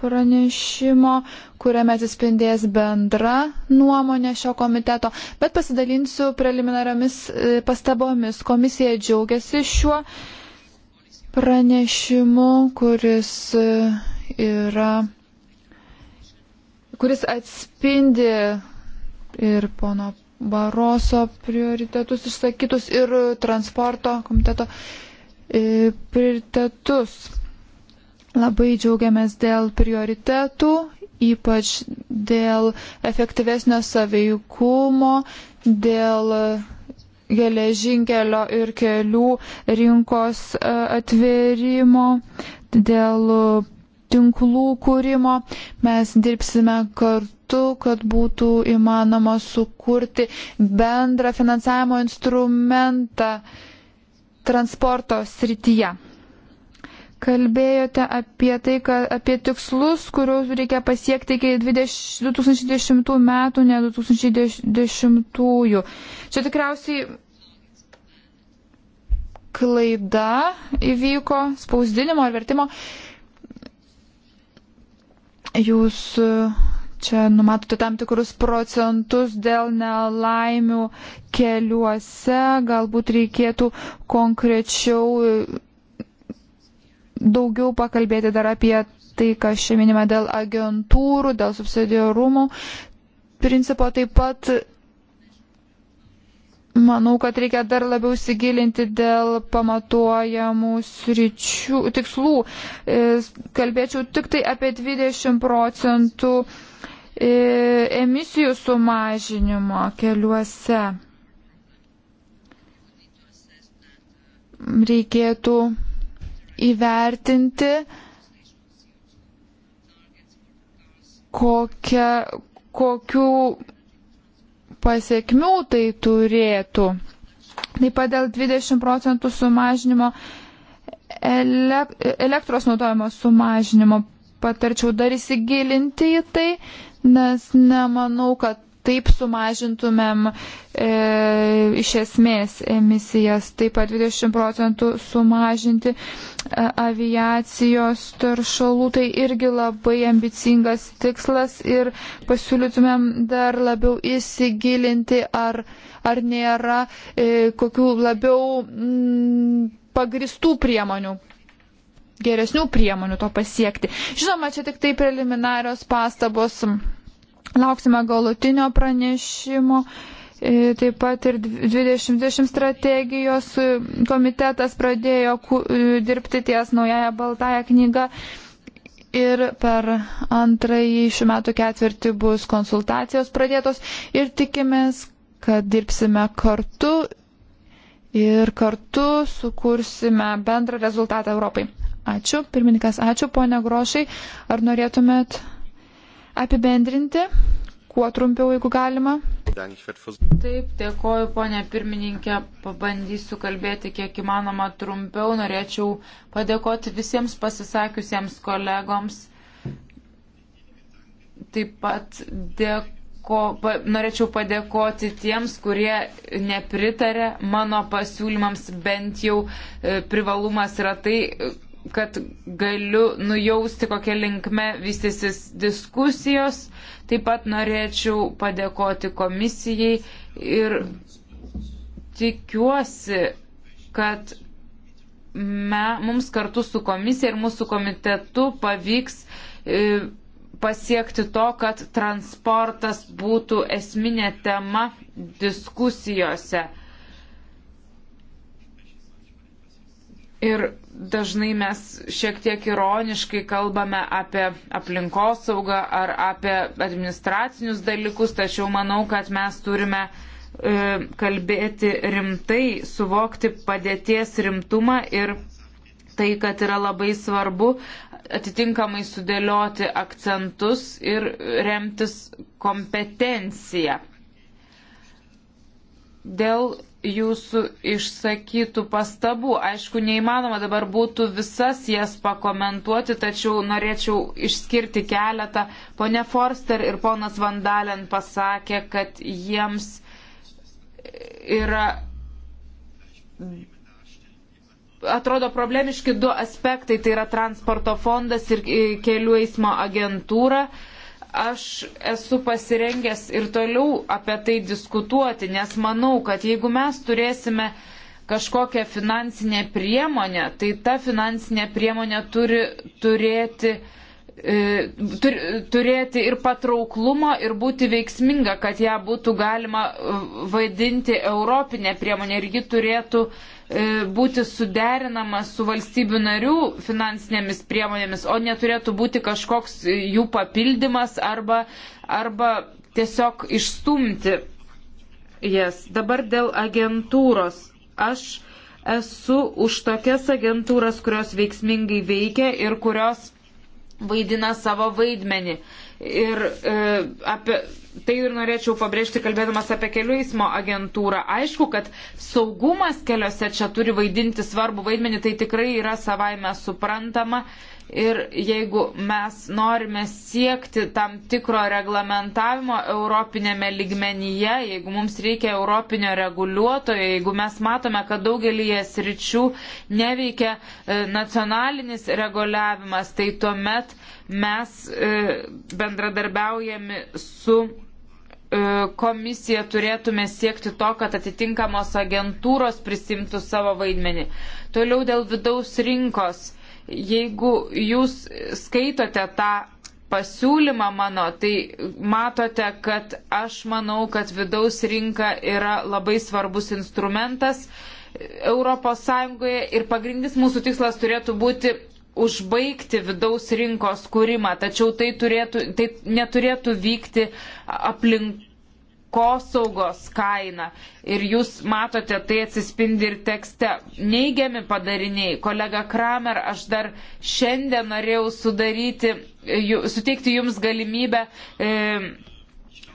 pranešimo, kuriame atsispindės bendra nuomonė šio komiteto, bet pasidalinsiu preliminariomis e, pastabomis. Komisija džiaugiasi šiuo pranešimu, kuris e, yra kuris atspindi ir pono Baroso prioritetus išsakytus ir transporto komiteto e, prioritetus. Labai džiaugiamės dėl prioritetų, ypač dėl efektyvesnio saveikumo, dėl geležinkelio ir kelių rinkos e, atvėrimo, dėl tinklų kūrimo. Mes dirbsime kartu metu, kad būtų įmanoma sukurti bendrą finansavimo instrumentą transporto srityje. Kalbėjote apie tai, kad apie tikslus, kuriuos reikia pasiekti iki 20, 2010 metų, ne 2010. Čia tikriausiai klaida įvyko spausdinimo ar vertimo. Jūs čia numatote tam tikrus procentus dėl nelaimių keliuose, galbūt reikėtų konkrečiau daugiau pakalbėti dar apie tai, kas čia minima dėl agentūrų, dėl subsidiarumų. Principo taip pat Manau, kad reikia dar labiau įsigilinti dėl pamatuojamų sričių, tikslų. E, kalbėčiau tik tai apie 20 procentų E, emisijų sumažinimo keliuose. Reikėtų įvertinti, kokia, kokių pasiekmių tai turėtų. Taip pat dėl 20 procentų sumažinimo elektros naudojimo sumažinimo patarčiau dar įsigilinti į tai, nes nemanau, kad taip sumažintumėm e, iš esmės emisijas, taip pat 20 procentų sumažinti e, aviacijos taršalų, tai irgi labai ambicingas tikslas ir pasiūlytumėm dar labiau įsigilinti, ar, ar nėra e, kokių labiau m, mm, pagristų priemonių geresnių priemonių to pasiekti. Žinoma, čia tik tai preliminarios pastabos. Lauksime galutinio pranešimo. E, taip pat ir 2020 strategijos e, komitetas pradėjo e, dirbti ties naująją baltąją knygą. Ir per antrąjį šių metų ketvirtį bus konsultacijos pradėtos ir tikimės, kad dirbsime kartu ir kartu sukursime bendrą rezultatą Europai. Ačiū, pirmininkas, ačiū, ponia Grošai. Ar norėtumėt apibendrinti, kuo trumpiau, jeigu galima? Taip, dėkoju, ponia pirmininkė, pabandysiu kalbėti kiek įmanoma trumpiau. Norėčiau padėkoti visiems pasisakiusiems kolegoms. Taip pat dėko, pa, norėčiau padėkoti tiems, kurie nepritarė mano pasiūlymams, bent jau e, privalumas yra tai, kad galiu nujausti, kokia linkme vystysis diskusijos. Taip pat norėčiau padėkoti komisijai ir tikiuosi, kad me, mums kartu su komisija ir mūsų komitetu pavyks e, pasiekti to, kad transportas būtų esminė tema diskusijose. Ir dažnai mes šiek tiek ironiškai kalbame apie aplinkosaugą ar apie administracinius dalykus, tačiau manau, kad mes turime e, kalbėti rimtai, suvokti padėties rimtumą ir tai, kad yra labai svarbu atitinkamai sudėlioti akcentus ir remtis kompetenciją. Dėl jūsų išsakytų pastabų. Aišku, neįmanoma dabar būtų visas jas pakomentuoti, tačiau norėčiau išskirti keletą. Pone Forster ir ponas Vandalen pasakė, kad jiems yra. Atrodo problemiški du aspektai, tai yra transporto fondas ir kelių eismo agentūra. Uh, Aš esu pasirengęs ir toliau apie tai diskutuoti, nes manau, kad jeigu mes turėsime kažkokią finansinę priemonę, tai ta finansinė priemonė turi turėti uh, E, turėti ir patrauklumo, ir būti veiksminga, kad ją būtų galima e, vaidinti Europinė priemonė ir ji turėtų e, būti suderinama su valstybių narių finansinėmis priemonėmis, o neturėtų būti kažkoks jų papildymas arba, arba tiesiog išstumti jas. Yes. Dabar dėl agentūros. Aš esu už tokias agentūras, kurios veiksmingai veikia ir kurios vaidina savo vaidmenį. Ir e, apie tai ir norėčiau pabrėžti, kalbėdamas apie kelių eismo agentūrą. Aišku, kad saugumas keliuose čia turi vaidinti svarbu vaidmenį, tai tikrai yra savaime suprantama. E, Ir jeigu mes norime siekti tam tikro reglamentavimo europinėme ligmenyje, jeigu mums reikia europinio reguliuotojo, jeigu mes matome, kad daugelį sričių neveikia e, nacionalinis reguliavimas, tai tuomet mes e, bendradarbiaujame su e, komisija turėtume siekti to, kad atitinkamos agentūros prisimtų savo vaidmenį. Toliau dėl vidaus rinkos Jeigu jūs skaitote tą pasiūlymą mano, tai matote, kad aš manau, kad vidaus rinka yra labai svarbus instrumentas ES ir pagrindinis mūsų tikslas turėtų būti užbaigti vidaus rinkos kūrimą, tačiau tai, turėtų, tai neturėtų vykti aplink aplinkosaugos kaina. Ir jūs matote, tai atsispindi ir tekste. Neigiami padariniai. Kolega Kramer, aš dar šiandien norėjau sudaryti, suteikti jums galimybę. E,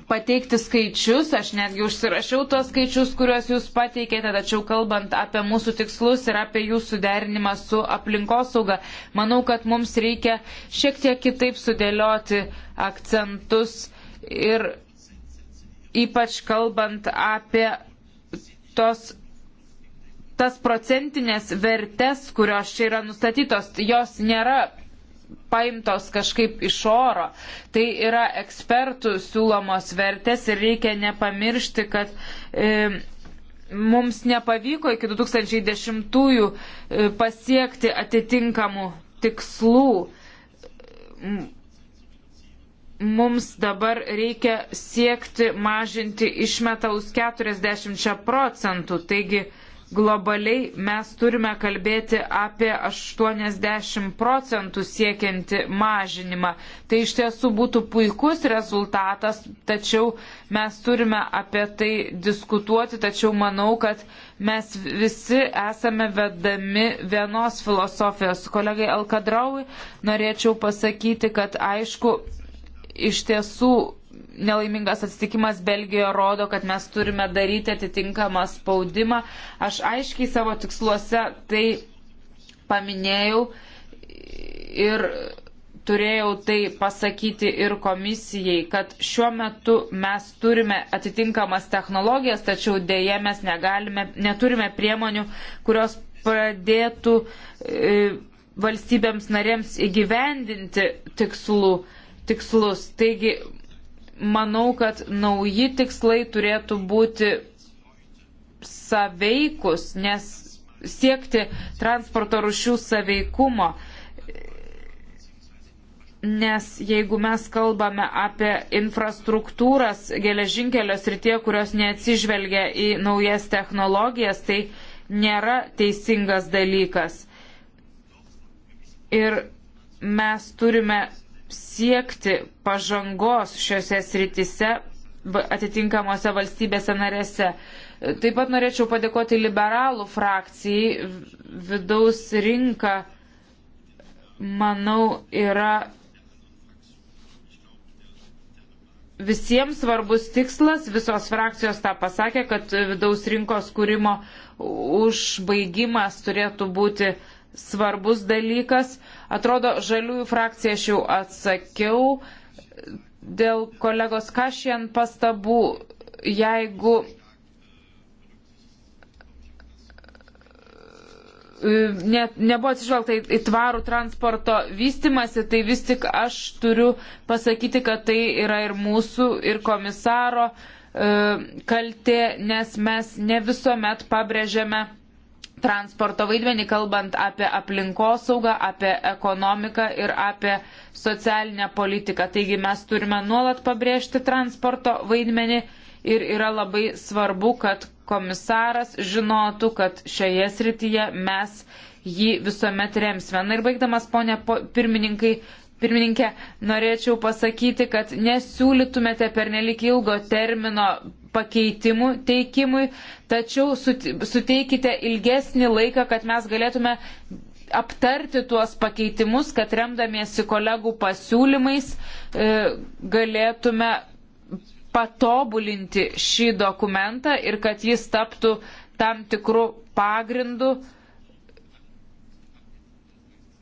pateikti skaičius, aš netgi užsirašiau tuos skaičius, kuriuos jūs pateikėte, tačiau kalbant apie mūsų tikslus ir apie jų suderinimą su aplinkosauga, manau, kad mums reikia šiek tiek kitaip sudėlioti akcentus ir ypač kalbant apie tos tas procentinės vertes, kurios čia yra nustatytos, jos nėra paimtos kažkaip iš oro. Tai yra ekspertų siūlomos vertės ir reikia nepamiršti, kad e, mums nepavyko iki 2010-ųjų e, pasiekti atitinkamų tikslų mums dabar reikia siekti mažinti išmetalus 40 procentų. Taigi globaliai mes turime kalbėti apie 80 procentų siekianti mažinimą. Tai iš tiesų būtų puikus rezultatas, tačiau mes turime apie tai diskutuoti, tačiau manau, kad mes visi esame vedami vienos filosofijos. Kolegai Alkadraui norėčiau pasakyti, kad aišku, iš tiesų nelaimingas atsitikimas Belgijoje rodo, kad mes turime daryti atitinkamą spaudimą. Aš aiškiai savo tiksluose tai paminėjau ir turėjau tai pasakyti ir komisijai, kad šiuo metu mes turime atitinkamas technologijas, tačiau dėje mes negalime, neturime priemonių, kurios pradėtų e, valstybėms narėms įgyvendinti tikslų. E, tikslus. Taigi, manau, kad nauji tikslai turėtų būti saveikus, nes siekti transporto rušių saveikumo. Nes jeigu mes kalbame apie infrastruktūras geležinkelios rytie, kurios neatsižvelgia į naujas technologijas, tai nėra teisingas dalykas. Ir mes turime siekti pažangos šiuose sritise atitinkamuose valstybėse narėse. Taip pat norėčiau padėkoti liberalų frakcijai. Vidaus rinka, manau, yra visiems svarbus tikslas. Visos frakcijos tą pasakė, kad vidaus rinkos kūrimo užbaigimas turėtų būti uh, svarbus dalykas. Atrodo, žaliųjų frakciją aš jau atsakiau. Dėl kolegos Kašien pastabų, jeigu e, ne, nebuvo atsižvelgta į, į tvarų transporto vystimasi, tai vis tik aš turiu pasakyti, kad tai yra ir mūsų, ir komisaro e, kaltė, nes mes ne visuomet pabrėžiame transporto vaidmenį, kalbant apie aplinkosaugą, apie ekonomiką ir apie socialinę politiką. Taigi mes turime nuolat pabrėžti transporto vaidmenį ir yra labai svarbu, kad komisaras žinotų, kad šioje srityje mes jį visuomet rems. Viena ir baigdamas, ponė pirmininkai, Pirmininkė, norėčiau pasakyti, kad nesiūlytumėte pernelik ilgo termino pakeitimų teikimui, tačiau suteikite ilgesnį laiką, kad mes galėtume aptarti tuos pakeitimus, kad remdamiesi kolegų pasiūlymais e, galėtume patobulinti šį dokumentą ir kad jis taptų tam tikrų pagrindų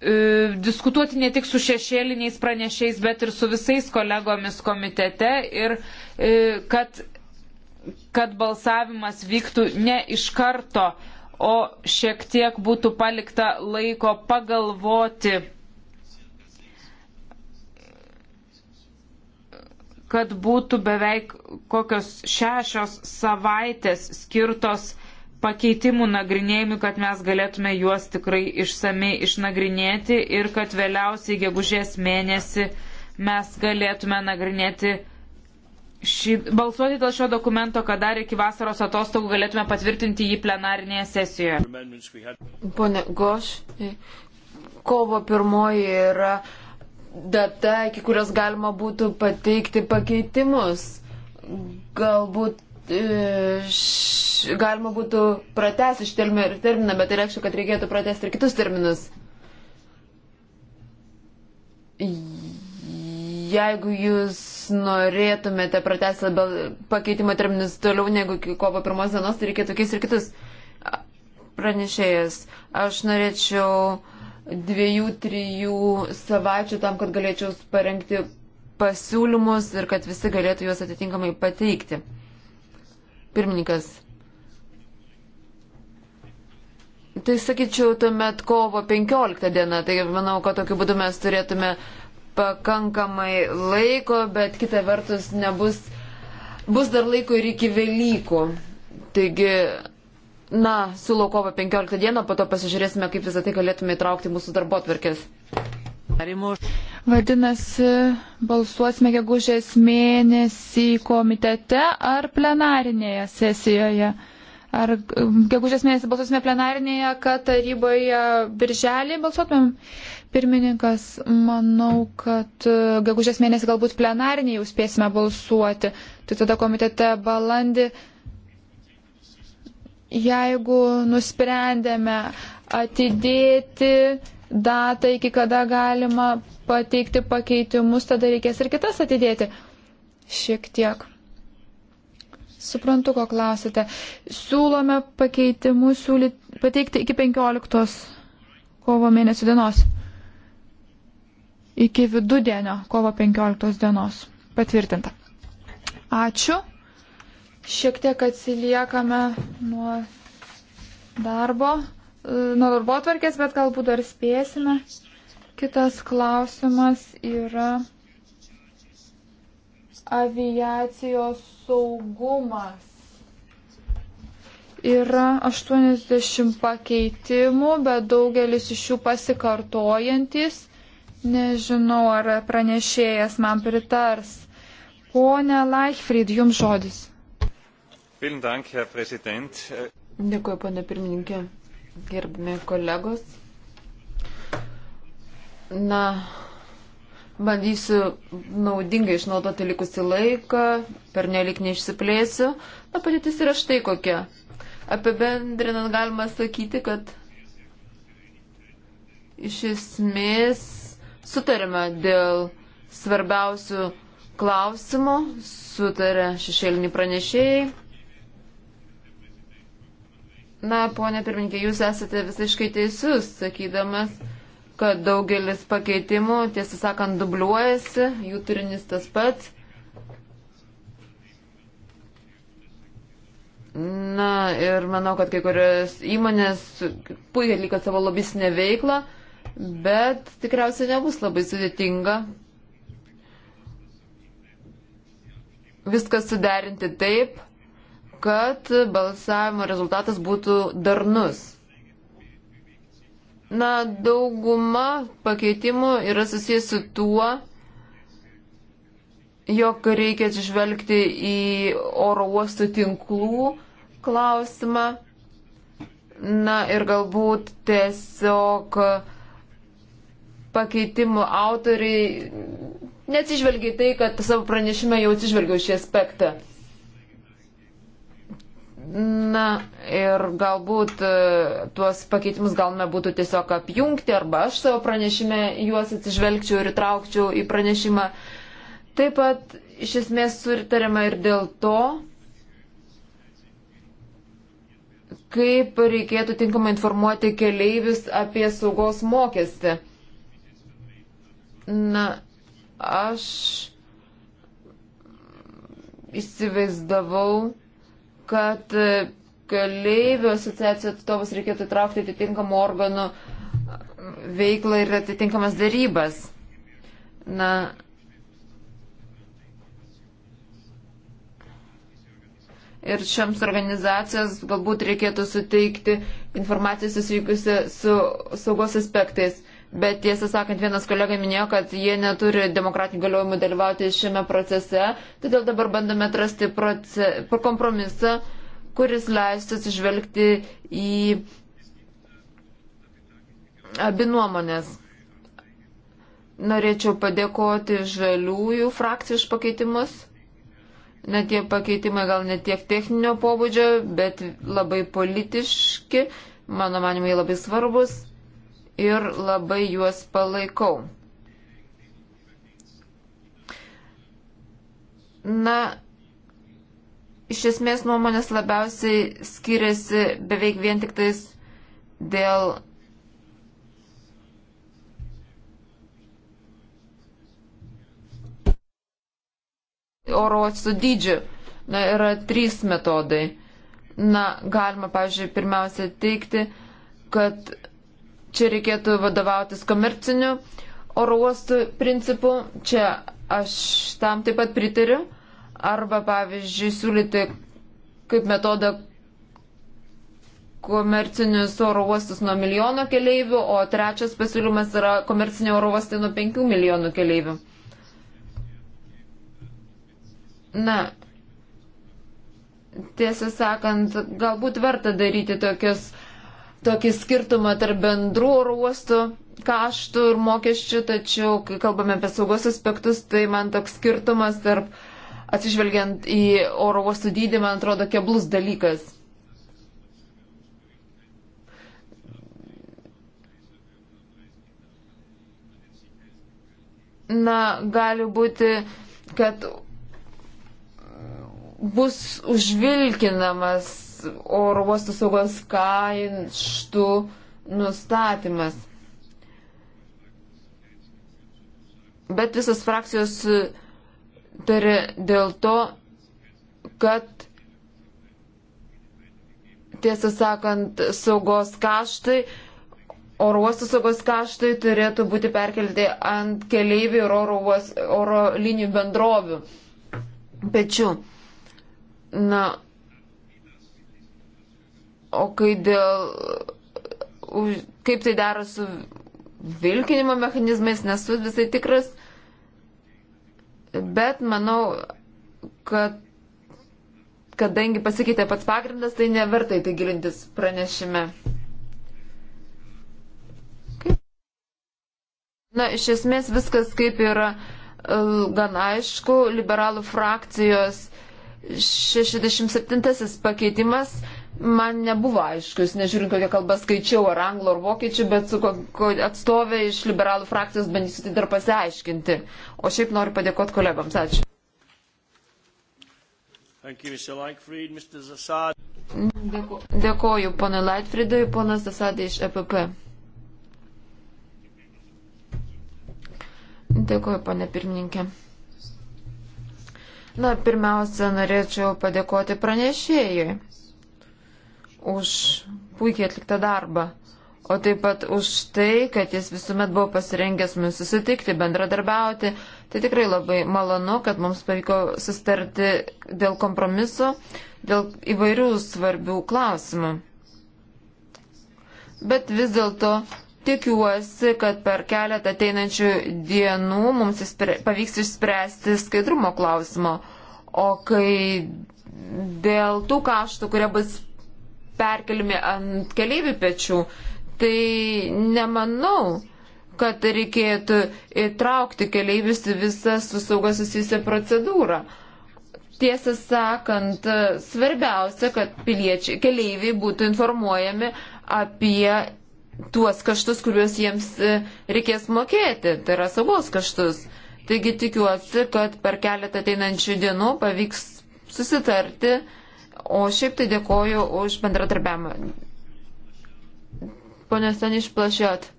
E, diskutuoti ne tik su šešėliniais pranešiais, bet ir su visais kolegomis komitete ir e, kad, kad balsavimas vyktų ne iš karto, o šiek tiek būtų palikta laiko pagalvoti, kad būtų beveik kokios šešios savaitės skirtos pakeitimų nagrinėjimui, kad mes galėtume juos tikrai išsamei išnagrinėti ir kad vėliausiai gegužės mėnesį mes galėtume nagrinėti šį, balsuoti dėl šio dokumento, kad dar iki vasaros atostogų galėtume patvirtinti jį plenarinėje sesijoje. Pone Goš, kovo pirmoji yra data, iki kurios galima būtų pateikti pakeitimus. Galbūt E, galima būtų pratesti šį terminą, bet tai reikštų, kad reikėtų pratesti ir kitus terminus. Jeigu jūs norėtumėte pratesti pakeitimo terminus toliau negu iki kovo pirmos dienos, tai reikėtų keisti ir kitus pranešėjas. Aš norėčiau dviejų, trijų savaičių tam, kad galėčiau parengti pasiūlymus ir kad visi galėtų juos atitinkamai pateikti. Pirmininkas. Tai sakyčiau, tuomet kovo 15 diena, tai manau, kad tokiu būdu mes turėtume pakankamai laiko, bet kita vertus nebus, bus dar laiko ir iki Velykų. Taigi, na, siūlau kovo 15 dieną, po to pasižiūrėsime, kaip visą tai galėtume įtraukti mūsų darbo atverkės. Vadinasi, balsuosime gegužės mėnesį komitete ar plenarinėje sesijoje. Ar gegužės mėnesį balsuosime plenarinėje, kad taryboje birželį balsuotumėm? Pirmininkas, manau, kad gegužės mėnesį galbūt plenarinėje jau spėsime balsuoti. Tai tada komitete balandį, jeigu nusprendėme atidėti datą, iki kada galima pateikti pakeitimus, tada reikės ir kitas atidėti. Šiek tiek. Suprantu, ko klausite. Siūlome pakeitimus siūlyt, pateikti iki 15 kovo mėnesio dienos. Iki vidudienio kovo 15 dienos. Patvirtinta. Ačiū. Šiek tiek atsiliekame nuo darbo. E, nuo darbo atvarkės, bet galbūt dar spėsime. Kitas klausimas yra aviacijos saugumas. Yra 80 pakeitimų, bet daugelis iš jų pasikartojantis. Nežinau, ar pranešėjas man pritars. Pone Laichfried, jums žodis. Dėkuoju, pane pirmininkė gerbimi kolegos. Na, bandysiu naudingai išnaudoti likusį laiką, per nelik neišsiplėsiu. Na, padėtis yra štai kokia. Apibendrinant galima sakyti, kad iš esmės sutarime dėl svarbiausių klausimų, sutarė šešėliniai pranešėjai. Na, ponė pirmininkė, jūs esate visiškai teisus, sakydamas, kad daugelis pakeitimų, tiesą sakant, dubliuojasi, jų turinys tas pats. Na ir manau, kad kai kurios įmonės puikiai lyga savo lobistinę veiklą, bet tikriausiai nebus labai sudėtinga viską suderinti taip, kad balsavimo rezultatas būtų darnus. Na, dauguma pakeitimų yra susijęs su tuo, jog reikia atsižvelgti į oro uostų tinklų klausimą. Na ir galbūt tiesiog pakeitimų autoriai neatsižvelgia į tai, kad savo pranešime jau atsižvelgiau šį aspektą. Na ir galbūt e, tuos pakeitimus galime būtų tiesiog apjungti arba aš savo pranešime juos atsižvelgčiau ir įtraukčiau į pranešimą. Taip pat iš esmės suritarėme ir dėl to, kaip reikėtų tinkamai informuoti keleivius apie saugos mokestį. Na, aš įsivaizdavau, kad e, kaleivių asociacijų atstovus reikėtų traukti atitinkamų organų e, veiklą ir atitinkamas darybas. Na, ir šiams organizacijos galbūt reikėtų suteikti informaciją susijusią su saugos aspektais. Bet tiesą sakant, vienas kolega minėjo, kad jie neturi demokratinių galiojimų dalyvauti šiame procese, todėl dabar bandome atrasti proces, kompromisą, kuris leistų atsižvelgti į abi nuomonės. Norėčiau padėkoti žaliųjų frakcijų už pakeitimus. Na, tie pakeitimai gal ne tiek techninio pobūdžio, bet labai politiški, mano manimai labai svarbus ir labai juos palaikau. Na, iš esmės nuomonės labiausiai skiriasi beveik vien tik tais dėl oro uostų dydžių. Na, yra trys metodai. Na, galima, pavyzdžiui, pirmiausia teikti, kad Čia reikėtų vadovautis komerciniu oro uostų principu. Čia aš tam taip pat pritariu. Arba, pavyzdžiui, siūlyti kaip metodą komercinius oro uostus nuo milijono keleivių, o trečias pasiūlymas yra komercinio oro uostai nuo 5 milijonų keleivių. Na, tiesą sakant, galbūt verta daryti tokius tokį skirtumą tarp bendrų oro uostų kaštų ir mokesčių, tačiau, kai kalbame apie saugos aspektus, tai man toks skirtumas tarp, atsižvelgiant į oro uostų dydį, man atrodo keblus dalykas. Na, gali būti, kad bus užvilkinamas oro uostų saugos kainštų nustatymas. Bet visas frakcijos e, tarė dėl to, kad tiesą sakant, saugos kaštai, oro uostų saugos kaštai turėtų būti perkelti ant keleivių ir oro, uos, oro linijų bendrovių pečių. Na, O kai dėl. Kaip tai daro su vilkinimo mechanizmais, nesu visai tikras. Bet manau, kad kadangi pasikeitė pats pagrindas, tai neverta į tai gilintis pranešime. Kaip? Na, iš esmės viskas kaip yra e, gan aišku, liberalų frakcijos 67 pakeitimas man nebuvo aiškus, nežiūrint kokią kalbą skaičiau, ar anglų, ar vokiečių, bet su atstovė iš liberalų frakcijos bandysiu tai dar pasiaiškinti. O šiaip noriu padėkoti kolegoms. Ačiū. Dėku, dėkoju ponui Lightfriedui, ponas Zasadė iš EPP. Dėkoju, ponė pirmininkė. Na, pirmiausia, norėčiau padėkoti pranešėjui už puikiai atliktą darbą, o taip pat už tai, kad jis visuomet buvo pasirengęs mums susitikti, bendradarbiauti. Tai tikrai labai malonu, kad mums pavyko sustarti dėl kompromiso, dėl įvairių svarbių klausimų. Bet vis dėlto tikiuosi, kad per keletą ateinančių dienų mums įspre, pavyks išspręsti skaidrumo klausimo. O kai dėl tų kaštų, kurie bus perkelimi ant keliaivių pečių, tai nemanau, kad reikėtų įtraukti keliaivius į visą su sauga susijusią procedūrą. Tiesą sakant, svarbiausia, kad piliečiai, keliaiviai būtų informuojami apie tuos kaštus, kuriuos jiems reikės mokėti, tai yra saugos kaštus. Taigi tikiuosi, kad per keletą ateinančių dienų pavyks susitarti O šiaip tai dėkoju už bendradarbiavimą. Pone Staniš Plašėt.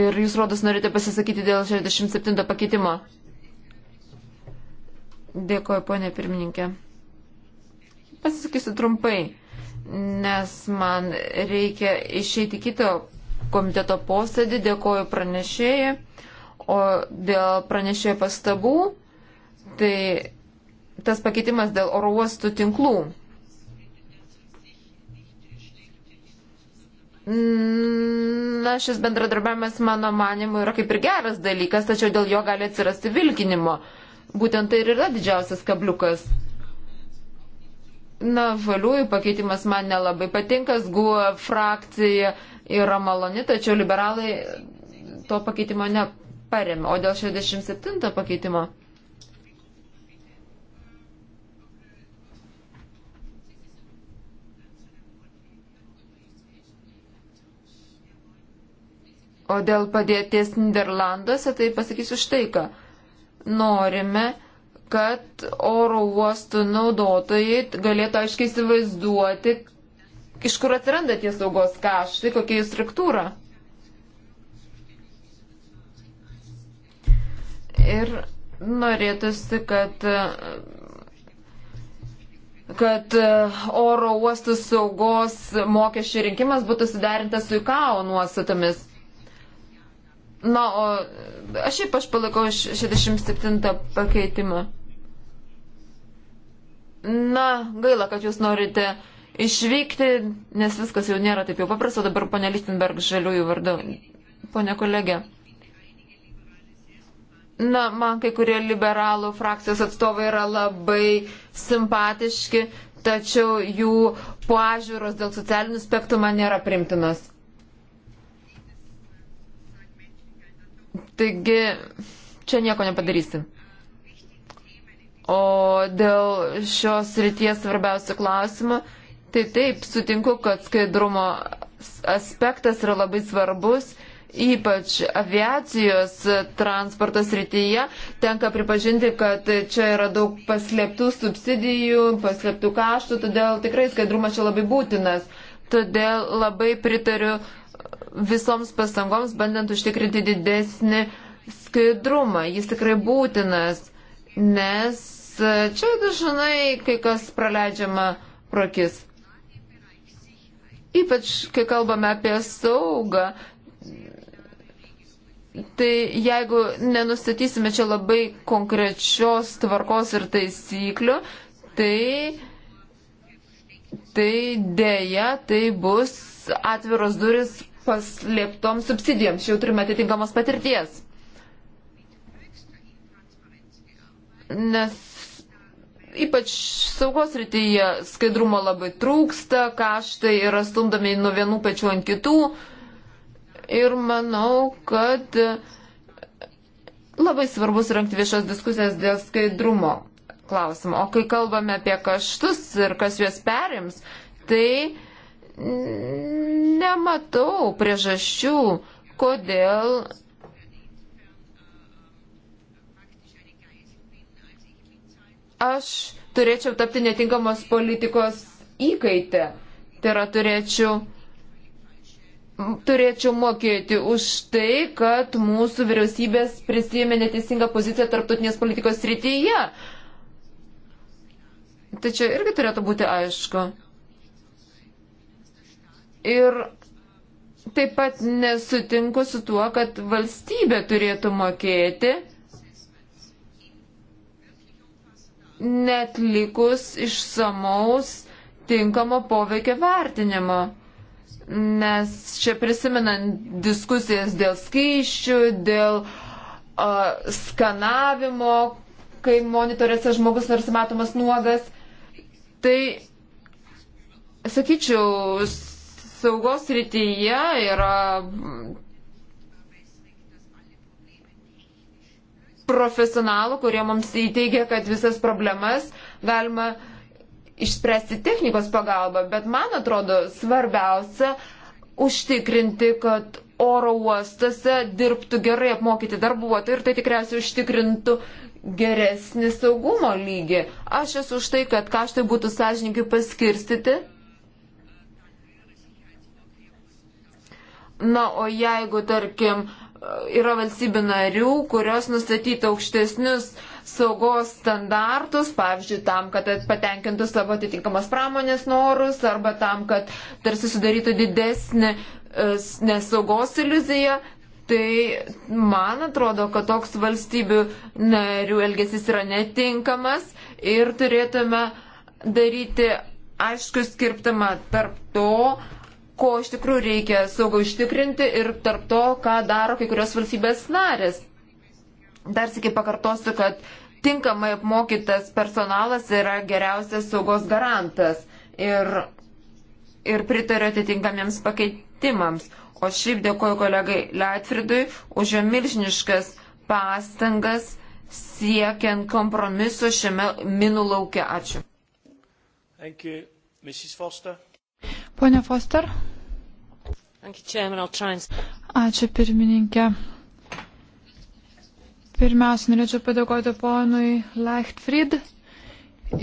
Ir jūs rodos norite pasisakyti dėl 67 pakeitimo. Dėkoju, ponė pirmininkė. Pasisakysiu trumpai, nes man reikia išeiti kito komiteto posėdį. Dėkoju pranešėjai. O dėl pranešėjo pastabų, tai tas pakeitimas dėl oro uostų tinklų. Na, šis bendradarbiavimas, mano manimu, yra kaip ir geras dalykas, tačiau dėl jo gali atsirasti vilkinimo. Būtent tai ir yra didžiausias kabliukas. Na, žaliųjų pakeitimas man nelabai patinka, guo frakcija yra maloni, tačiau liberalai to pakeitimo neparėmė. O dėl 67 pakeitimo. O dėl padėties Niderlanduose, tai pasakysiu štai ką. Norime, kad oro uostų naudotojai galėtų aiškiai įsivaizduoti, iš kur atsiranda tie saugos kaštai, tai kokia jų struktūra. Ir norėtųsi, kad, kad oro uostų saugos mokesčių rinkimas būtų sudarintas su IKAO nuostatomis. Na, o aš šiaip aš palaikau 67 pakeitimą. Na, gaila, kad jūs norite išvykti, nes viskas jau nėra taip jau paprasta. Dabar ponė Lichtenberg žaliųjų vardu. Pone kolegė. Na, man kai kurie liberalų frakcijos atstovai yra labai simpatiški, tačiau jų požiūros dėl socialinių spektrų man nėra primtinas. Taigi, čia nieko nepadarysi. O dėl šios ryties svarbiausių klausimų, tai taip, sutinku, kad skaidrumo aspektas yra labai svarbus ypač aviacijos transportos rytyje, tenka pripažinti, kad čia yra daug paslėptų subsidijų, paslėptų kaštų, todėl tikrai skaidrumas čia labai būtinas. Todėl labai pritariu visoms pastangoms, bandant užtikrinti didesnį skaidrumą. Jis tikrai būtinas, nes čia dažnai kai kas praleidžiama prokis. Ypač, kai kalbame apie saugą, tai jeigu nenustatysime čia labai konkrečios tvarkos ir taisyklių, tai, tai dėja, tai bus atviros duris paslėptoms subsidijoms. Jau turime atitinkamos patirties. Nes ypač saugos rytyje skaidrumo labai trūksta, kaštai yra stumdami nuo vienų pečių ant kitų. Ir manau, kad labai svarbus rengti viešas diskusijas dėl skaidrumo klausimo. O kai kalbame apie kaštus ir kas juos perims, tai nematau priežasčių, kodėl aš turėčiau tapti netinkamos politikos įkaitę. Tai yra turėčiau, turėčiau mokėti už tai, kad mūsų vyriausybės prisijėmė neteisingą poziciją tarptautinės politikos srityje. Tačiau irgi turėtų būti aišku. Ir taip pat nesutinku su tuo, kad valstybė turėtų mokėti net likus išsamaus tinkamo poveikio vertinimo. Nes čia prisimenant diskusijas dėl skaičių, dėl uh, skanavimo, kai monitorėse žmogus nors matomas nuogas, tai sakyčiau, apsaugos rytyje yra profesionalų, kurie mums įteigia, kad visas problemas galima išspręsti technikos pagalba, bet man atrodo svarbiausia užtikrinti, kad oro uostose dirbtų gerai apmokyti darbuotojai ir tai tikriausiai užtikrintų geresnį saugumo lygį. Aš esu už tai, kad kažtai būtų sąžininkai paskirstyti Na, o jeigu, tarkim, yra valstybių narių, kurios nustatyti aukštesnius saugos standartus, pavyzdžiui, tam, kad patenkintų savo atitinkamas pramonės norus arba tam, kad tarsi sudarytų didesnį e, nesaugos iliuziją, tai man atrodo, kad toks valstybių narių elgesys yra netinkamas ir turėtume daryti aišku skirtumą tarp to, ko iš tikrųjų reikia saugą užtikrinti ir tarp to, ką daro kai kurios valstybės narės. Dar sėkiai pakartosiu, kad tinkamai apmokytas personalas yra geriausias saugos garantas ir, ir pritariu atitinkamiems pakeitimams. O šiaip dėkoju kolegai Leitfridui už jo milžiniškas pastangas siekiant kompromiso šiame minų laukia. Ačiū. Thank you, Mrs. Foster. Pone Foster. Ačiū pirmininkė. Pirmiausia, norėčiau padėkoti ponui Leichtfried.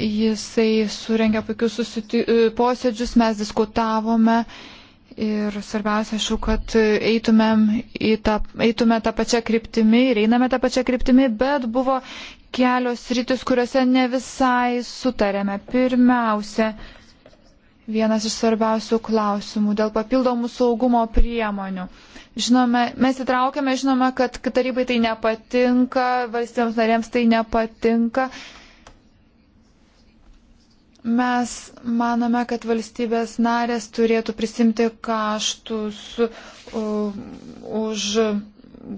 Jisai surengė puikius susiti... E, posėdžius, mes diskutavome ir svarbiausia, aišku, kad eitumėm tą, eitume tą pačią kryptimį ir einame tą pačią kryptimį, bet buvo kelios rytis, kuriuose ne visai sutarėme. Pirmiausia, vienas iš svarbiausių klausimų dėl papildomų saugumo priemonių. Žinome, mes įtraukėme, žinome, kad tarybai tai nepatinka, valstybėms narėms tai nepatinka. Mes manome, kad valstybės narės turėtų prisimti kaštus uh, už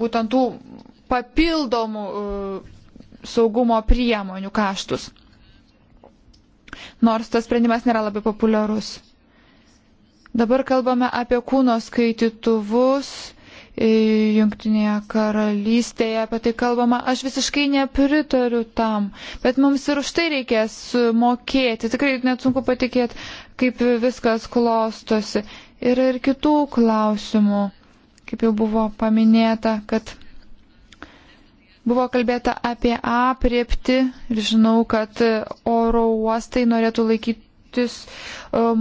būtent tų papildomų uh, saugumo priemonių kaštus nors tas sprendimas nėra labai populiarus. Dabar kalbame apie kūno skaitytuvus. E, Junktinėje karalystėje apie tai kalbama. Aš visiškai nepritariu tam, bet mums ir už tai reikės mokėti. Tikrai net sunku patikėti, kaip viskas klostosi. Yra ir kitų klausimų, kaip jau buvo paminėta, kad Buvo kalbėta apie apriepti ir žinau, kad oro uostai norėtų laikytis e,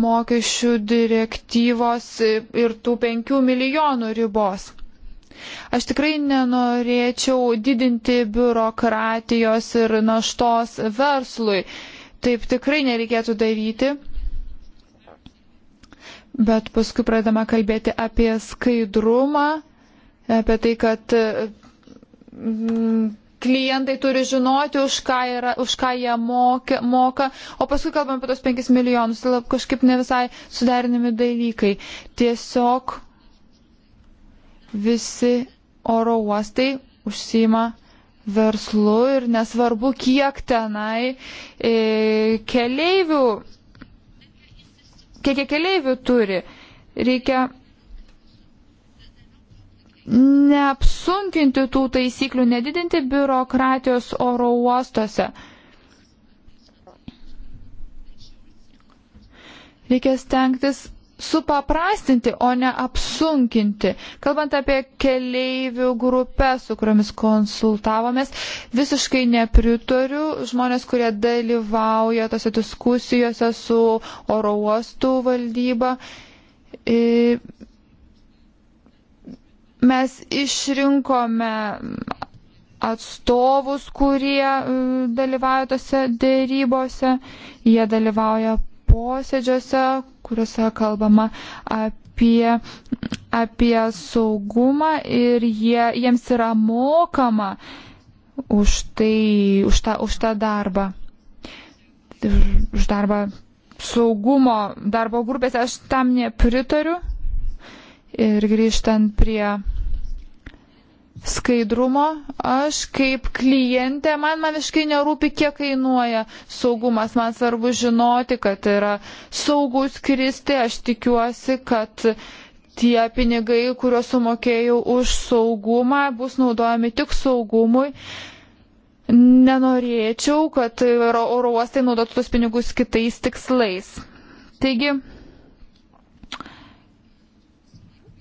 mokesčių direktyvos ir tų penkių milijonų ribos. Aš tikrai nenorėčiau didinti biurokratijos ir naštos verslui. Taip tikrai nereikėtų daryti. Bet paskui pradama kalbėti apie skaidrumą, apie tai, kad Mm, klientai turi žinoti, už ką, yra, už ką jie moka, moka, o paskui kalbam apie tos 5 milijonus, tai kažkaip ne visai suderinami dalykai. Tiesiog visi oro uostai užsima verslu ir nesvarbu, kiek tenai e, keleivių, kiek jie keleivių turi. Reikia neapsunkinti tų taisyklių, nedidinti biurokratijos oro uostuose. Reikia stengtis supaprastinti, o ne apsunkinti. Kalbant apie keleivių grupę, su kuriomis konsultavomės, visiškai nepritariu žmonės, kurie dalyvauja tose diskusijose su oro uostų valdyba. Mes išrinkome atstovus, kurie e, dalyvauja tose dėrybose. Jie dalyvauja posėdžiuose, kuriuose kalbama apie, apie saugumą ir jie, jiems yra mokama už, tai, už, tą, už tą darbą. Už darbą saugumo darbo grupėse aš tam nepritariu. Ir grįžtant prie skaidrumo. Aš kaip klientė, man man visiškai nerūpi, kiek kainuoja saugumas. Man svarbu žinoti, kad yra saugus kristi. Aš tikiuosi, kad tie pinigai, kuriuos sumokėjau už saugumą, bus naudojami tik saugumui. Nenorėčiau, kad oro uostai naudotų tos pinigus kitais tikslais. Taigi,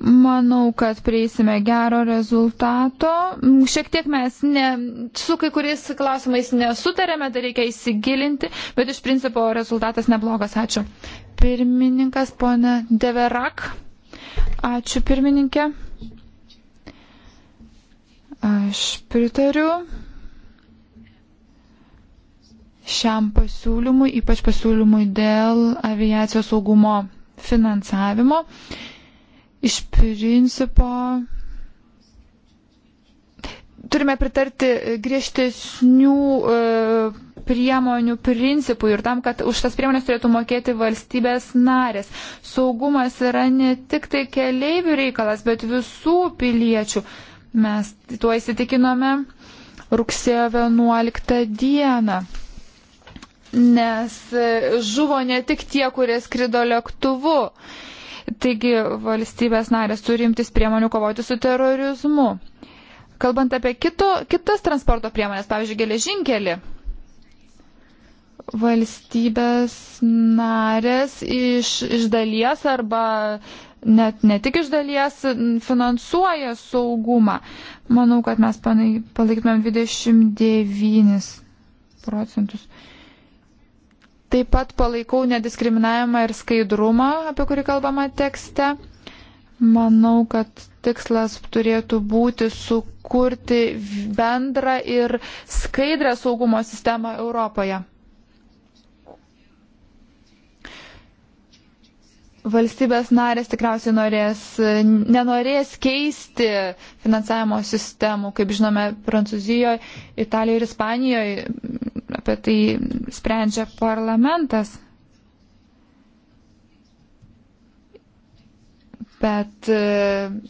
Manau, kad prieisime gero rezultato. Šiek tiek mes ne, su kai kuriais klausimais nesutarėme, dar reikia įsigilinti, bet iš principo rezultatas neblogas. Ačiū. Pirmininkas, ponė Deverak. Ačiū, pirmininkė. Aš pritariu šiam pasiūlymui, ypač pasiūlymui dėl aviacijos saugumo finansavimo. Uh, Iš principo turime pritarti griežtesnių e, priemonių principų ir tam, kad už tas priemonės turėtų mokėti valstybės narės. Saugumas yra ne tik tai keleivių reikalas, bet visų piliečių. Mes tuo įsitikinome rugsėjo 11 dieną. Nes žuvo ne tik tie, kurie skrido lėktuvu. Taigi valstybės narės turi imtis priemonių kovoti su terorizmu. Kalbant apie kito, kitas transporto priemonės, pavyzdžiui, geležinkelį, valstybės narės iš, iš dalies arba net ne tik iš dalies finansuoja saugumą. Manau, kad mes palaikytumėm 29 procentus. Taip pat palaikau nediskriminavimą ir skaidrumą, apie kurį kalbama tekste. Manau, kad tikslas turėtų būti sukurti bendrą ir skaidrę saugumo sistemą Europoje. Valstybės narės tikriausiai norės, nenorės keisti finansavimo sistemų, kaip žinome, Prancūzijoje, Italijoje ir Ispanijoje apie tai sprendžia parlamentas. Bet e,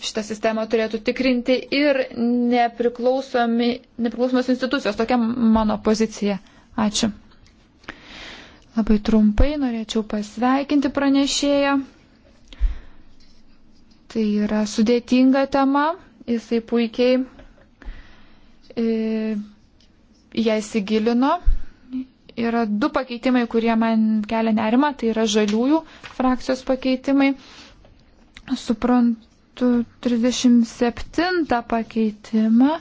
šitą sistemą turėtų tikrinti ir nepriklausomos institucijos. Tokia mano pozicija. Ačiū. Labai trumpai norėčiau pasveikinti pranešėją. Tai yra sudėtinga tema. Jisai puikiai į e, ją įsigilino yra du pakeitimai, kurie man kelia nerima, tai yra žaliųjų frakcijos pakeitimai. Suprantu 37 pakeitimą.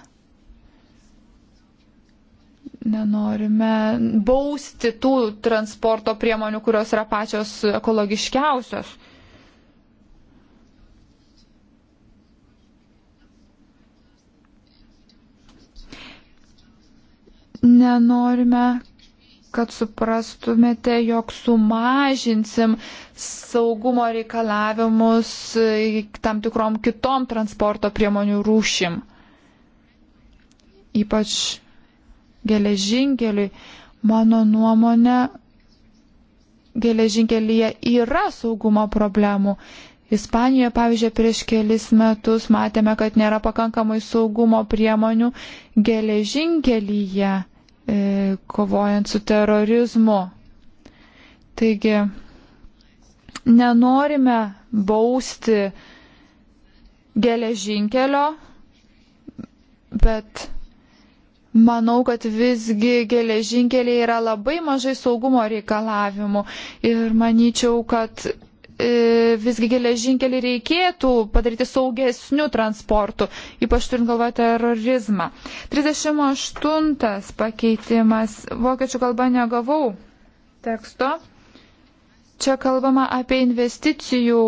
Nenorime bausti tų transporto priemonių, kurios yra pačios ekologiškiausios. Nenorime, kad suprastumėte, jog sumažinsim saugumo reikalavimus tam tikrom kitom transporto priemonių rūšim. Ypač geležinkeliui, mano nuomonė, geležinkelyje yra saugumo problemų. Ispanijoje, pavyzdžiui, prieš kelis metus matėme, kad nėra pakankamai saugumo priemonių geležinkelyje E, kovojant su terorizmu. Taigi, nenorime bausti geležinkelio, bet Manau, kad visgi geležinkeliai yra labai mažai saugumo reikalavimų ir manyčiau, kad E, visgi geležinkelį reikėtų padaryti saugesniu transportu, ypač turint galvoje terorizmą. 38 pakeitimas, vokiečių kalba negavau teksto. Čia kalbama apie investicijų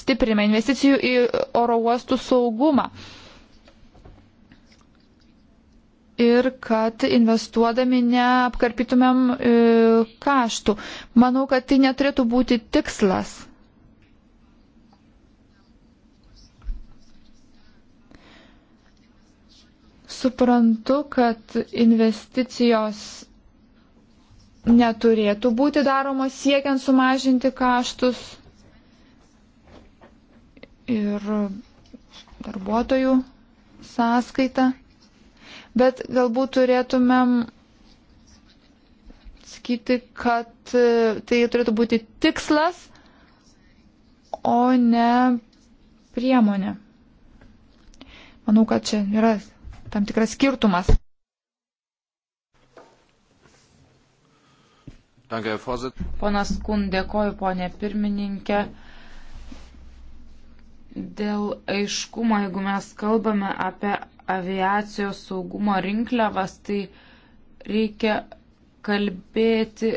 stiprimą, investicijų į oro uostų saugumą. ir kad investuodami neapkarpytumėm e, kaštų. Manau, kad tai neturėtų būti tikslas. Suprantu, kad investicijos neturėtų būti daromos siekiant sumažinti kaštus ir darbuotojų sąskaitą, bet galbūt turėtumėm sakyti, kad e, tai turėtų būti tikslas, o ne priemonė. Manau, kad čia yra tam tikras skirtumas. Ponas Kun, dėkoju, ponė pirmininkė. Dėl aiškumo, jeigu mes kalbame apie aviacijos saugumo rinkliavas, tai reikia kalbėti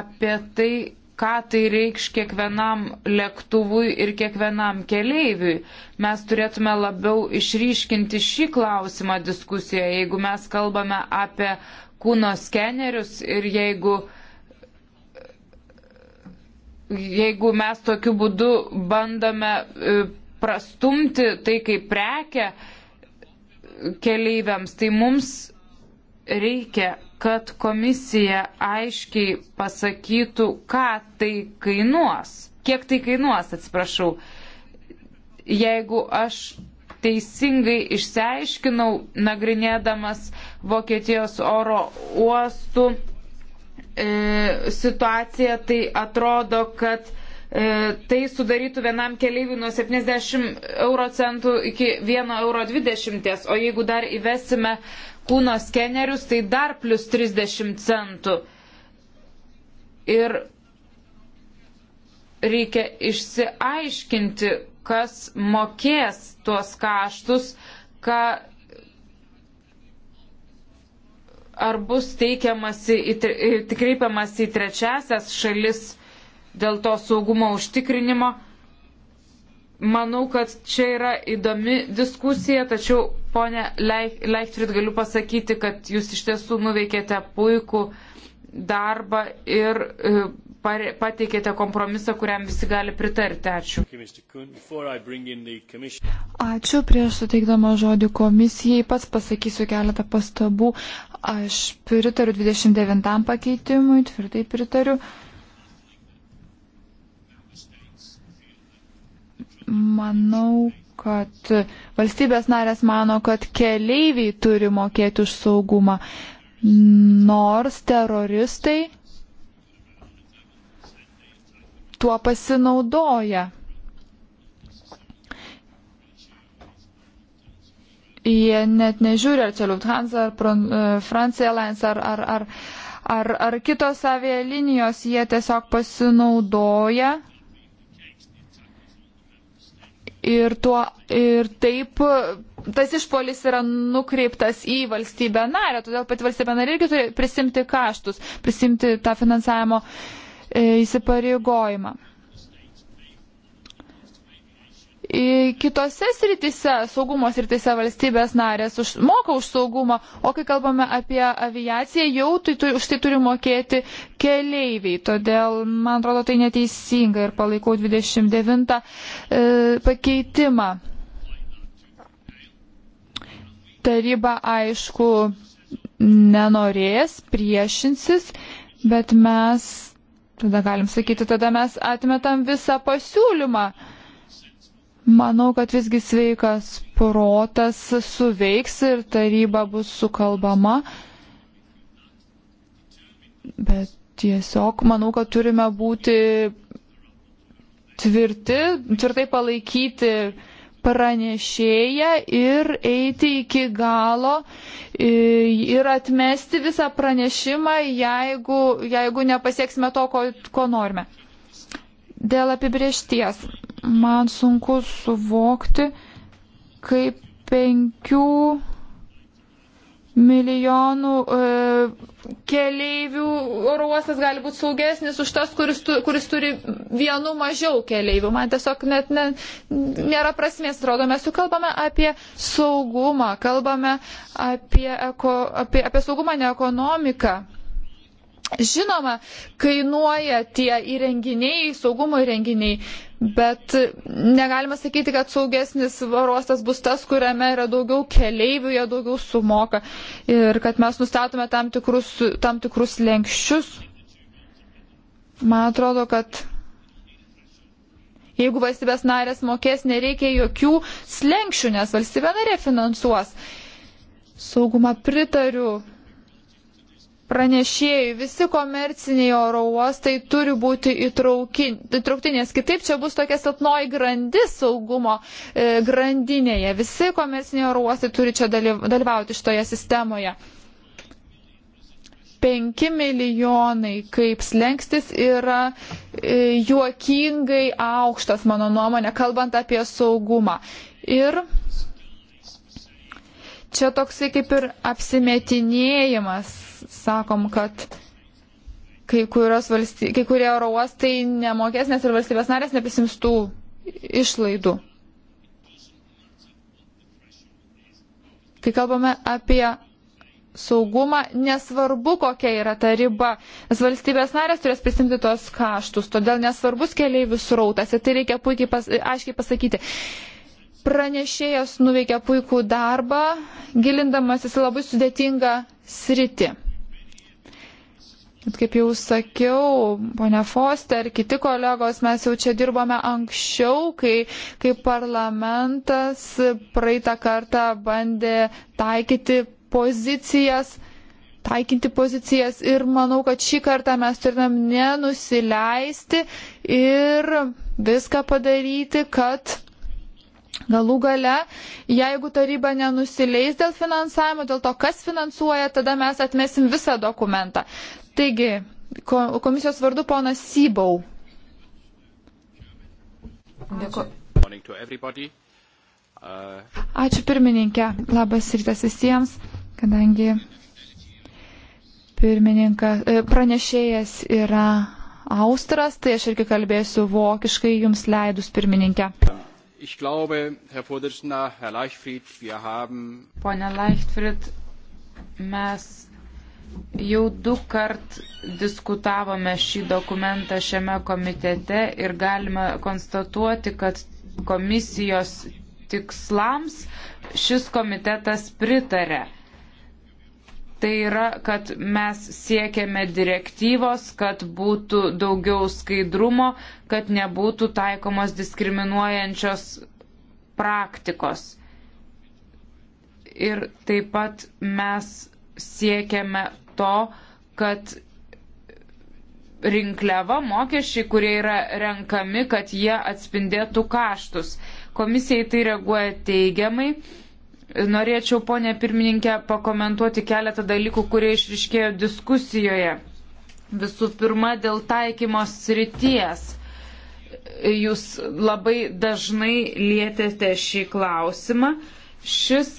apie tai, ką tai reikš kiekvienam lėktuvui ir kiekvienam keleiviui. Mes turėtume labiau išryškinti šį klausimą diskusijoje, jeigu mes kalbame apie kūno skenerius ir jeigu, jeigu mes tokiu būdu bandome e, prastumti tai kaip prekę keleiviams, tai mums reikia kad komisija aiškiai pasakytų, ką tai kainuos, kiek tai kainuos, atsiprašau. Jeigu aš teisingai išsiaiškinau, nagrinėdamas Vokietijos oro uostų e, situaciją, tai atrodo, kad e, tai sudarytų vienam keliaiviui nuo 70 euro centų iki 1,20 euro, o jeigu dar įvesime kūno skenerius, tai dar plus 30 centų. Ir reikia išsiaiškinti, kas mokės tuos kaštus, ką, ar bus teikiamasi, tikreipiamasi į trečiasias šalis dėl to saugumo užtikrinimo manau, kad čia yra įdomi diskusija, tačiau, ponė Leichtrit, galiu pasakyti, kad jūs iš tiesų nuveikėte puikų darbą ir e, pateikėte kompromisą, kuriam visi gali pritarti. Ačiū. Ačiū. Prieš suteikdama žodį komisijai pats pasakysiu keletą pastabų. Aš pritariu 29 pakeitimui, tvirtai pritariu. Uh, Manau, kad valstybės narės mano, kad keleiviai turi mokėti už saugumą, nors teroristai tuo pasinaudoja. Jie net nežiūri, ar čia Lufthansa, ar e, Francia Airlines, ar, ar, ar, ar, ar kitos avialinijos, jie tiesiog pasinaudoja Ir, tuo, ir taip tas išpolis yra nukreiptas į valstybę narę, todėl pati valstybė narė irgi turi prisimti kaštus, prisimti tą finansavimo e, įsipareigojimą kitose sritise, saugumo sritise valstybės narės už, moka už saugumą, o kai kalbame apie aviaciją, jau tai, tu, už tai turi mokėti keleiviai. Todėl, man atrodo, tai neteisinga ir palaikau 29 e, pakeitimą. Taryba, aišku, nenorės, priešinsis, bet mes, tada galim sakyti, tada mes atmetam visą pasiūlymą Manau, kad visgi sveikas protas suveiks ir taryba bus sukalbama. Bet tiesiog manau, kad turime būti tvirti, tvirtai palaikyti pranešėją ir eiti iki galo e, ir atmesti visą pranešimą, jeigu, jeigu nepasieksime to, ko, ko norime. Dėl apibriešties man sunku suvokti, kaip penkių milijonų e, keleivių oro uostas gali būti saugesnis už tas, kuris, tu, kuris turi vienu mažiau keleivių. Man tiesiog net ne, nėra prasmės, atrodo, mes jau kalbame apie saugumą, kalbame apie, eko, apie, apie saugumą, ne ekonomiką. Žinoma, kainuoja tie įrenginiai, saugumo įrenginiai, Bet negalima sakyti, kad saugesnis varostas bus tas, kuriame yra daugiau keleivių, jie daugiau sumoka. Ir kad mes nustatome tam tikrus, tam tikrus lenkščius. Man atrodo, kad jeigu valstybės narės mokės, nereikia jokių slenkščių, nes valstybė narė finansuos. Saugumą pritariu pranešėjui, visi komerciniai oro uostai turi būti įtraukti, nes kitaip čia bus tokia silpnoji grandis saugumo e, grandinėje. Visi komerciniai oro uostai turi čia dalyvauti šitoje sistemoje. 5 milijonai kaip slengstis yra e, juokingai aukštas, mano nuomonė, kalbant apie saugumą. Ir čia toksai kaip ir apsimetinėjimas sakom, kad kai, valsty... kai kurie oro uostai nemokės, nes ir valstybės narės neprisims tų išlaidų. Kai kalbame apie saugumą, nesvarbu, kokia yra ta riba, nes valstybės narės turės prisimti tos kaštus, todėl nesvarbus keliaivių srautas ir tai reikia puikiai pas, aiškiai pasakyti. Pranešėjas nuveikia puikų darbą, gilindamasis į labai sudėtingą sritį. Bet kaip jau sakiau, ponia Foster, kiti kolegos, mes jau čia dirbome anksčiau, kai, kai parlamentas praeitą kartą bandė taikyti pozicijas, taikinti pozicijas ir manau, kad šį kartą mes turėtumėm nenusileisti ir viską padaryti, kad Galų gale, jeigu taryba nenusileis dėl finansavimo, dėl to, kas finansuoja, tada mes atmesim visą dokumentą. Taigi, komisijos vardu ponas Sybau. Dėku. Uh, Ačiū pirmininkė, labas rytas visiems, kadangi pirmininkas, e, pranešėjas yra Austras, tai aš irgi kalbėsiu vokiškai jums leidus pirmininkė. Pone Leichtfried, mes Jau du kart diskutavome šį dokumentą šiame komitete ir galime konstatuoti, kad komisijos tikslams šis komitetas pritarė. Tai yra, kad mes siekiame direktyvos, kad būtų daugiau skaidrumo, kad nebūtų taikomos diskriminuojančios praktikos. Ir taip pat mes siekiame to, kad rinkliava mokesčiai, kurie yra renkami, kad jie atspindėtų kaštus. Komisijai tai reaguoja teigiamai. Norėčiau, ponė pirmininkė, pakomentuoti keletą dalykų, kurie išriškėjo diskusijoje. Visų pirma, dėl taikymos srities. Jūs labai dažnai lietėte šį klausimą. Šis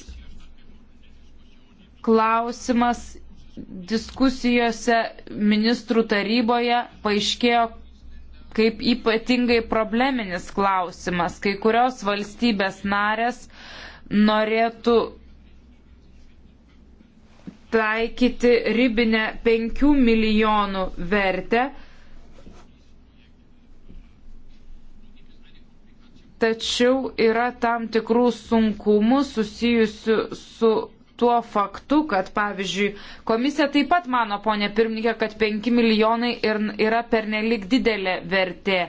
klausimas diskusijose ministrų taryboje paaiškėjo kaip ypatingai probleminis klausimas. Kai kurios valstybės narės norėtų taikyti ribinę 5 milijonų vertę, tačiau yra tam tikrų sunkumų susijusių su tuo faktu, kad, pavyzdžiui, komisija taip pat mano, ponė pirmininkė, kad 5 milijonai yra pernelik didelė vertė.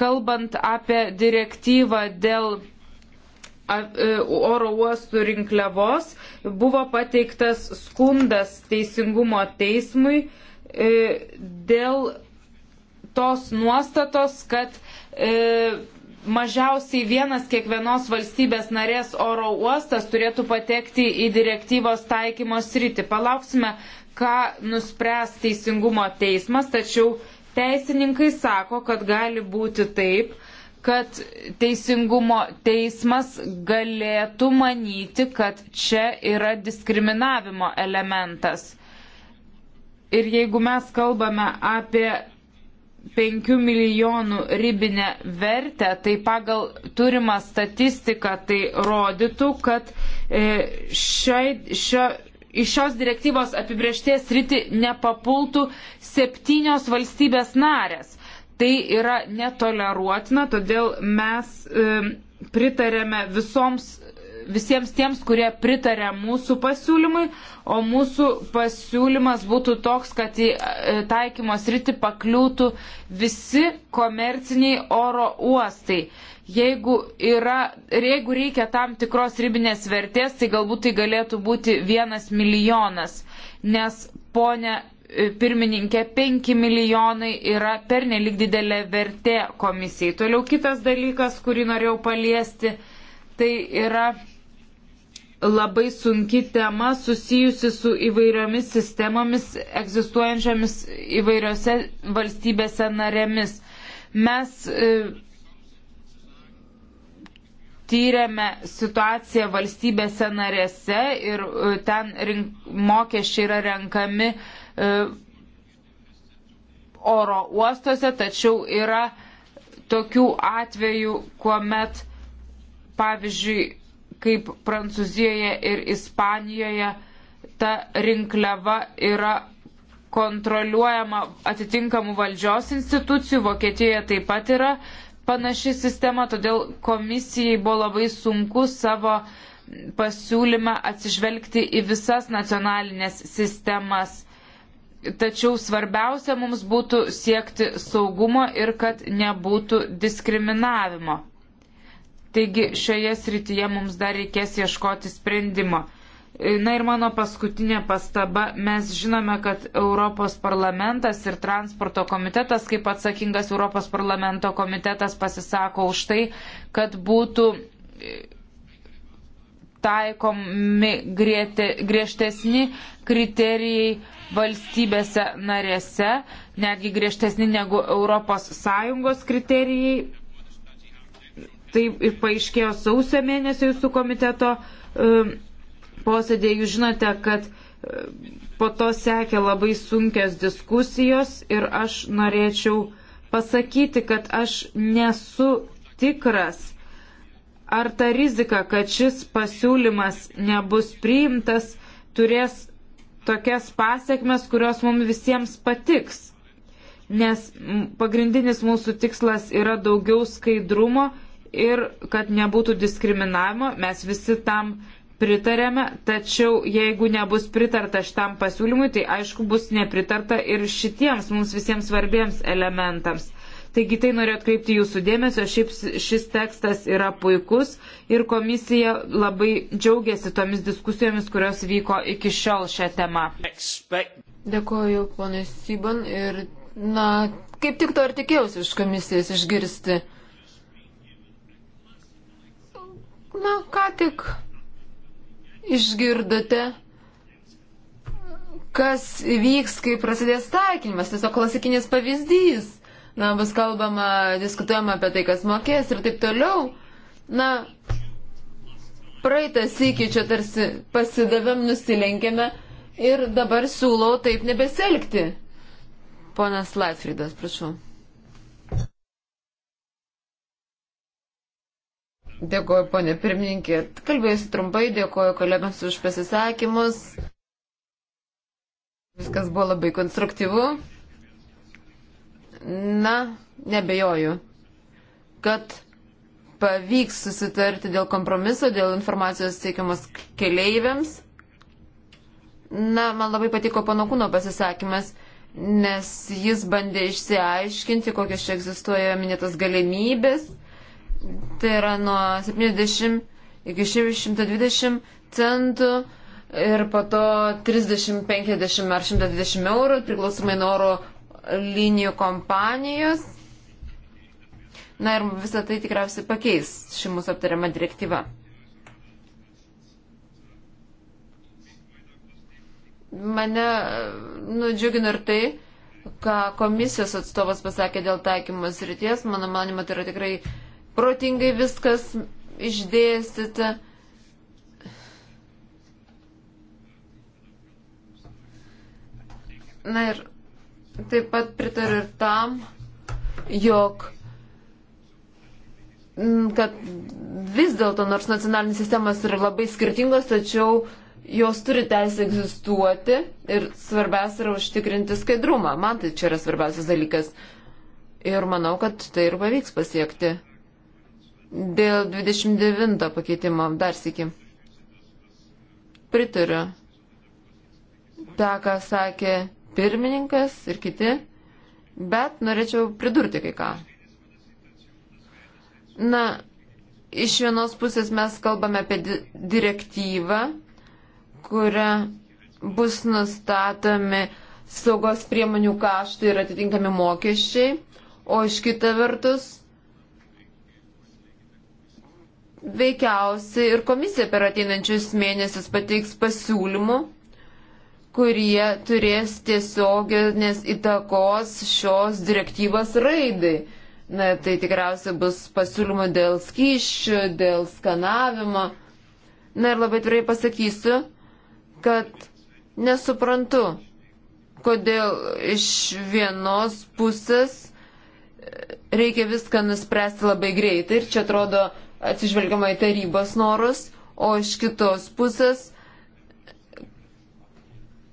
Kalbant apie direktyvą dėl e, oro uostų rinkliavos, buvo pateiktas skundas teisingumo teismui e, dėl tos nuostatos, kad e, mažiausiai vienas kiekvienos valstybės narės oro uostas turėtų patekti į direktyvos taikymo sritį. Palauksime, ką nuspręs teisingumo teismas, tačiau teisininkai sako, kad gali būti taip, kad teisingumo teismas galėtų manyti, kad čia yra diskriminavimo elementas. Ir jeigu mes kalbame apie 5 milijonų ribinę vertę, tai pagal turimą statistiką tai rodytų, kad e, šiai, šio, iš šios direktyvos apibriešties ryti nepapultų septynios valstybės narės. Tai yra netoleruotina, todėl mes e, pritarėme visoms visiems tiems, kurie pritarė mūsų pasiūlymui, o mūsų pasiūlymas būtų toks, kad į e, taikymos rytį pakliūtų visi komerciniai oro uostai. Jeigu, yra, jeigu reikia tam tikros ribinės vertės, tai galbūt tai galėtų būti vienas milijonas, nes ponė e, pirmininkė 5 milijonai yra pernelik didelė vertė komisijai. Toliau kitas dalykas, kurį norėjau paliesti, tai yra labai sunki tema susijusi su įvairiomis sistemomis egzistuojančiamis įvairiose valstybėse narėmis. Mes e, tyrėme situaciją valstybėse narėse ir e, ten rink, mokesčiai yra renkami e, oro uostuose, tačiau yra tokių atvejų, kuomet, pavyzdžiui, kaip Prancūzijoje ir Ispanijoje ta rinkliava yra kontroliuojama atitinkamų valdžios institucijų, Vokietijoje taip pat yra panaši sistema, todėl komisijai buvo labai sunku savo pasiūlymą atsižvelgti į visas nacionalinės sistemas. Tačiau svarbiausia mums būtų siekti saugumo ir kad nebūtų diskriminavimo. Taigi šioje srityje mums dar reikės ieškoti sprendimo. Na ir mano paskutinė pastaba. Mes žinome, kad Europos parlamentas ir transporto komitetas, kaip atsakingas Europos parlamento komitetas, pasisako už tai, kad būtų e, taikomi griežtesni kriterijai valstybėse narėse, netgi griežtesni negu ES kriterijai Tai ir paaiškėjo sausio mėnesio jūsų komiteto um, posėdė. Jūs žinote, kad um, po to sekė labai sunkios diskusijos ir aš norėčiau pasakyti, kad aš nesu tikras, ar ta rizika, kad šis pasiūlymas nebus priimtas, turės tokias pasiekmes, kurios mums visiems patiks. Nes pagrindinis mūsų tikslas yra daugiau skaidrumo ir kad nebūtų diskriminavimo. Mes visi tam pritarėme, tačiau jeigu nebus pritarta šitam pasiūlymui, tai aišku bus nepritarta ir šitiems mums visiems svarbiems elementams. Taigi tai noriu atkreipti jūsų dėmesio, šiaip šis tekstas yra puikus ir komisija labai džiaugiasi tomis diskusijomis, kurios vyko iki šiol šią temą. Dėkoju, ponai Siban, ir na, kaip tik to ir tikėjausi iš komisijos išgirsti. Na, ką tik išgirdote, kas vyks, kai prasidės taikymas. Tiesiog klasikinis pavyzdys. Na, bus kalbama, diskutuojama apie tai, kas mokės ir taip toliau. Na, praeitą sykį čia tarsi pasidavėm, nusilenkėme ir dabar siūlau taip nebeselgti. Ponas Latfridas, prašau. Dėkuoju, ponė pirmininkė. Kalbėjusi trumpai, dėkuoju kolegams už pasisakymus. Viskas buvo labai konstruktyvu. Na, nebejoju, kad pavyks susitarti dėl kompromiso, dėl informacijos teikiamas keleiviams. Na, man labai patiko panokūno pasisakymas, nes jis bandė išsiaiškinti, kokios čia egzistuoja minėtos galimybės tai yra nuo 70 iki 120 centų ir po to 30, 50 ar 120 eurų priklausomai nuo oro linijų kompanijos. Na ir visą tai tikriausiai pakeis ši mūsų aptariama direktyva. Mane e, nudžiugino ir tai, ką komisijos atstovas pasakė dėl taikymos ryties. Mano manimo, tai yra tikrai uh, protingai viskas išdėstyti. Na ir taip pat pritariu ir tam, jog mm, kad vis dėlto, nors nacionalinės sistemas yra labai skirtingos, tačiau jos turi teisę egzistuoti ir svarbiausia yra užtikrinti skaidrumą. Man tai čia yra svarbiausias dalykas. Ir manau, kad tai ir pavyks pasiekti. Dėl 29 pakeitimo dar sėki. Pritariu. Ta, ką sakė pirmininkas ir kiti, bet norėčiau pridurti kai ką. Na, iš vienos pusės mes kalbame apie di direktyvą, kuria bus nustatomi saugos priemonių kaštai ir atitinkami mokesčiai, o iš kita vertus veikiausiai ir komisija per ateinančius mėnesius pateiks pasiūlymų, kurie turės tiesioginės įtakos šios direktyvos raidai. Na, tai tikriausiai bus pasiūlymų dėl skyšių, dėl skanavimo. Na ir labai tvirtai pasakysiu, kad nesuprantu, kodėl iš vienos pusės reikia viską nuspręsti labai greitai ir čia atrodo atsižvelgiama į tarybos norus, o iš kitos pusės,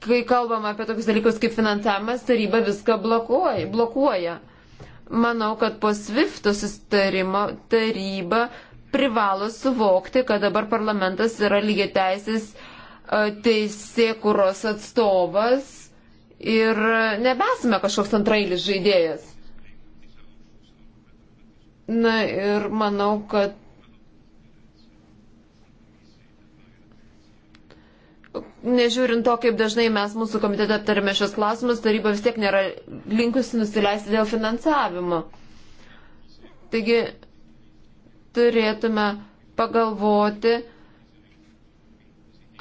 kai kalbam apie tokius dalykus kaip finansavimas, taryba viską blokuoja. blokuoja. Manau, kad po SWIFT susitarimo taryba privalo suvokti, kad dabar parlamentas yra lygiai teisės e, teisėkuros atstovas ir e, nebesame kažkoks antrailis žaidėjas. Na ir manau, kad nežiūrint to, kaip dažnai mes mūsų komitete aptarėme šios klausimus, taryba vis tiek nėra linkusi nusileisti dėl finansavimo. Taigi turėtume pagalvoti,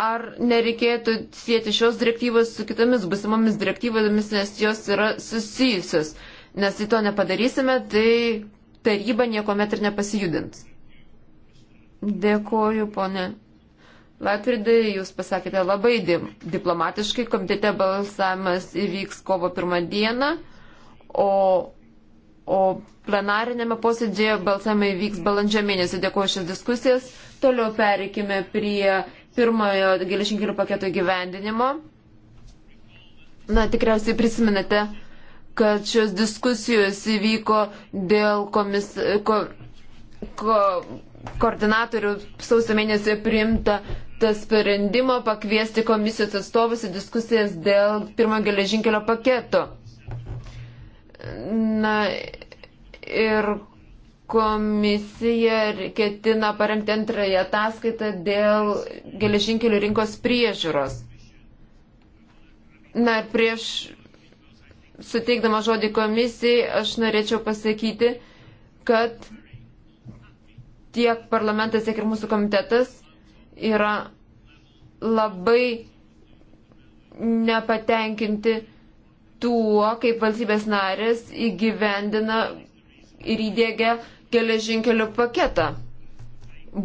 ar nereikėtų sėti šios direktyvos su kitomis busimomis direktyvomis, nes jos yra susijusios. Nes jei to nepadarysime, tai taryba niekuomet ir nepasijudins. Dėkoju, ponė Latvidai, jūs pasakėte labai diplomatiškai, komitete balsavimas įvyks kovo pirmą dieną, o, o plenarinėme posėdėje balsavimai įvyks balandžio mėnesį. Dėkuoju šias diskusijas. Toliau pereikime prie pirmojo geležinkelių paketo gyvendinimo. Na, tikriausiai prisimenate, kad šios diskusijos įvyko dėl komis... Ko, ko, koordinatorių sausio mėnesį priimta tas sprendimo pakviesti komisijos atstovus į diskusijas dėl pirmo geležinkelio paketo. Na ir komisija ketina parengti antrąją ataskaitą dėl geležinkelių rinkos priežiūros. Na ir prieš suteikdama žodį komisijai aš norėčiau pasakyti, kad tiek parlamentas, tiek ir mūsų komitetas yra labai nepatenkinti tuo, kaip valstybės narės įgyvendina ir įdėgia geležinkelių paketą.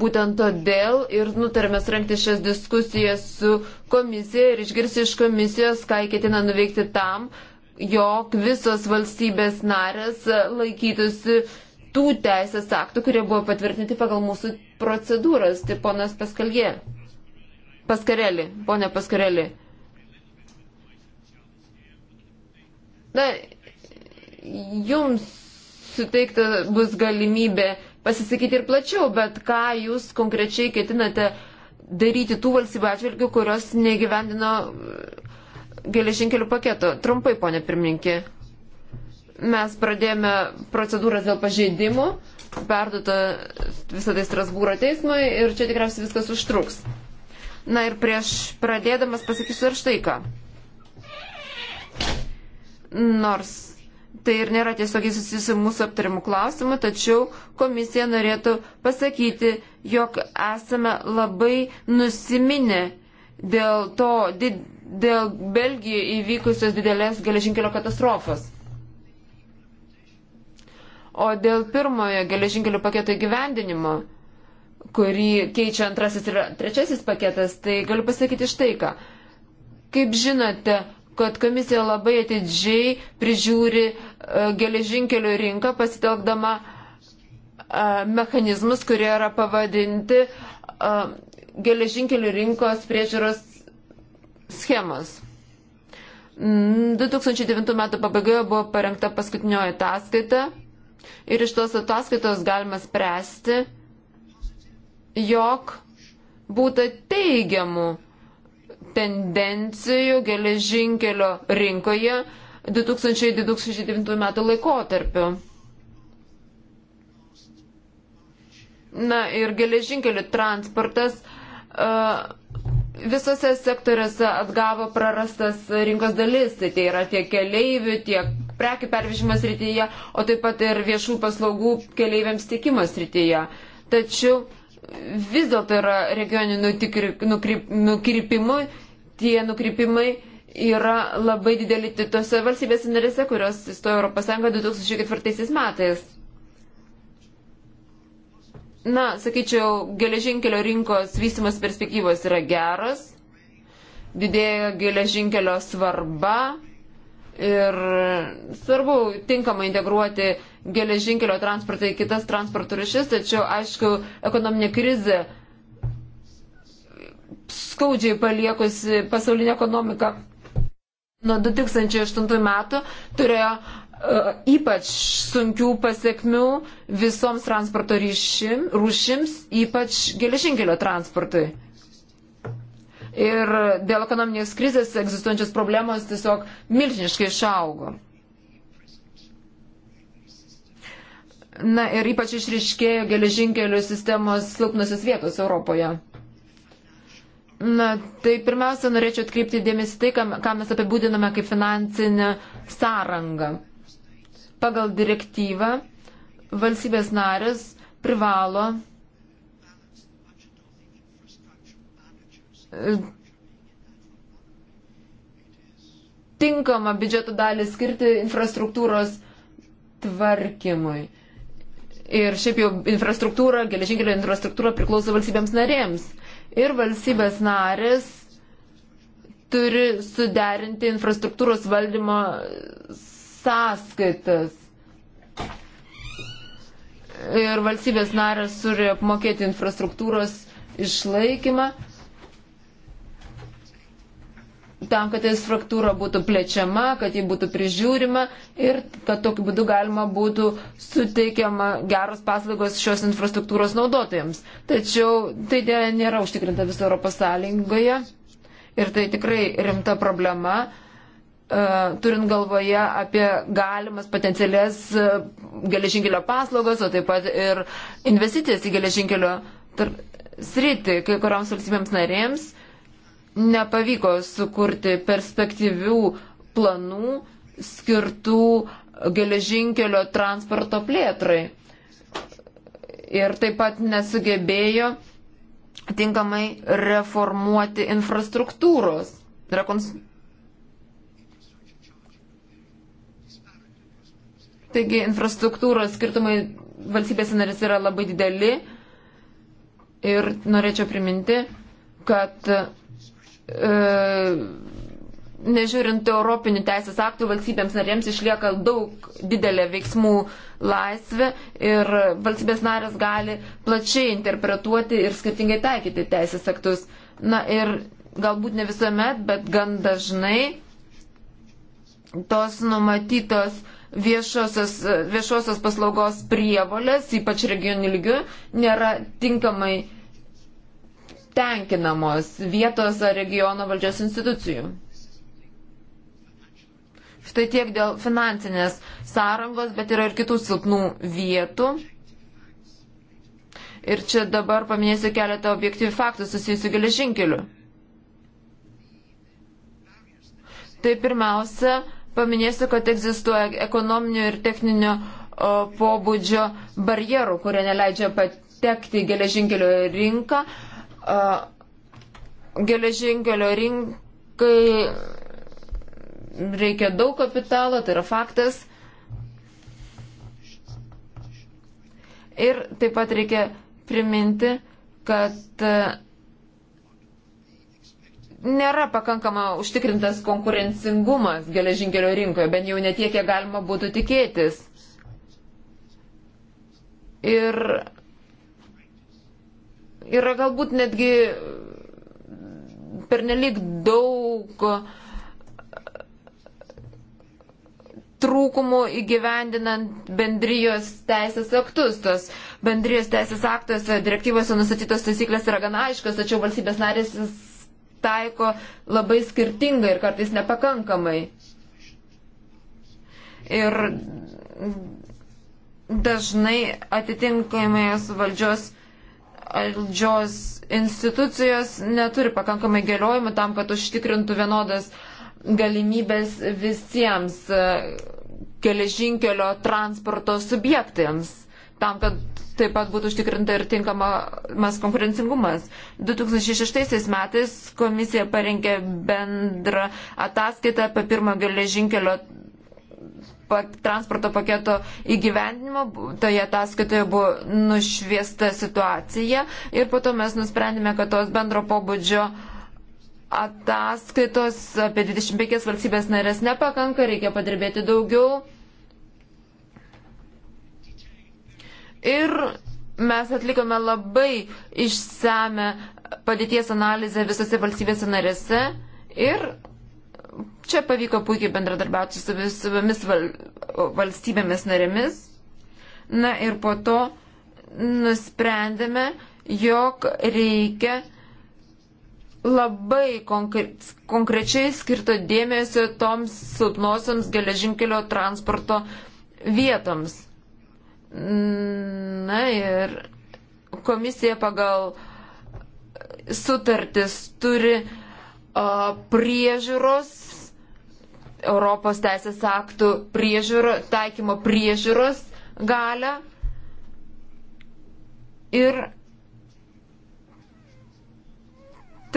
Būtent todėl ir nutarėme surinkti šias diskusijas su komisija ir išgirsti iš komisijos, ką ketina nuveikti tam, jog visos valstybės narės laikytųsi tų teisės aktų, kurie buvo patvirtinti pagal mūsų procedūras. Tai ponas Paskalgė. Paskarelį, ponė Paskarelį. Na, jums suteikta bus galimybė pasisakyti ir plačiau, bet ką jūs konkrečiai ketinate daryti tų valstybių atžvilgių, kurios negyvendino geležinkelių paketo. Trumpai, ponė pirmininkė. Mes pradėjome procedūras dėl pažeidimų, perduota visą tai Strasbūro teismui ir čia tikriausiai viskas užtruks. Na ir prieš pradėdamas pasakysiu ir štai ką. Nors tai ir nėra tiesiogiai susijusi mūsų aptarimų klausimų, tačiau komisija norėtų pasakyti, jog esame labai nusiminę dėl to, did, dėl Belgijoje įvykusios didelės geležinkelio katastrofos. O dėl pirmojo geležinkelių paketo įgyvendinimo, kurį keičia antrasis ir trečiasis paketas, tai galiu pasakyti štai ką. Kaip žinote, kad komisija labai atidžiai prižiūri e, geležinkelių rinką pasitelkdama e, mechanizmus, kurie yra pavadinti e, geležinkelių rinkos priežiūros schemos. 2009 metų pabaigoje buvo parengta paskutinioji ataskaita Ir iš tos ataskaitos galima spręsti, jog būtų teigiamų tendencijų geležinkelio rinkoje 2009 metų laikotarpiu. Na ir geležinkelių transportas uh, visose sektoriuose atgavo prarastas rinkos dalis, tai, tai yra tiek keleivių, tiek prekių pervežimas rytyje, o taip pat ir viešų paslaugų keleiviams teikimas rytyje. Tačiau vis dėlto yra regioninių nukrypimų, tie nukrypimai yra labai dideli tose valstybėse narėse, kurios įstojo Europos Sąjungą 2004 metais. Na, sakyčiau, geležinkelio rinkos vystimas perspektyvos yra geras, didėja geležinkelio svarba, Ir svarbu tinkamai integruoti geležinkelio transportą į kitas transporto ryšis, tačiau, aišku, ekonominė krizė skaudžiai paliekusi pasaulinę ekonomiką nuo 2008 metų turėjo uh, ypač sunkių pasiekmių visoms transporto ryšim, rūšims, ypač geležinkelio transportui ir dėl ekonominės krizės egzistuojančios problemos tiesiog milžiniškai išaugo. Na ir ypač išriškėjo geležinkelių sistemos silpnusios vietos Europoje. Na, tai pirmiausia, norėčiau atkreipti dėmesį tai, ką, ką mes apibūdiname kaip finansinę sąrangą. Pagal direktyvą valstybės narės privalo tinkamą biudžeto dalį skirti infrastruktūros tvarkymui. Ir šiaip jau infrastruktūra, geležinkelio infrastruktūra priklauso valstybėms narėms. Ir valstybės narės turi suderinti infrastruktūros valdymo sąskaitas. Ir valstybės narės turi apmokėti infrastruktūros išlaikymą tam, kad ta struktūra būtų plečiama, kad ji būtų prižiūrima ir kad tokiu būdu galima būtų suteikiama geros paslaugos šios infrastruktūros naudotojams. Tačiau tai nėra užtikrinta viso Europos sąlygoje ir tai tikrai rimta problema e, turint galvoje apie galimas potencialias e, geležinkelio paslaugas, o taip pat ir investicijas į geležinkelio sritį kai kurioms valstybėms narėms nepavyko sukurti perspektyvių planų skirtų geležinkelio transporto plėtrai. Ir taip pat nesugebėjo tinkamai reformuoti infrastruktūros. Rekonstru... Taigi infrastruktūros skirtumai valstybės narys yra labai dideli ir norėčiau priminti, kad E, nežiūrint Europinių teisės aktų, valstybėms narėms išlieka daug didelė veiksmų laisvė ir valstybės narės gali plačiai interpretuoti ir skirtingai taikyti teisės aktus. Na ir galbūt ne visuomet, bet gan dažnai tos numatytos viešosios, viešosios paslaugos prievolės, ypač regionių lygių, nėra tinkamai tenkinamos vietos ar regiono valdžios institucijų. Štai tiek dėl finansinės sąrangos, bet yra ir kitų silpnų vietų. Ir čia dabar paminėsiu keletą objektyvių faktų susijusių geležinkeliu. Tai pirmiausia, paminėsiu, kad egzistuoja ekonominio ir techninio o, pobūdžio barjerų, kurie neleidžia patekti į geležinkelio rinką, geležinkelio rinkai reikia daug kapitalo, tai yra faktas. Ir taip pat reikia priminti, kad e, nėra pakankama užtikrintas konkurencingumas geležinkelio rinkoje, bent jau netiek, kiek galima būtų tikėtis. Ir yra galbūt netgi pernelik daug e, trūkumų įgyvendinant bendrijos teisės aktus. Tos bendrijos teisės aktuose, direktyvose nustatytos taisyklės yra gana aiškios, tačiau valstybės narės taiko labai skirtingai ir kartais nepakankamai. Ir dažnai atitinkamės valdžios valdžios institucijos neturi pakankamai galiojimų tam, kad užtikrintų vienodas galimybės visiems e, geležinkelio transporto subjektams, tam, kad taip pat būtų užtikrinta ir tinkamas konkurencingumas. 2006 metais komisija parengė bendrą ataskaitą apie pirmą geležinkelio transporto paketo įgyvendinimo. Toje ataskaitoje buvo nušviesta situacija ir po to mes nusprendėme, kad tos bendro pobūdžio ataskaitos apie 25 valstybės narės nepakanka, reikia padirbėti daugiau. Ir mes atlikome labai išsame padėties analizę visose valstybėse narėse ir Čia pavyko puikiai bendradarbiauti su visomis val, valstybėmis narėmis. Na ir po to nusprendėme, jog reikia labai konkre konkrečiai skirto dėmesio toms silpnosiams geležinkelio transporto vietoms. Na ir komisija pagal sutartis turi a, priežiūros Europos teisės aktų priežiūro, taikymo priežiūros galę ir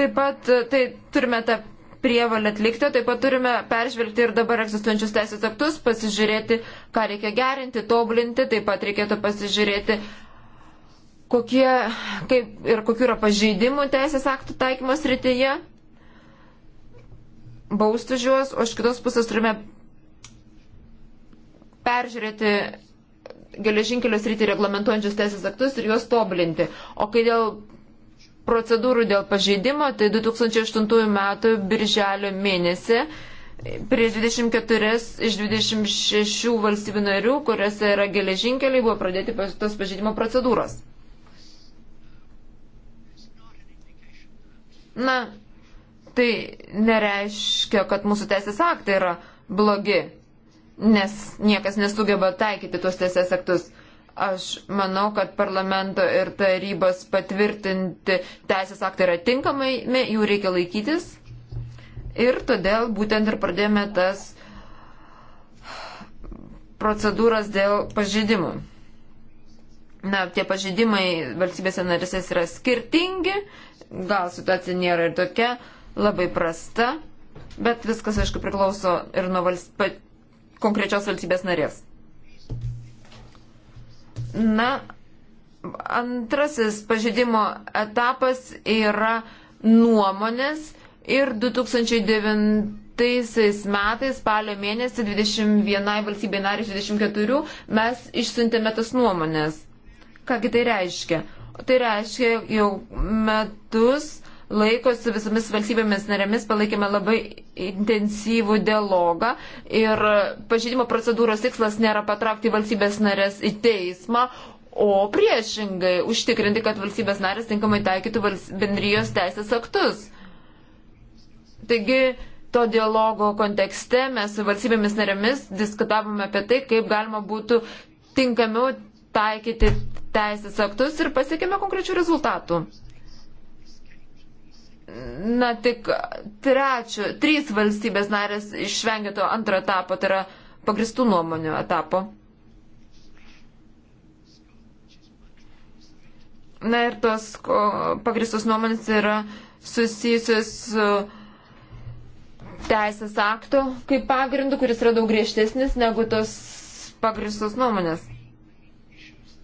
taip pat tai turime tą prievalę atlikti, taip pat turime peržvelgti ir dabar egzistuojančius teisės aktus, pasižiūrėti, ką reikia gerinti, tobulinti, taip pat reikėtų pasižiūrėti, kokie kaip, ir kokiu yra pažeidimų teisės aktų taikymos rytyje bausti už juos, o iš kitos pusės turime peržiūrėti geležinkelios rytį reglamentuojančius teisės aktus ir juos tobulinti. O kai dėl procedūrų dėl pažeidimo, tai 2008 metų birželio mėnesį prieš 24 iš 26 valstybių narių, kuriuose yra geležinkeliai, buvo pradėti tos pažeidimo procedūros. Na, tai nereiškia, kad mūsų teisės aktai yra blogi, nes niekas nesugeba taikyti tuos teisės aktus. Aš manau, kad parlamento ir tarybos patvirtinti teisės aktai yra tinkamai, jų reikia laikytis. Ir todėl būtent ir pradėjome tas procedūras dėl pažydimų. Na, tie pažydimai valstybėse narise yra skirtingi, gal situacija nėra ir tokia labai prasta, bet viskas, aišku, priklauso ir nuo valst... pa... konkrečios valstybės narės. Na, antrasis pažydimo etapas yra nuomonės ir 2009 2009 metais, spalio mėnesį, 21 valstybė narė 24, mes išsiuntėme tas nuomonės. Kągi tai reiškia? Tai reiškia jau metus laiko su visomis valstybėmis narėmis palaikėme labai intensyvų dialogą ir pažydimo procedūros tikslas nėra patraukti valstybės narės į teismą, o priešingai užtikrinti, kad valstybės narės tinkamai taikytų bendrijos teisės aktus. Taigi, to dialogo kontekste mes su valstybėmis narėmis diskutavome apie tai, kaip galima būtų tinkamiau taikyti teisės aktus ir pasiekėme konkrečių rezultatų na tik trečio, trys valstybės narės išvengė to antro etapo, tai yra pagristų nuomonių etapo. Na ir tos pagristos nuomonės yra susijusios su teisės akto kaip pagrindu, kuris yra daug griežtesnis negu tos pagristos nuomonės.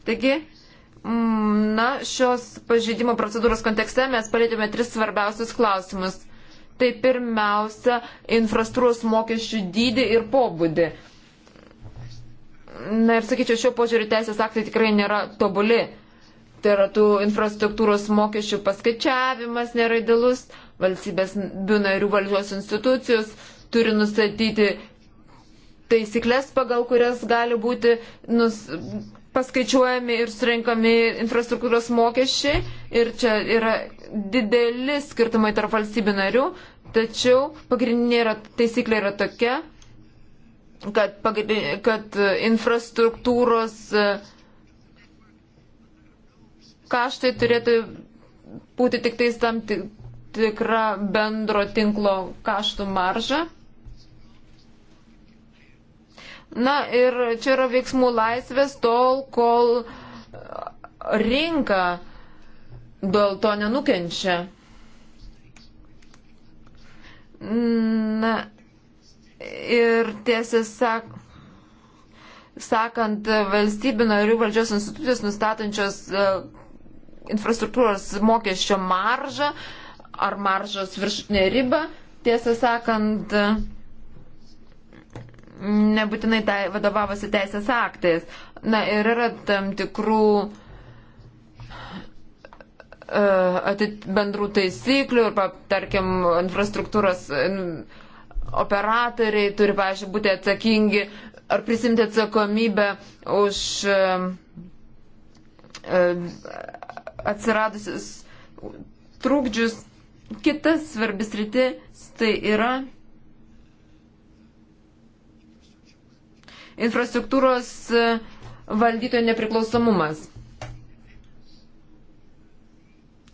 Taigi, Na, šios pažeidimo procedūros kontekste mes palėtėme tris svarbiausius klausimus. Tai pirmiausia, infrastruktūros mokesčių dydį ir pobūdį. Na ir sakyčiau, šio požiūriu teisės aktai tikrai nėra tobuli. Tai yra tų infrastruktūros mokesčių paskaičiavimas nėra idealus, valstybės binarių valdžios institucijos turi nustatyti taisyklės, pagal kurias gali būti nus, paskaičiuojami ir surinkami infrastruktūros mokesčiai ir čia yra dideli skirtumai tarp valstybių narių, tačiau pagrindinė yra, taisyklė yra tokia, kad, kad e, infrastruktūros e, kaštai turėtų būti tik tais tam tikra bendro tinklo kaštų marža. Na ir čia yra veiksmų laisvės tol, kol e, rinka dėl to nenukenčia. Na ir tiesą sak, sakant, valstybių narių valdžios institucijos nustatančios e, infrastruktūros mokesčio maržą ar maržos viršutinę ribą, tiesą sakant, nebūtinai tai vadovavosi teisės aktais. Na ir yra tam tikrų e, atit, bendrų taisyklių ir, tarkim, infrastruktūros operatoriai turi, pažiūrėjau, būti atsakingi ar prisimti atsakomybę už e, e, atsiradusius trūkdžius. Kitas svarbis rytis tai yra infrastruktūros e, valdytojo nepriklausomumas.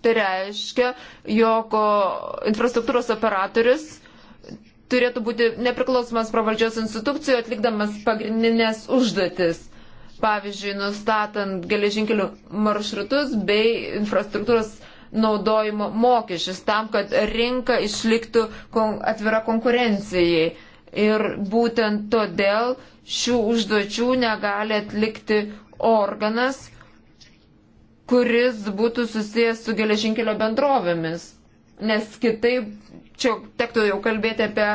Tai reiškia, jog infrastruktūros operatorius turėtų būti nepriklausomas pravaldžios institucijų atlikdamas pagrindinės užduotis. Pavyzdžiui, nustatant geležinkelių maršrutus bei infrastruktūros naudojimo mokesčius tam, kad rinka išliktų atvira konkurencijai. Ir būtent todėl šių užduočių negali atlikti organas, kuris būtų susijęs su geležinkelio bendrovėmis. Nes kitaip čia tektų jau kalbėti apie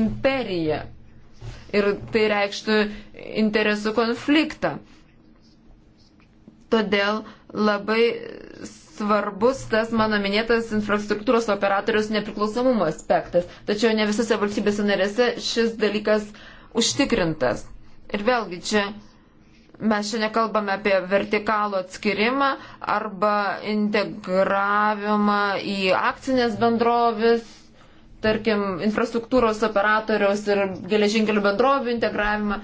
imperiją. Ir tai reikštų interesų konfliktą. Todėl labai svarbus tas mano minėtas infrastruktūros operatorius nepriklausomumo aspektas. Tačiau ne visose valstybėse narėse šis dalykas užtikrintas. Ir vėlgi čia mes čia nekalbame apie vertikalų atskirimą arba integravimą į akcinės bendrovis, tarkim, infrastruktūros operatoriaus ir geležinkelių bendrovių integravimą.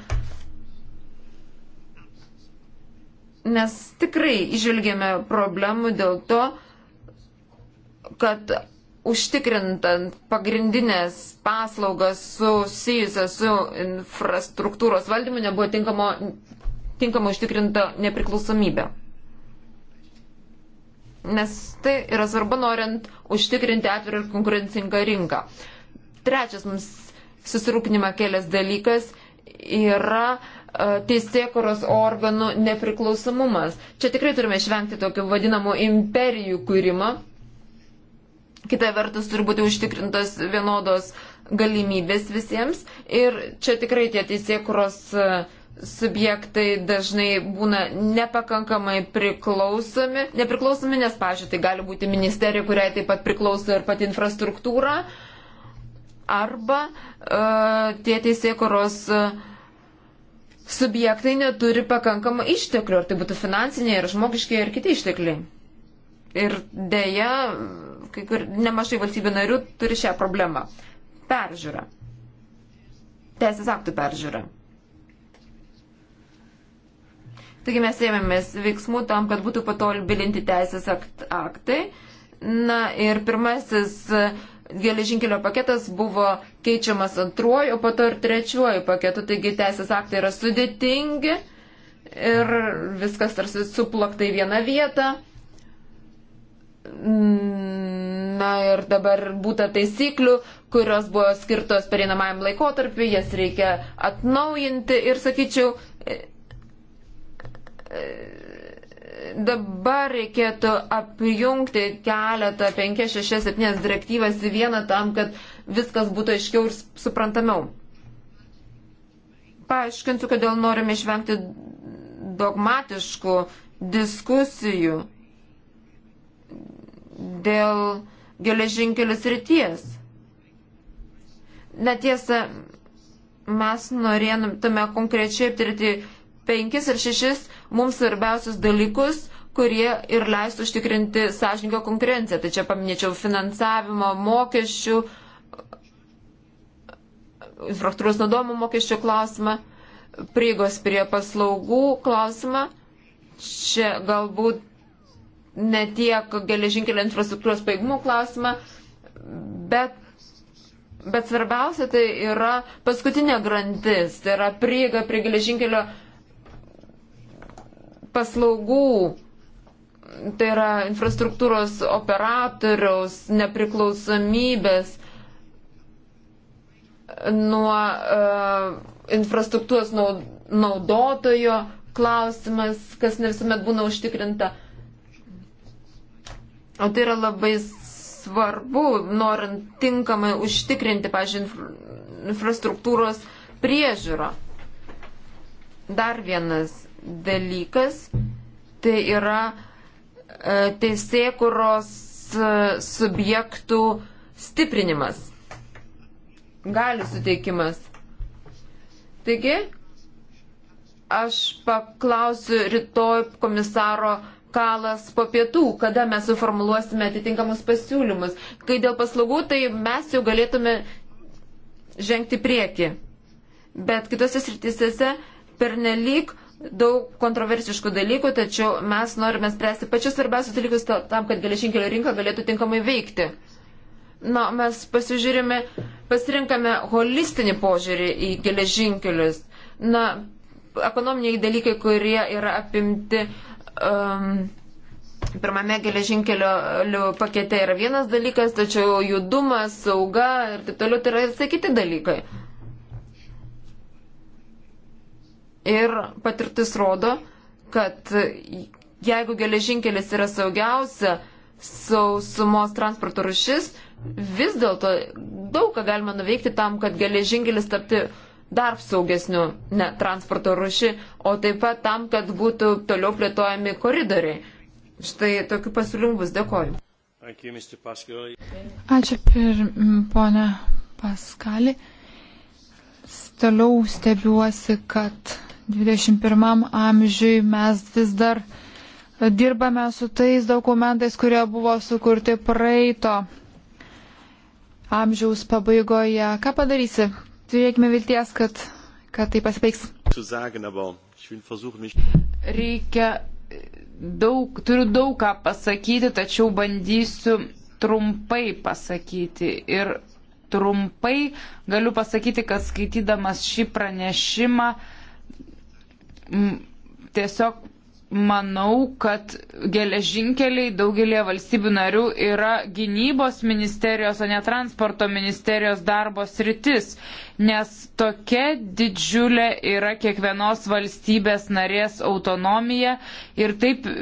Nes tikrai išvelgėme problemų dėl to, kad užtikrintant pagrindinės paslaugas susijusias su infrastruktūros valdymu nebuvo tinkamo, tinkamo užtikrinta nepriklausomybė. Nes tai yra svarbu norint užtikrinti atvirą ir konkurencingą rinką. Trečias mums susirūpinimą kelias dalykas yra uh, teisėkuros organų nepriklausomumas. Čia tikrai turime išvengti tokių vadinamų imperijų kūrimo. Kita vertus turi būti užtikrintos vienodos galimybės visiems. Ir čia tikrai tie teisėkuros e, subjektai dažnai būna nepakankamai priklausomi, nepriklausomi, nes, pažiūrėjau, tai gali būti ministerija, kuriai taip pat priklauso ir pati infrastruktūra, arba uh, tie teisėkuros uh, subjektai neturi pakankamą išteklių, ar tai būtų finansiniai, ar žmogiškiai, ar kiti ištekliai. Ir dėja, kai kur nemažai valstybių narių turi šią problemą. Peržiūra. Teisės aktų peržiūra. Taigi mes ėmėmės veiksmų tam, kad būtų patobulinti teisės akt, aktai. Na ir pirmasis uh, geležinkelio paketas buvo keičiamas antruoju, o po to ir trečiuoju paketu, taigi teisės aktai yra sudėtingi ir viskas tarsi suplakta į vieną vietą. Na ir dabar būta taisyklių, kurios buvo skirtos pereinamajam laikotarpiu, jas reikia atnaujinti ir, sakyčiau, dabar reikėtų apjungti keletą 5, 6, 7 direktyvas į vieną tam, kad viskas būtų aiškiau ir suprantamiau. Paaiškinsiu, kodėl norime išvengti dogmatiškų diskusijų dėl geležinkelius ryties. Netiesa, mes norėtume konkrečiai aptirti penkis ar šešis mums svarbiausius dalykus, kurie ir leistų užtikrinti sąžininką konkurenciją. Tai čia paminėčiau finansavimo, mokesčių, infrastruktūros naudojimo mokesčių klausimą, prieigos prie paslaugų klausimą. Čia galbūt ne tiek geležinkelio infrastruktūros paėgumų klausimą, bet Bet svarbiausia tai yra paskutinė grandis, tai yra prieiga prie geležinkelio paslaugų, tai yra infrastruktūros operatoriaus nepriklausomybės nuo uh, infrastruktūros naudotojo klausimas, kas ne visuomet būna užtikrinta. O tai yra labai svarbu, norint tinkamai užtikrinti, pažiūrėjau, infrastruktūros priežiūrą. Dar vienas dalykas, tai yra e, teisėkuros e, subjektų stiprinimas, galių suteikimas. Taigi, aš paklausiu rytoj komisaro kalas po pietų, kada mes suformuluosime atitinkamus pasiūlymus. Kai dėl paslaugų, tai mes jau galėtume žengti prieki. Bet kitose srityse pernelyg uh, daug kontroversiškų dalykų, tačiau mes norime spręsti pačius svarbiausius dalykus tam, kad geležinkelio rinka galėtų tinkamai veikti. Na, mes pasižiūrime, pasirinkame holistinį požiūrį į geležinkelius. Na, ekonominiai dalykai, kurie yra apimti um, pirmame geležinkelio pakete yra vienas dalykas, tačiau judumas, sauga ir taip toliau tai yra visai kiti dalykai. Ir patirtis rodo, kad jeigu geležinkelis yra saugiausia sausumos transporto rušis, vis dėlto daug ką galima nuveikti tam, kad geležinkelis tapti dar saugesniu ne, transporto ruši, o taip pat tam, kad būtų toliau plėtojami koridoriai. Štai tokiu pasiūlymu bus dėkoju. Ačiū ir ponia Paskali. Toliau stebiuosi, kad 21 amžiui mes vis dar dirbame su tais dokumentais, kurie buvo sukurti praeito amžiaus pabaigoje. Ką padarysi? Turėkime vilties, kad, kad tai pasibaigs. Reikia daug, turiu daug ką pasakyti, tačiau bandysiu trumpai pasakyti. Ir trumpai galiu pasakyti, kad skaitydamas šį pranešimą, uh, tiesiog manau, kad geležinkeliai daugelie valstybių narių yra gynybos ministerijos, o ne transporto ministerijos darbo sritis, nes tokia didžiulė yra kiekvienos valstybės narės autonomija ir taip e,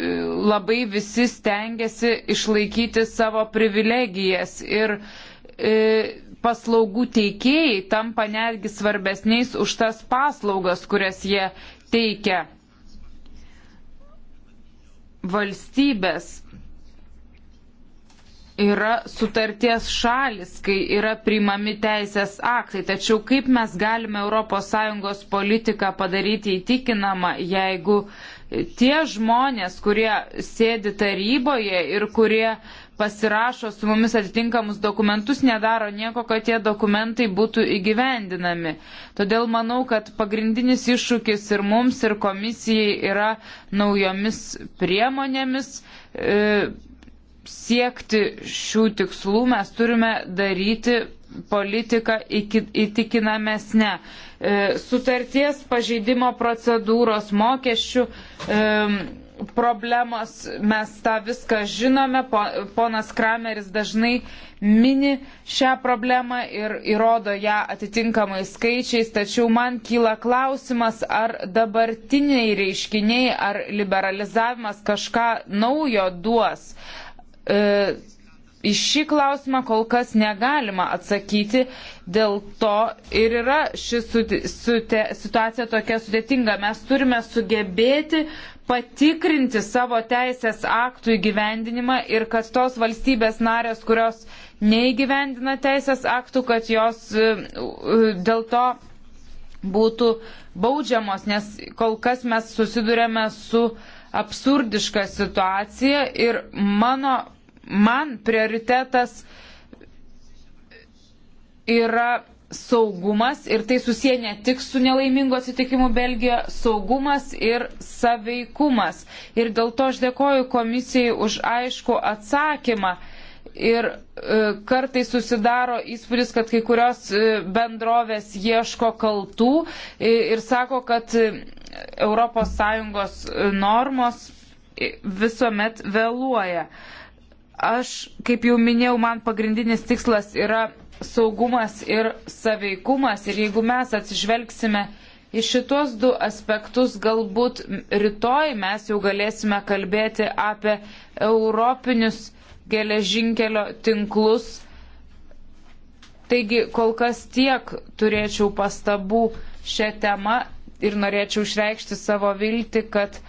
labai visi stengiasi išlaikyti savo privilegijas. Ir, e, paslaugų teikėjai tampa netgi svarbesniais už tas paslaugas, kurias jie teikia valstybės yra sutarties šalis, kai yra priimami teisės aktai. Tačiau kaip mes galime ES politiką padaryti įtikinamą, jeigu uh, tie žmonės, kurie sėdi taryboje ir kurie pasirašo su mumis atitinkamus dokumentus, nedaro nieko, kad tie dokumentai būtų įgyvendinami. Todėl manau, kad pagrindinis iššūkis ir mums, ir komisijai yra naujomis priemonėmis. E, siekti šių tikslų mes turime daryti politiką įtikinamesnę. E, sutarties pažeidimo procedūros mokesčių e, problemos, mes tą viską žinome, ponas Krameris dažnai mini šią problemą ir įrodo ją atitinkamai skaičiais, tačiau man kyla klausimas, ar dabartiniai reiškiniai, ar liberalizavimas kažką naujo duos. E, į šį klausimą kol kas negalima atsakyti, dėl to ir yra ši situacija tokia sudėtinga. Mes turime sugebėti patikrinti savo teisės aktų įgyvendinimą ir kad tos valstybės narės, kurios neįgyvendina teisės aktų, kad jos e, e, dėl to būtų baudžiamos, nes kol kas mes susidurėme su absurdiška situacija ir mano man prioritetas yra saugumas ir tai susiję ne tik su nelaimingo atsitikimu Belgijoje, saugumas ir saveikumas. Ir dėl to aš dėkoju komisijai už aišku atsakymą. Ir e, kartai susidaro įspūdis, kad kai kurios e, bendrovės ieško kaltų e, ir sako, kad e, ES e, normos e, visuomet vėluoja. E, Aš, kaip jau minėjau, man pagrindinis tikslas yra saugumas ir saveikumas. Ir jeigu mes atsižvelgsime į šitos du aspektus, galbūt rytoj mes jau galėsime kalbėti apie europinius geležinkelio tinklus. Taigi kol kas tiek turėčiau pastabų šią temą ir norėčiau išreikšti savo viltį, kad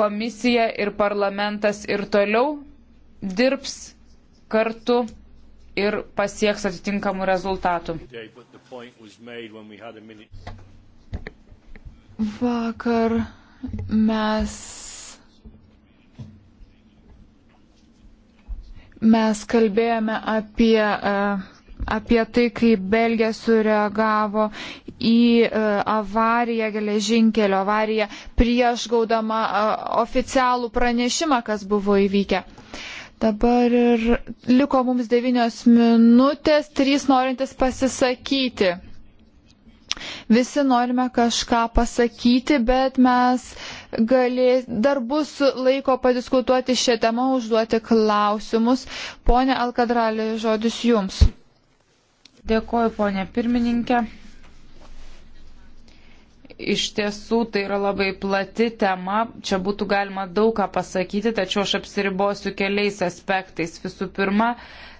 komisija ir parlamentas ir toliau dirbs kartu ir pasieks atitinkamų rezultatų. Vakar mes mes kalbėjome apie, e, apie tai, kaip Belgija sureagavo į e, avariją, geležinkelio avariją, prieš gaudama e, oficialų pranešimą, kas buvo įvykę. Dabar ir liko mums devynios minutės, trys norintys pasisakyti. Visi norime kažką pasakyti, bet mes galės, dar bus laiko padiskutuoti šią temą, užduoti klausimus. Pone Alkadralė, žodis jums. Dėkuoju, ponė pirmininkė. Iš tiesų tai yra labai plati tema, čia būtų galima daug ką pasakyti, tačiau aš apsiribosiu keliais aspektais. Visų pirma,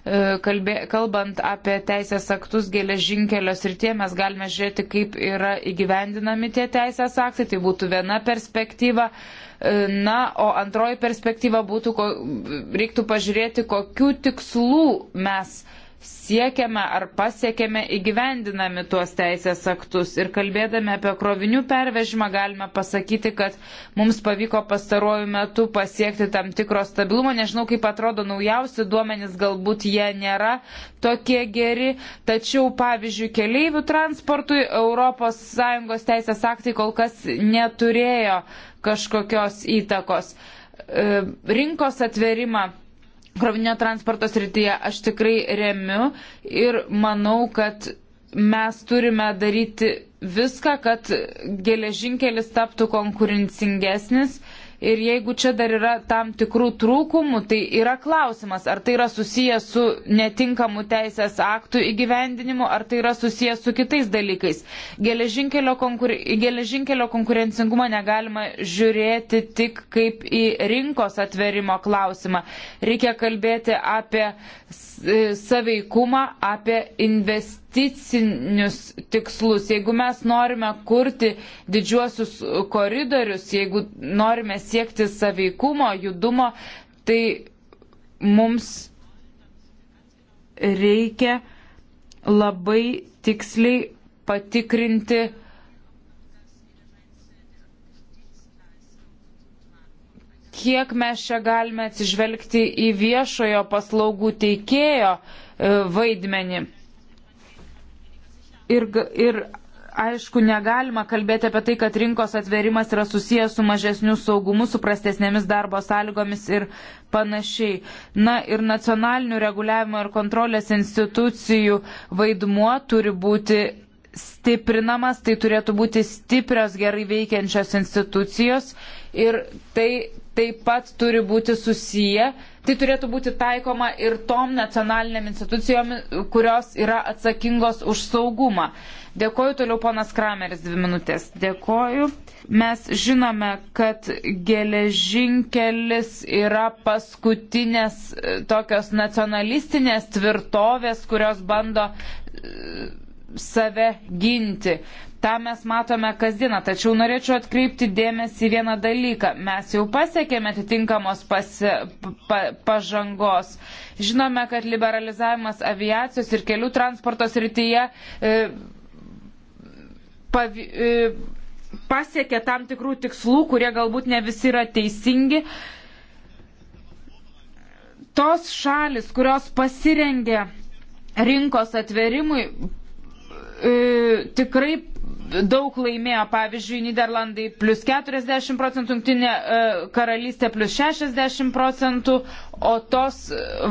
e, kalbė, kalbant apie teisės aktus geležinkelio srityje, mes galime žiūrėti, kaip yra įgyvendinami tie teisės aktai, tai būtų viena perspektyva. E, na, o antroji perspektyva būtų, reiktų pažiūrėti, kokiu tikslu mes siekiame ar pasiekėme įgyvendinami tuos teisės aktus. Ir kalbėdami apie krovinių pervežimą galime pasakyti, kad mums pavyko pastaruoju metu pasiekti tam tikro stabilumo. Nežinau, kaip atrodo naujausi duomenys, galbūt jie nėra tokie geri. Tačiau, pavyzdžiui, keleivių transportui ES teisės aktai kol kas neturėjo kažkokios įtakos. E, rinkos atverimą krovinio transporto srityje aš tikrai remiu ir manau, kad mes turime daryti viską, kad geležinkelis taptų konkurencingesnis Ir jeigu čia dar yra tam tikrų trūkumų, tai yra klausimas, ar tai yra susijęs su netinkamu teisės aktų įgyvendinimu, ar tai yra susijęs su kitais dalykais. Geležinkelio, konkur... Geležinkelio konkurencingumą negalima žiūrėti tik kaip į rinkos atverimo klausimą. Reikia kalbėti apie E, saveikumą, apie investicinius tikslus. Jeigu mes norime kurti didžiuosius koridorius, jeigu norime siekti saveikumo, judumo, tai mums reikia labai tiksliai patikrinti kiek mes čia galime atsižvelgti į viešojo paslaugų teikėjo e, vaidmenį. Ir, ir aišku, negalima kalbėti apie tai, kad rinkos atverimas yra susijęs su mažesniu saugumu, su prastesnėmis darbo sąlygomis ir panašiai. Na ir nacionalinių reguliavimo ir kontrolės institucijų vaidmuo turi būti stiprinamas, tai turėtų būti stiprios gerai veikiančios institucijos ir tai taip pat turi būti susiję, tai turėtų būti taikoma ir tom nacionaliniam institucijom, kurios yra atsakingos už saugumą. Dėkoju toliau ponas Krameris dvi minutės. Dėkoju. Mes žinome, kad geležinkelis yra paskutinės e, tokios nacionalistinės tvirtovės, kurios bando e, save ginti. Ta mes matome kasdieną, tačiau norėčiau atkreipti dėmesį vieną dalyką. Mes jau pasiekėme atitinkamos pasi, pa, pažangos. Žinome, kad liberalizavimas aviacijos ir kelių transporto srityje e, pavi, e, pasiekė tam tikrų tikslų, kurie galbūt ne visi yra teisingi. Tos šalis, kurios pasirengė rinkos atverimui, E, tikrai daug laimėjo, pavyzdžiui, Niderlandai plus 40 procentų, Junktinė e, karalystė plus 60 procentų, o tos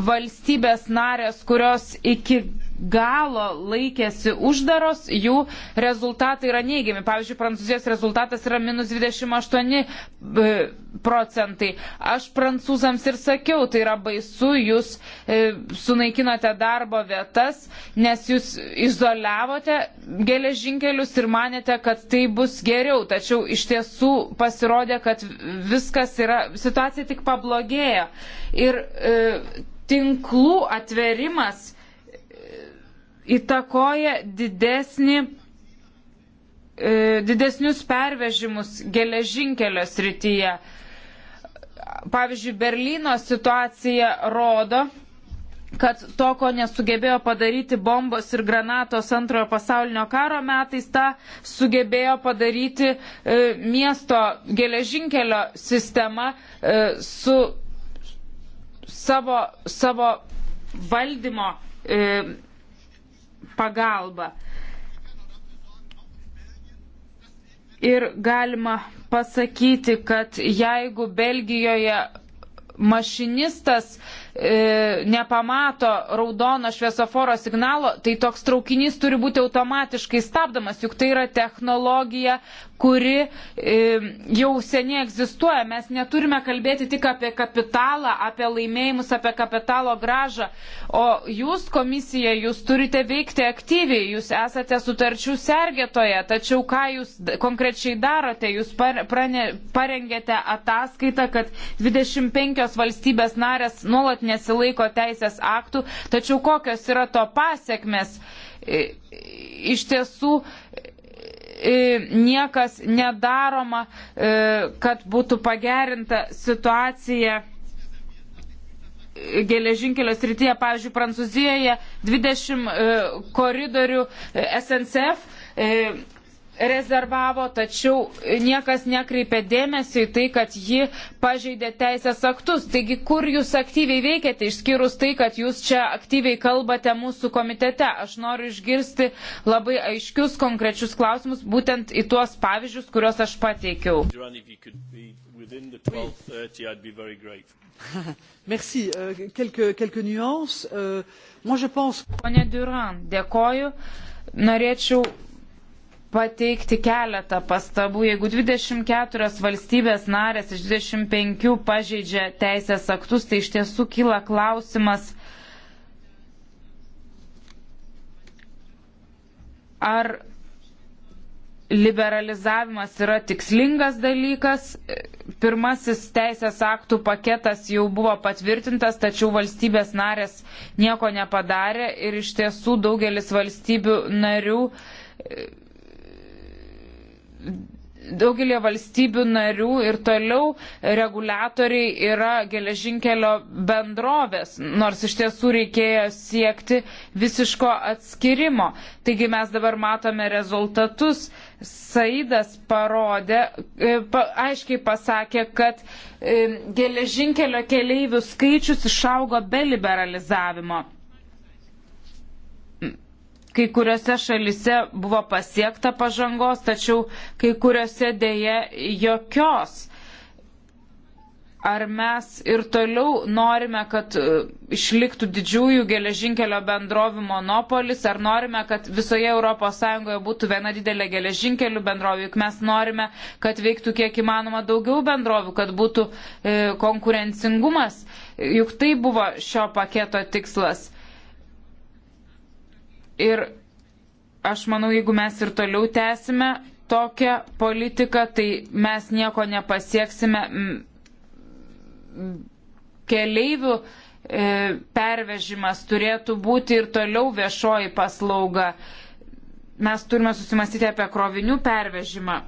valstybės narės, kurios iki galo laikėsi uždaros, jų rezultatai yra neigiami. Pavyzdžiui, Prancūzijos rezultatas yra minus 28 e, procentai. Aš prancūzams ir sakiau, tai yra baisu, jūs e, sunaikinote darbo vietas, nes jūs izoliavote geležinkelius ir manėte, kad tai bus geriau. Tačiau iš tiesų pasirodė, kad viskas yra, situacija tik pablogėjo. Ir e, tinklų atverimas įtakoja didesnį, e, didesnius pervežimus geležinkelio srityje. Pavyzdžiui, Berlyno situacija rodo, kad to, ko nesugebėjo padaryti bombos ir granatos antrojo pasaulinio karo metais, tą sugebėjo padaryti e, miesto geležinkelio sistema e, su savo, savo valdymo e, pagalba. Ir galima pasakyti, kad jeigu Belgijoje mašinistas uh, e, nepamato raudono šviesoforo signalo, tai toks traukinys turi būti automatiškai stabdomas, juk tai yra technologija, kuri e, jau seniai egzistuoja. Mes neturime kalbėti tik apie kapitalą, apie laimėjimus, apie kapitalo gražą, o jūs komisija, jūs turite veikti aktyviai, jūs esate sutarčių sergėtoje, tačiau ką jūs konkrečiai darote, jūs parengėte ataskaitą, kad 25 valstybės narės nuolat kad nesilaiko teisės aktų, tačiau kokios yra to pasiekmes. Iš tiesų niekas nedaroma, e, kad būtų pagerinta situacija geležinkelio srityje, pavyzdžiui, Prancūzijoje 20 e, koridorių e, SNCF rezervavo, tačiau niekas nekreipė dėmesio į tai, kad ji pažeidė teisės aktus. Taigi, kur jūs aktyviai veikiate, išskyrus tai, kad jūs čia aktyviai kalbate mūsų komitete. Aš noriu išgirsti labai aiškius, konkrečius klausimus, būtent į tuos pavyzdžius, kuriuos aš pateikiau. Merci. Euh, quelques, quelques nuances. Euh, moi, je pense... Pone Duran, dėkoju. Norėčiau pateikti keletą pastabų. Jeigu 24 valstybės narės iš 25 pažeidžia teisės aktus, tai iš tiesų kyla klausimas, ar liberalizavimas yra tikslingas dalykas. Pirmasis teisės aktų paketas jau buvo patvirtintas, tačiau valstybės narės nieko nepadarė ir iš tiesų daugelis valstybių narių daugelio valstybių narių ir toliau reguliatoriai yra geležinkelio bendrovės, nors iš tiesų reikėjo siekti visiško atskirimo. Taigi mes dabar matome rezultatus. Saidas parodė, e, pa, aiškiai pasakė, kad e, geležinkelio keleivių skaičius išaugo be liberalizavimo. Kai kuriuose šalise buvo pasiekta pažangos, tačiau kai kuriuose dėje jokios. Ar mes ir toliau norime, kad e, išliktų didžiųjų geležinkelio bendrovių monopolis, ar norime, kad visoje ES būtų viena didelė geležinkelių bendrovė, juk mes norime, kad veiktų kiek įmanoma daugiau bendrovių, kad būtų e, konkurencingumas, juk tai buvo šio paketo tikslas. Ir aš manau, jeigu mes ir toliau tęsime tokią politiką, tai mes nieko nepasieksime keleivių e, pervežimas turėtų būti ir toliau viešoji paslauga. Mes turime susimastyti apie krovinių pervežimą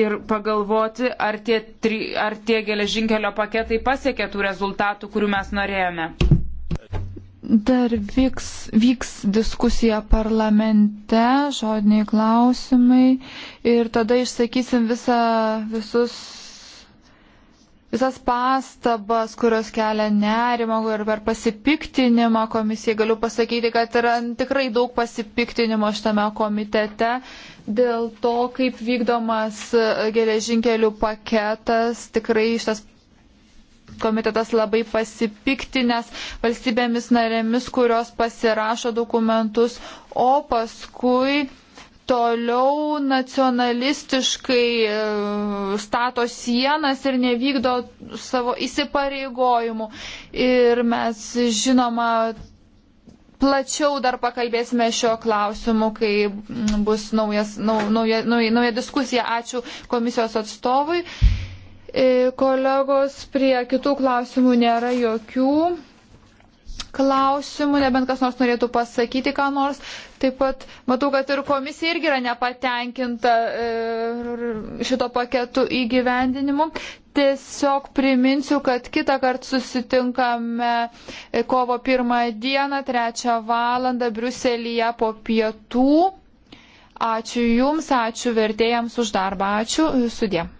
ir pagalvoti, ar tie, tri, ar tie geležinkelio paketai pasiekė tų rezultatų, kurių mes norėjome. Dar vyks, vyks diskusija parlamente, žodiniai klausimai ir tada išsakysim visa, visus, visas pastabas, kurios kelia nerimą ir per pasipiktinimą komisijai. Galiu pasakyti, kad yra tikrai daug pasipiktinimo šitame komitete dėl to, kaip vykdomas geležinkelių paketas. Tikrai šitas komitetas labai pasipiktinęs valstybėmis narėmis, kurios pasirašo dokumentus, o paskui toliau nacionalistiškai e, stato sienas ir nevykdo savo įsipareigojimų. Ir mes, žinoma, plačiau dar pakalbėsime šio klausimu, kai bus naujas, nau, nauja, nauja, nauja diskusija. Ačiū komisijos atstovui. E, kolegos, prie kitų klausimų nėra jokių klausimų, nebent kas nors norėtų pasakyti ką nors. Taip pat matau, kad ir komisija irgi yra nepatenkinta e, šito paketų įgyvendinimu. Tiesiog priminsiu, kad kitą kartą susitinkame e, kovo pirmą dieną, trečią valandą Briuselyje po pietų. Ačiū Jums, ačiū vertėjams už darbą, ačiū sudėm.